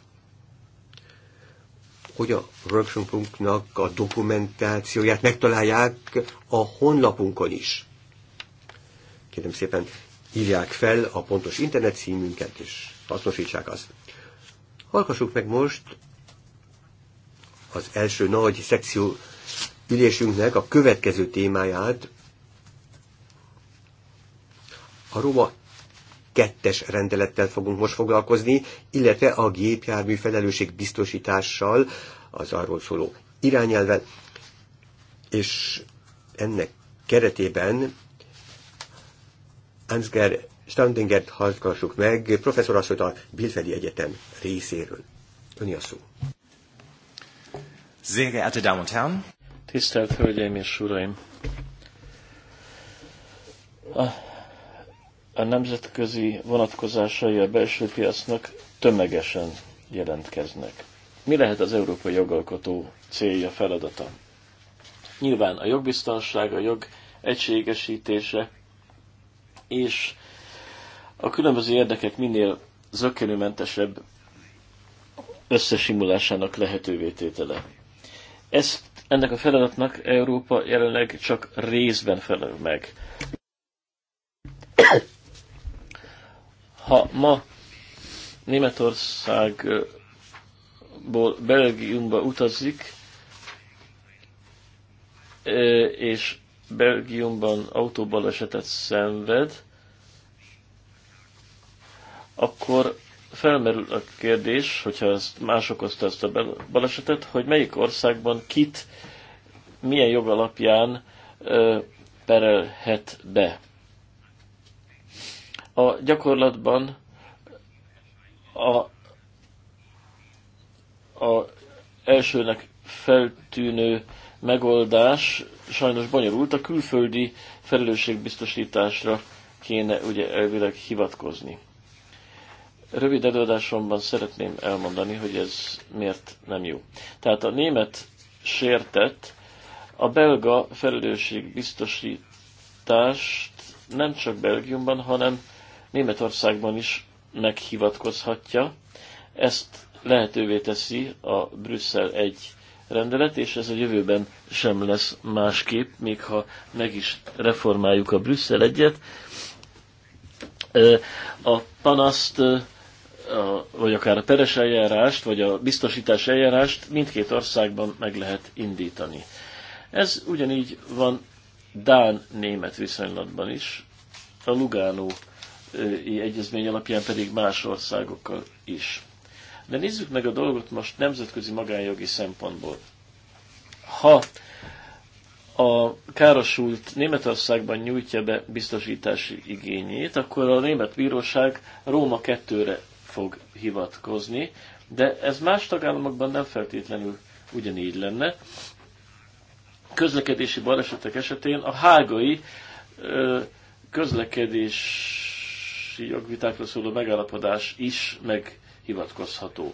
hogy a workshopunknak a dokumentációját megtalálják a honlapunkon is. Kérem szépen, hívják fel a pontos internetcímünket és hasznosítsák azt. Hallgassuk meg most az első nagy szekció ülésünknek a következő témáját, a Roma kettes rendelettel fogunk most foglalkozni, illetve a gépjármű felelősség biztosítással, az arról szóló irányelvel, és ennek keretében Ansgar Standinget hallgassuk meg, professzor asszonyt a Bilfeli Egyetem részéről. Ön a szó. Sehr geehrte Damen und Herren! Tisztelt Hölgyeim és Uraim! A, a nemzetközi vonatkozásai a belső piacnak tömegesen jelentkeznek. Mi lehet az európai jogalkotó célja, feladata? Nyilván a jogbiztonság, a jog egységesítése és a különböző érdekek minél zökkenőmentesebb összesimulásának lehetővé tétele. Ezt, ennek a feladatnak Európa jelenleg csak részben felel meg. Ha ma Németországból Belgiumba utazik, és Belgiumban autóbalesetet szenved, akkor felmerül a kérdés, hogyha ezt más okozta ezt a balesetet, hogy melyik országban kit milyen jog alapján ö, perelhet be. A gyakorlatban a, a elsőnek feltűnő megoldás sajnos bonyolult, a külföldi felelősségbiztosításra kéne ugye elvileg hivatkozni. Rövid előadásomban szeretném elmondani, hogy ez miért nem jó. Tehát a német sértett a belga biztosítást nem csak Belgiumban, hanem Németországban is meghivatkozhatja. Ezt lehetővé teszi a Brüsszel egy rendelet, és ez a jövőben sem lesz másképp, még ha meg is reformáljuk a Brüsszel egyet. A panaszt a, vagy akár a peres eljárást, vagy a biztosítás eljárást mindkét országban meg lehet indítani. Ez ugyanígy van Dán-német viszonylatban is, a Lugánó egyezmény alapján pedig más országokkal is. De nézzük meg a dolgot most nemzetközi magánjogi szempontból. Ha a károsult Németországban nyújtja be biztosítási igényét, akkor a német bíróság Róma 2-re fog hivatkozni, de ez más tagállamokban nem feltétlenül ugyanígy lenne. Közlekedési balesetek esetén a hágai közlekedési jogvitákra szóló megállapodás is meghivatkozható.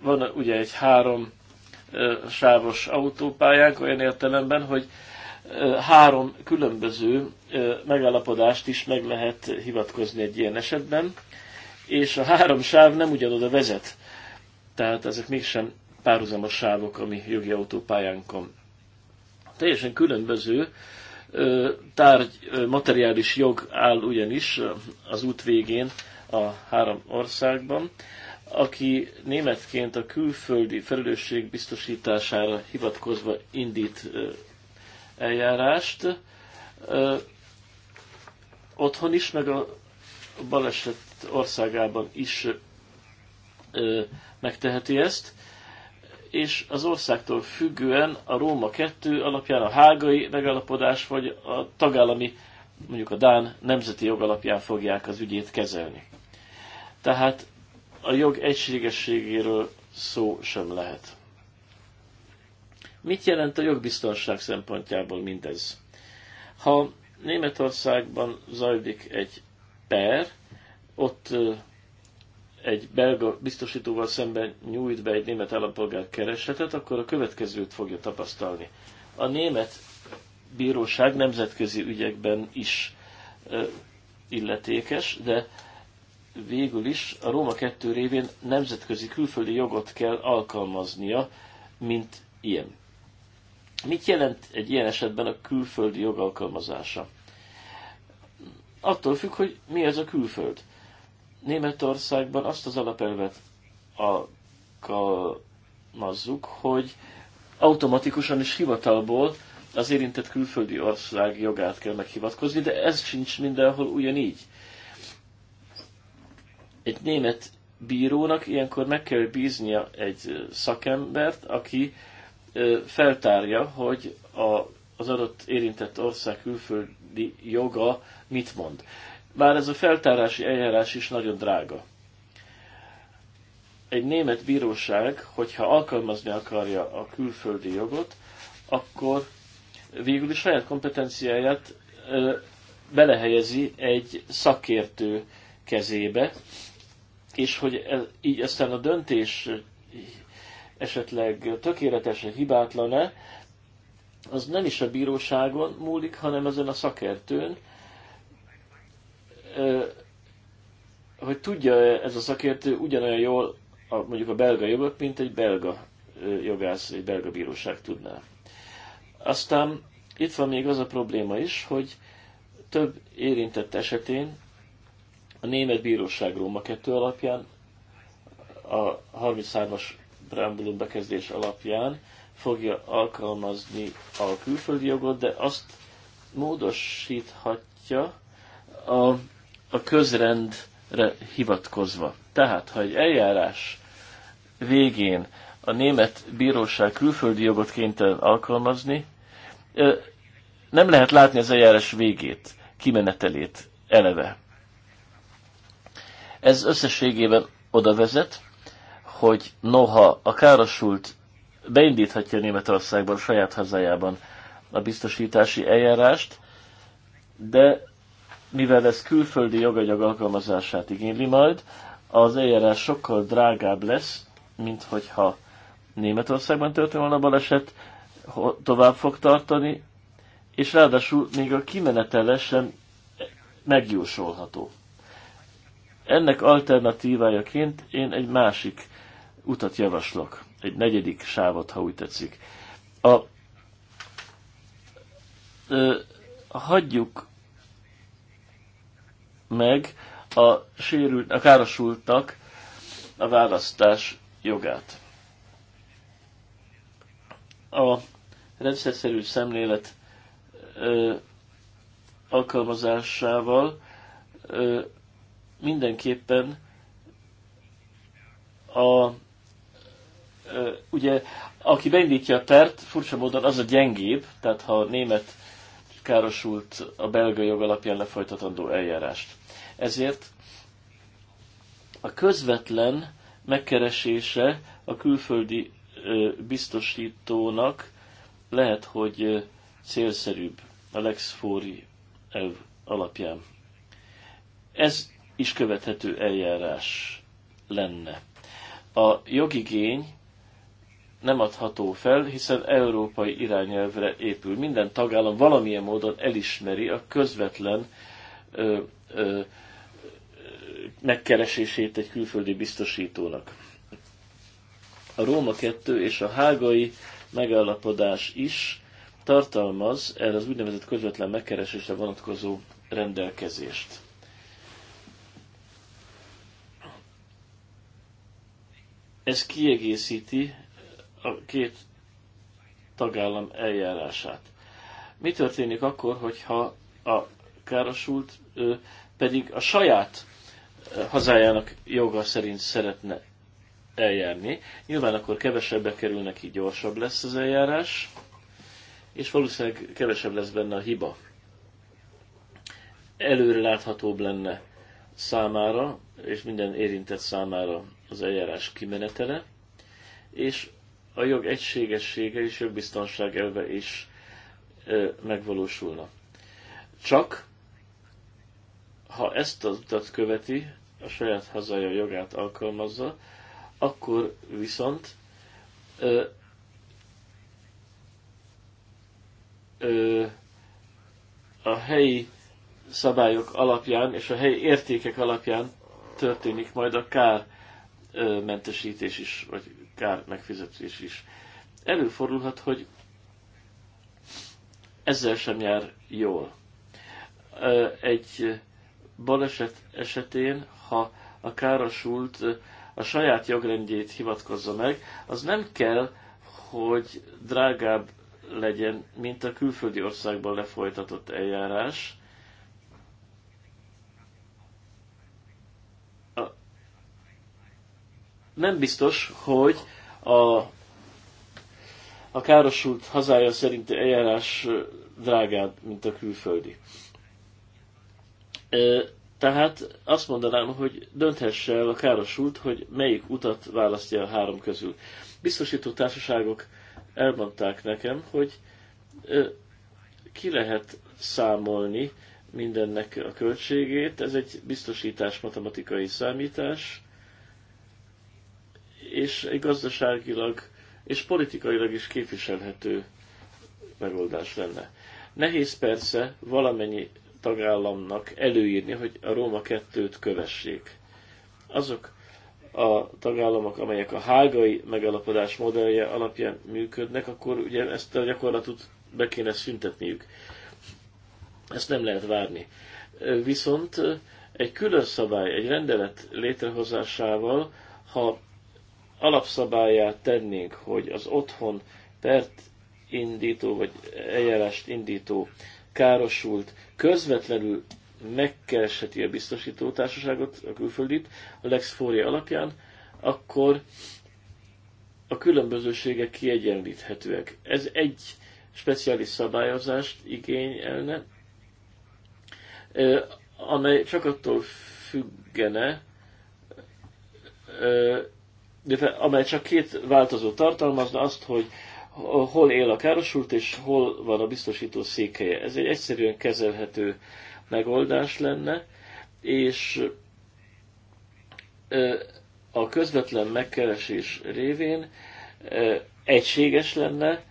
Van ugye egy három sávos autópályánk olyan értelemben, hogy három különböző megállapodást is meg lehet hivatkozni egy ilyen esetben, és a három sáv nem ugyanoda vezet. Tehát ezek mégsem párhuzamos sávok a mi jogi autópályánkon. Teljesen különböző tárgy, materiális jog áll ugyanis az út végén a három országban, aki németként a külföldi felelősség biztosítására hivatkozva indít eljárást otthon is, meg a baleset országában is megteheti ezt, és az országtól függően a Róma 2 alapján a hágai megállapodás, vagy a tagállami, mondjuk a Dán nemzeti jog alapján fogják az ügyét kezelni. Tehát a jog egységességéről szó sem lehet. Mit jelent a jogbiztonság szempontjából mindez? Ha Németországban zajlik egy per, ott egy belga biztosítóval szemben nyújt be egy német állampolgár keresetet, akkor a következőt fogja tapasztalni. A német bíróság nemzetközi ügyekben is illetékes, de végül is a Róma 2 révén nemzetközi külföldi jogot kell alkalmaznia, mint ilyen. Mit jelent egy ilyen esetben a külföldi jogalkalmazása? Attól függ, hogy mi ez a külföld. Németországban azt az alapelvet alkalmazzuk, hogy automatikusan és hivatalból az érintett külföldi ország jogát kell meghivatkozni, de ez sincs mindenhol ugyanígy. Egy német bírónak ilyenkor meg kell bíznia egy szakembert, aki feltárja, hogy a, az adott érintett ország külföldi joga mit mond. Bár ez a feltárási eljárás is nagyon drága. Egy német bíróság, hogyha alkalmazni akarja a külföldi jogot, akkor végül is saját kompetenciáját ö, belehelyezi egy szakértő kezébe, és hogy ez, így aztán a döntés esetleg tökéletesen hibátlan-e, az nem is a bíróságon múlik, hanem ezen a szakértőn, hogy tudja ez a szakértő ugyanolyan jól a, mondjuk a belga jogot, mint egy belga jogász, egy belga bíróság tudná. Aztán itt van még az a probléma is, hogy több érintett esetén a német bíróság Róma 2 alapján a 33-as preambulum bekezdés alapján fogja alkalmazni a külföldi jogot, de azt módosíthatja a, a közrendre hivatkozva. Tehát, ha egy eljárás végén a német bíróság külföldi jogot kénytelen alkalmazni, nem lehet látni az eljárás végét, kimenetelét eleve. Ez összességében oda vezet, hogy noha a károsult beindíthatja Németországban, saját hazájában a biztosítási eljárást, de mivel ez külföldi joganyag alkalmazását igényli majd, az eljárás sokkal drágább lesz, mint hogyha Németországban történt volna baleset, tovább fog tartani, és ráadásul még a kimenetele sem megjósolható. Ennek alternatívájaként én egy másik utat javaslok, egy negyedik sávot, ha úgy tetszik. A, ö, hagyjuk meg a, sérült, a károsultak a választás jogát. A rendszerszerű szemlélet ö, alkalmazásával ö, mindenképpen a ugye aki beindítja a pert, furcsa módon az a gyengébb, tehát ha a német károsult a belga jog alapján lefolytatandó eljárást. Ezért a közvetlen megkeresése a külföldi biztosítónak lehet, hogy célszerűbb a Lex Fóri elv alapján. Ez is követhető eljárás lenne. A jogigény nem adható fel, hiszen európai irányelvre épül. Minden tagállam valamilyen módon elismeri a közvetlen ö, ö, megkeresését egy külföldi biztosítónak. A Róma 2 és a Hágai megállapodás is tartalmaz erre az úgynevezett közvetlen megkeresésre vonatkozó rendelkezést. Ez kiegészíti a két tagállam eljárását. Mi történik akkor, hogyha a károsult ő pedig a saját hazájának joga szerint szeretne eljárni. Nyilván akkor kevesebbe kerül neki, gyorsabb lesz az eljárás, és valószínűleg kevesebb lesz benne a hiba. Előre láthatóbb lenne számára, és minden érintett számára az eljárás kimenetele, és a jog egységessége és jogbiztonság elve is megvalósulna. Csak ha ezt az utat követi, a saját hazája jogát alkalmazza, akkor viszont ö, ö, a helyi szabályok alapján és a helyi értékek alapján történik majd a kármentesítés is, vagy kár megfizetés is. Előfordulhat, hogy ezzel sem jár jól. Egy baleset esetén, ha a károsult a saját jogrendjét hivatkozza meg, az nem kell, hogy drágább legyen, mint a külföldi országban lefolytatott eljárás, nem biztos, hogy a, a károsult hazája szerinti eljárás drágább, mint a külföldi. Tehát azt mondanám, hogy dönthesse el a károsult, hogy melyik utat választja a három közül. Biztosító társaságok elmondták nekem, hogy ki lehet számolni mindennek a költségét. Ez egy biztosítás matematikai számítás, és egy gazdaságilag és politikailag is képviselhető megoldás lenne. Nehéz persze valamennyi tagállamnak előírni, hogy a Róma 2-t kövessék. Azok a tagállamok, amelyek a hágai megalapodás modellje alapján működnek, akkor ugye ezt a gyakorlatot be kéne szüntetniük. Ezt nem lehet várni. Viszont egy külön szabály, egy rendelet létrehozásával, ha alapszabályát tennénk, hogy az otthon pert indító vagy eljárást indító károsult közvetlenül megkeresheti a biztosító társaságot, a külföldit, a Lex Fória alapján, akkor a különbözőségek kiegyenlíthetőek. Ez egy speciális szabályozást igényelne, amely csak attól függene, amely csak két változó tartalmazna azt, hogy hol él a károsult, és hol van a biztosító székhelye. Ez egy egyszerűen kezelhető megoldás lenne, és a közvetlen megkeresés révén egységes lenne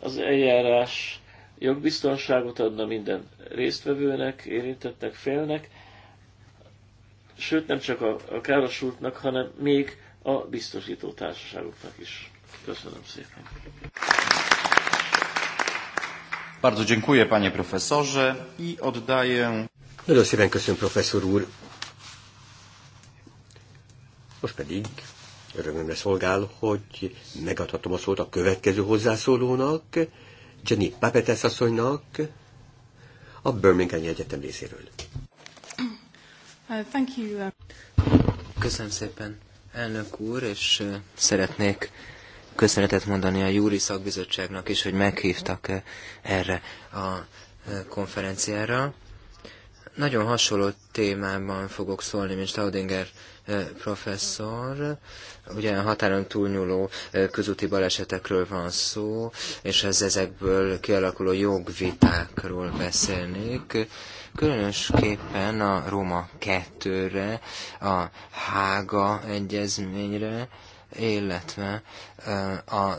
az eljárás, jogbiztonságot adna minden résztvevőnek, érintettek félnek, sőt nem csak a, a károsultnak, hanem még a biztosító társaságoknak is. Köszönöm szépen. Bardzo dziękuję, panie profesorze, i oddaję... Nagyon szépen köszönöm, professzor úr. Most pedig örömömre szolgál, hogy megadhatom a szót a következő hozzászólónak, Jenny Papetes asszonynak, a Birmingham Egyetem részéről. Uh, thank you. Uh. Köszönöm szépen. Elnök úr, és szeretnék köszönetet mondani a Júri Szakbizottságnak is, hogy meghívtak erre a konferenciára. Nagyon hasonló témában fogok szólni, mint Staudinger professzor. Ugye a határon túlnyúló közúti balesetekről van szó, és az ezekből kialakuló jogvitákról beszélnék különösképpen a Róma 2-re, a Hága egyezményre, illetve a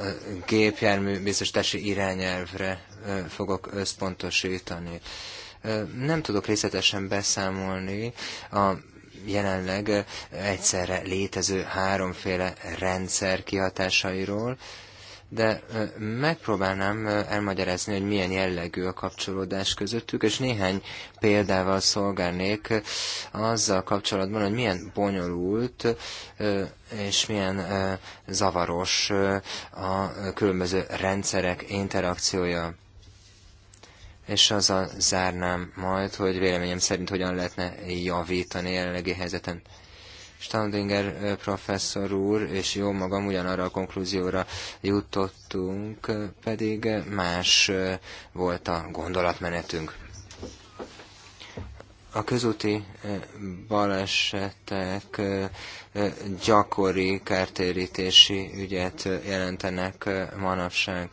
gépjármű biztosítási irányelvre fogok összpontosítani. Nem tudok részletesen beszámolni a jelenleg egyszerre létező háromféle rendszer kihatásairól, de megpróbálnám elmagyarázni, hogy milyen jellegű a kapcsolódás közöttük, és néhány példával szolgálnék azzal kapcsolatban, hogy milyen bonyolult és milyen zavaros a különböző rendszerek interakciója és azzal zárnám majd, hogy véleményem szerint hogyan lehetne javítani jelenlegi helyzeten. Staudinger professzor úr és jó magam ugyanarra a konklúzióra jutottunk, pedig más volt a gondolatmenetünk. A közúti balesetek gyakori kártérítési ügyet jelentenek manapság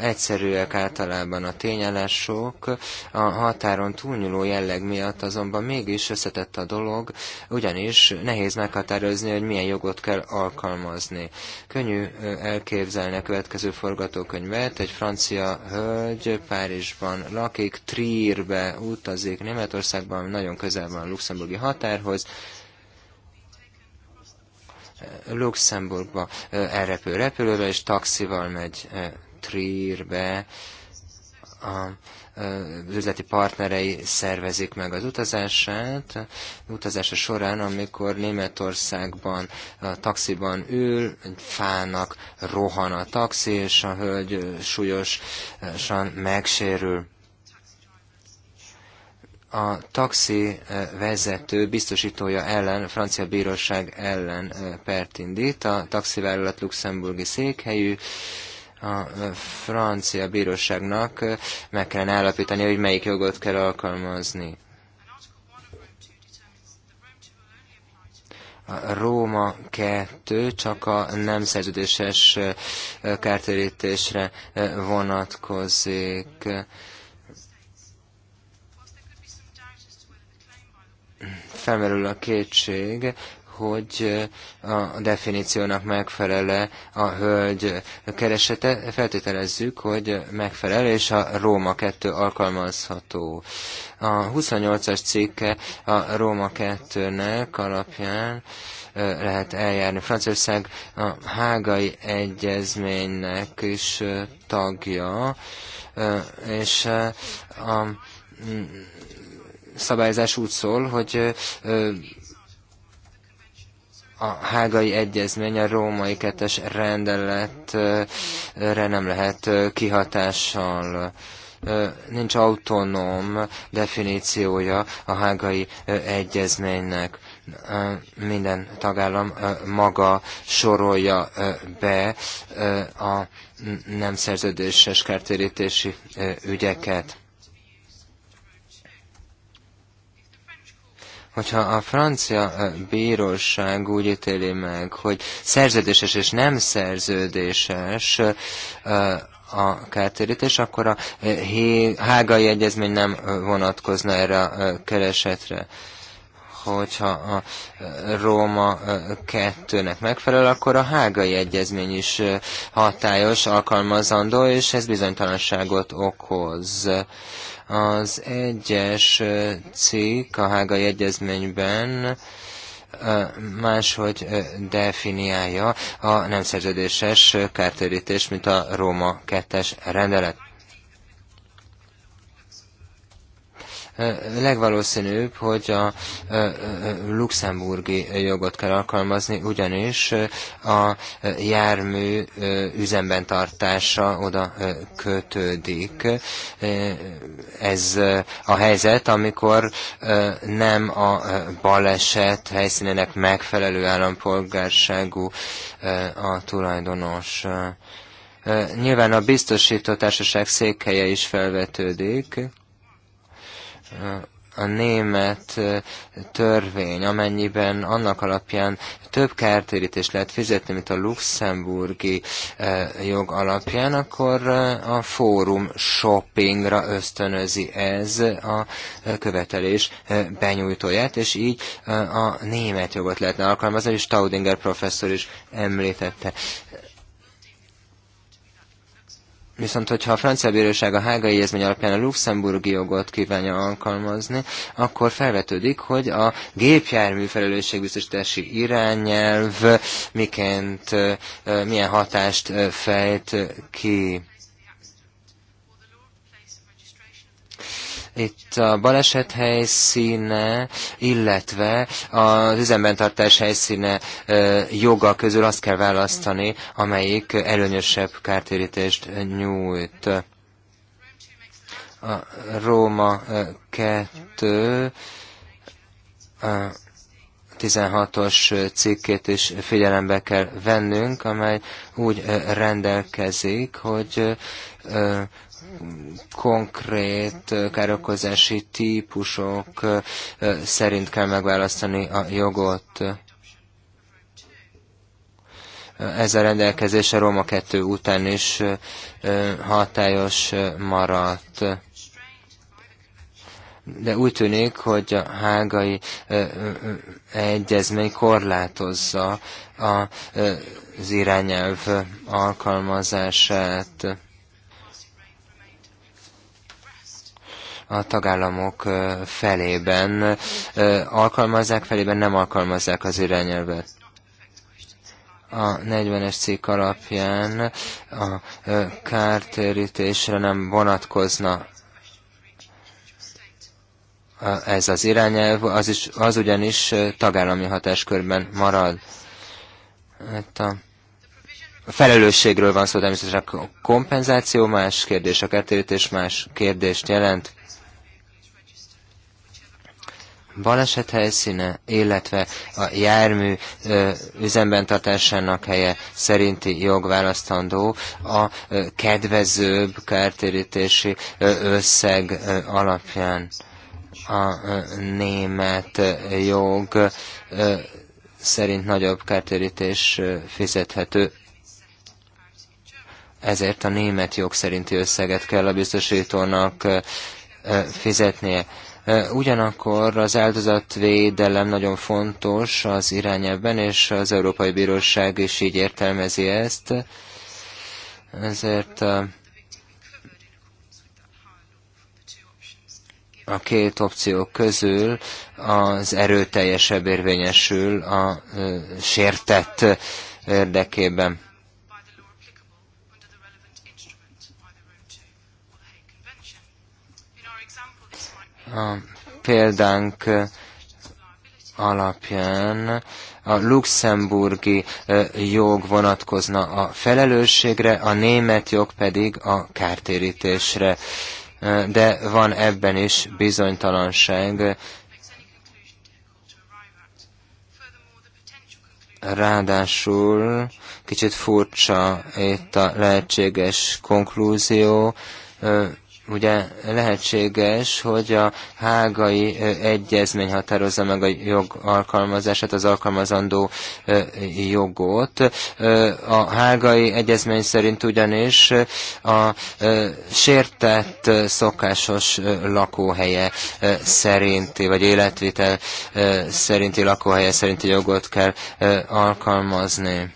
egyszerűek általában a tényállások, a határon túlnyúló jelleg miatt azonban mégis összetett a dolog, ugyanis nehéz meghatározni, hogy milyen jogot kell alkalmazni. Könnyű elképzelni a következő forgatókönyvet, egy francia hölgy Párizsban lakik, Trierbe utazik Németországban, nagyon közel van a luxemburgi határhoz, Luxemburgba elrepül repülővel, és taxival megy Trierbe a üzleti partnerei szervezik meg az utazását. Utazása során, amikor Németországban a taxiban ül, egy fának rohan a taxi, és a hölgy súlyosan megsérül a taxi vezető biztosítója ellen, a francia bíróság ellen pert indít. A taxivállalat luxemburgi székhelyű, a francia bíróságnak meg kellene állapítani, hogy melyik jogot kell alkalmazni. A Róma 2 csak a nem szerződéses kártérítésre vonatkozik. Felmerül a kétség, hogy a definíciónak megfelele a hölgy keresete. Feltételezzük, hogy megfelel, és a Róma 2 alkalmazható. A 28-as cikke a Róma 2-nek alapján lehet eljárni. Franciaország a hágai egyezménynek is tagja, és a szabályzás úgy szól, hogy a hágai egyezmény, a római kettes rendeletre nem lehet kihatással nincs autonóm definíciója a hágai egyezménynek. Minden tagállam maga sorolja be a nem szerződéses kártérítési ügyeket. hogyha a francia bíróság úgy ítéli meg, hogy szerződéses és nem szerződéses a kártérítés, akkor a hágai egyezmény nem vonatkozna erre a keresetre hogyha a Róma kettőnek megfelel, akkor a hágai egyezmény is hatályos, alkalmazandó, és ez bizonytalanságot okoz. Az egyes cikk a hágai egyezményben máshogy definiálja a nem szerződéses kártérítés, mint a Róma 2-es rendelet. legvalószínűbb, hogy a luxemburgi jogot kell alkalmazni, ugyanis a jármű üzemben tartása oda kötődik. Ez a helyzet, amikor nem a baleset helyszínének megfelelő állampolgárságú a tulajdonos. Nyilván a biztosító társaság székhelye is felvetődik a német törvény, amennyiben annak alapján több kártérítést lehet fizetni, mint a luxemburgi jog alapján, akkor a fórum shoppingra ösztönözi ez a követelés benyújtóját, és így a német jogot lehetne alkalmazni, és Staudinger professzor is említette Viszont, hogyha a francia bíróság a hágai egyezmény alapján a luxemburgi jogot kívánja alkalmazni, akkor felvetődik, hogy a gépjármű felelősségbiztosítási irányelv miként, milyen hatást fejt ki. Itt a baleset helyszíne, illetve az üzemben tartás helyszíne joga közül azt kell választani, amelyik előnyösebb kártérítést nyújt. A Róma 2 16-os cikkét is figyelembe kell vennünk, amely úgy rendelkezik, hogy konkrét károkozási típusok szerint kell megválasztani a jogot. Ez a rendelkezés a Róma 2 után is hatályos maradt de úgy tűnik, hogy a hágai egyezmény korlátozza a, az irányelv alkalmazását. a tagállamok felében alkalmazzák, felében nem alkalmazzák az irányelvet a 40-es cikk alapján a kártérítésre nem vonatkozna ez az irányelv, az, is, az ugyanis tagállami hatáskörben marad. Hát a felelősségről van szó természetesen a kompenzáció, más kérdés a kártérítés, más kérdést jelent baleset helyszíne, illetve a jármű ö, üzemben tartásának helye szerinti jogválasztandó a ö, kedvezőbb kártérítési ö, összeg ö, alapján a ö, német jog ö, szerint nagyobb kártérítés ö, fizethető ezért a német jog szerinti összeget kell a biztosítónak fizetnie. Ugyanakkor az áldozatvédelem nagyon fontos az irányában és az Európai Bíróság is így értelmezi ezt. Ezért a két opció közül az erőteljesebb érvényesül a sértett érdekében. A példánk alapján a luxemburgi jog vonatkozna a felelősségre, a német jog pedig a kártérítésre. De van ebben is bizonytalanság. Ráadásul kicsit furcsa itt a lehetséges konklúzió, ugye lehetséges, hogy a hágai egyezmény határozza meg a jog alkalmazását, az alkalmazandó jogot. A hágai egyezmény szerint ugyanis a sértett szokásos lakóhelye szerinti, vagy életvitel szerinti lakóhelye szerinti jogot kell alkalmazni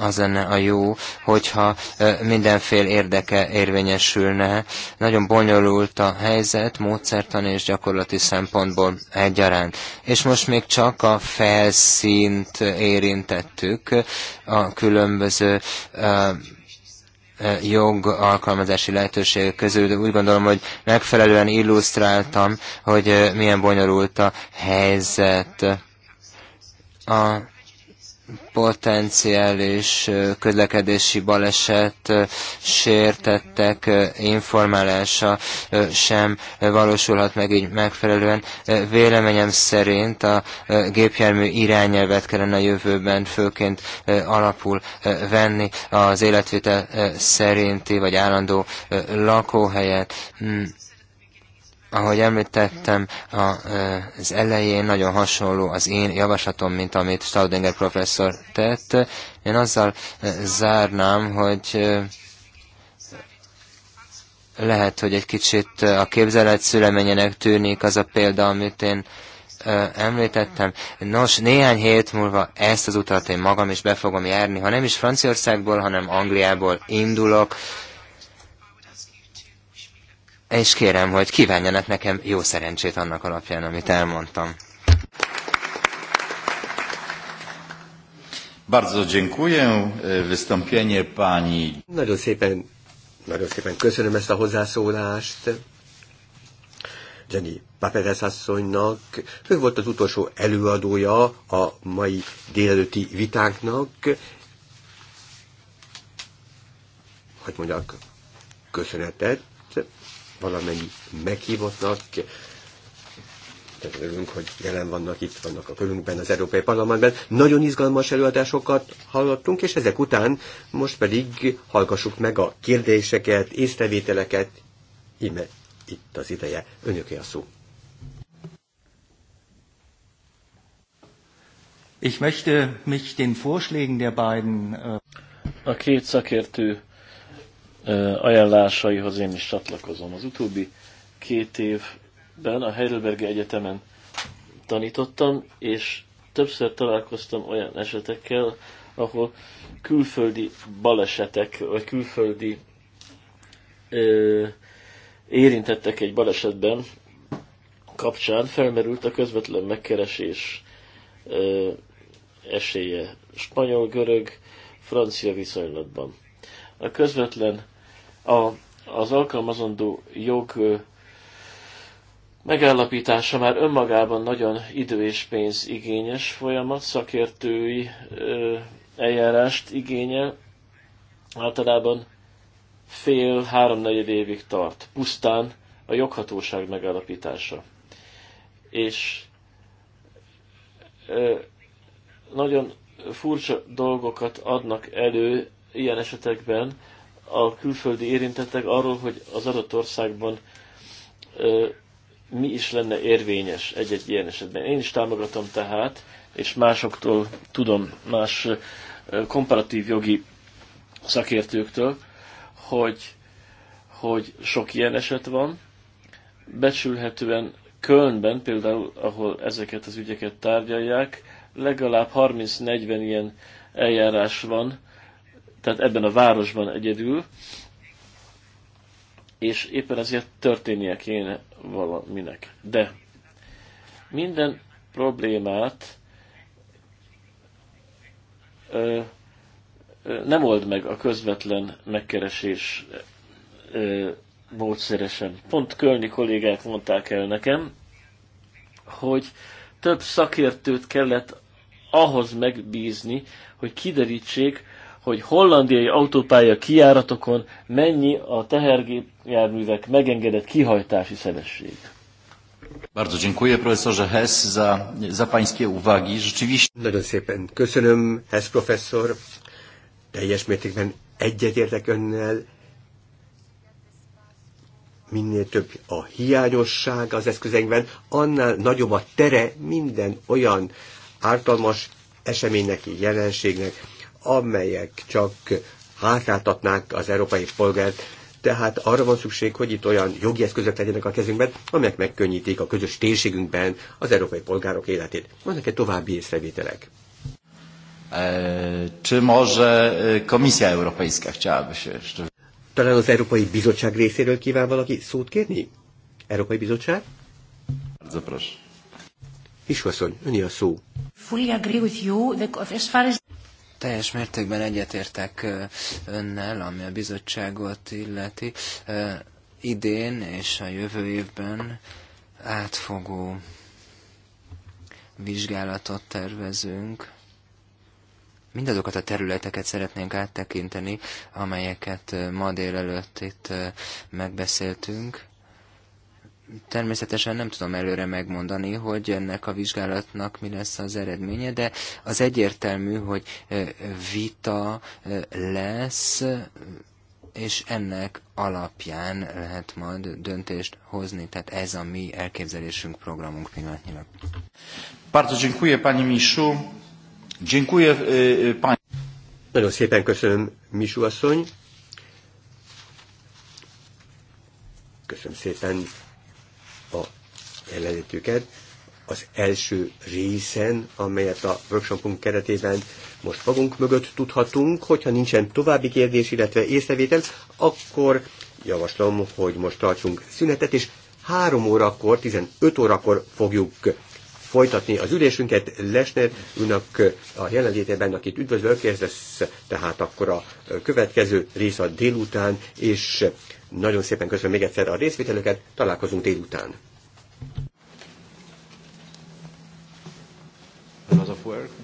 az lenne a jó, hogyha mindenfél érdeke érvényesülne. Nagyon bonyolult a helyzet módszertan és gyakorlati szempontból egyaránt. És most még csak a felszínt érintettük, a különböző jog alkalmazási lehetőségek közül, de úgy gondolom, hogy megfelelően illusztráltam, hogy milyen bonyolult a helyzet. A potenciális közlekedési baleset sértettek informálása sem valósulhat meg így megfelelően. Véleményem szerint a gépjármű irányelvet kellene a jövőben főként alapul venni az életvitel szerinti vagy állandó lakóhelyet ahogy említettem az elején, nagyon hasonló az én javaslatom, mint amit Staudinger professzor tett. Én azzal zárnám, hogy lehet, hogy egy kicsit a képzelet szüleményének tűnik az a példa, amit én említettem. Nos, néhány hét múlva ezt az utat én magam is be fogom járni, ha nem is Franciaországból, hanem Angliából indulok, és kérem, hogy kívánjanak nekem jó szerencsét annak alapján, amit elmondtam. Bardzo dziękuję. E, wystąpienie pani. Nagyon szépen, nagyon szépen köszönöm ezt a hozzászólást. Jenny Paperes asszonynak. Ő volt az utolsó előadója a mai délelőtti vitánknak. Hogy mondjak, köszönetet valamennyi meghívottnak. Tehát örülünk, hogy jelen vannak, itt vannak a körünkben, az Európai Parlamentben. Nagyon izgalmas előadásokat hallottunk, és ezek után most pedig hallgassuk meg a kérdéseket, észrevételeket. Ime, itt az ideje. Önöké a szó. Ich möchte mich den Vorschlägen der beiden... Äh, a két szakértő ajánlásaihoz én is csatlakozom. Az utóbbi két évben a Heidelbergi Egyetemen tanítottam, és többször találkoztam olyan esetekkel, ahol külföldi balesetek, vagy külföldi ö, érintettek egy balesetben kapcsán felmerült a közvetlen megkeresés ö, esélye spanyol, görög, francia viszonylatban a közvetlen, a, az alkalmazandó jog megállapítása már önmagában nagyon idő és pénz igényes folyamat, szakértői eljárást igényel, általában fél, háromnegyed évig tart, pusztán a joghatóság megállapítása. És nagyon furcsa dolgokat adnak elő ilyen esetekben a külföldi érintettek arról, hogy az adott országban ö, mi is lenne érvényes egy-egy ilyen esetben. Én is támogatom tehát, és másoktól tudom, más komparatív jogi szakértőktől, hogy, hogy sok ilyen eset van. Becsülhetően Kölnben például, ahol ezeket az ügyeket tárgyalják, legalább 30-40 ilyen eljárás van, tehát ebben a városban egyedül, és éppen ezért történnie kéne valaminek. De minden problémát ö, ö, nem old meg a közvetlen megkeresés ö, módszeresen. Pont kölni kollégák mondták el nekem, hogy több szakértőt kellett ahhoz megbízni, hogy kiderítsék, hogy hollandiai autópálya kijáratokon mennyi a tehergépjárművek megengedett kihajtási sebesség. Bardzo dziękuję profesorze Hess za, za pańskie uwagi. Rzeczywiście... Nagyon szépen köszönöm, Hess professzor. Teljes mértékben egyetértek önnel. Minél több a hiányosság az eszközeinkben, annál nagyobb a tere minden olyan ártalmas eseménynek, jelenségnek, amelyek csak hátráltatnák az európai polgárt. Tehát arra van szükség, hogy itt olyan jogi eszközök legyenek a kezünkben, amelyek megkönnyítik a közös térségünkben az európai polgárok életét. vannak egy további észrevételek? E, czy może e, Komisja Europejska chciałaby się jeszcze... Talán az Európai Bizottság részéről kíván valaki szót kérni? Európai Bizottság? Bardzo proszę. Kisasszony, öni a szó. Fully agree with you, as far as... Teljes mértékben egyetértek önnel, ami a bizottságot illeti. Idén és a jövő évben átfogó vizsgálatot tervezünk. Mindazokat a területeket szeretnénk áttekinteni, amelyeket ma délelőtt itt megbeszéltünk természetesen nem tudom előre megmondani, hogy ennek a vizsgálatnak mi lesz az eredménye, de az egyértelmű, hogy vita lesz, és ennek alapján lehet majd döntést hozni. Tehát ez a mi elképzelésünk, programunk pillanatnyilag. Bardzo dziękuję, pani Misu. Dziękuję, e, e, pani... Nagyon szépen köszönöm, Misu asszony. Köszönöm szépen jelenlétüket az első részen, amelyet a workshopunk keretében most magunk mögött tudhatunk. Hogyha nincsen további kérdés, illetve észrevétel, akkor javaslom, hogy most tartsunk szünetet, és 3 órakor, 15 órakor fogjuk folytatni az ülésünket. Lesner ünök a jelenlétében, akit üdvözlök, ez lesz tehát akkor a következő rész a délután, és nagyon szépen köszönöm még egyszer a részvételőket, találkozunk délután. a lot work.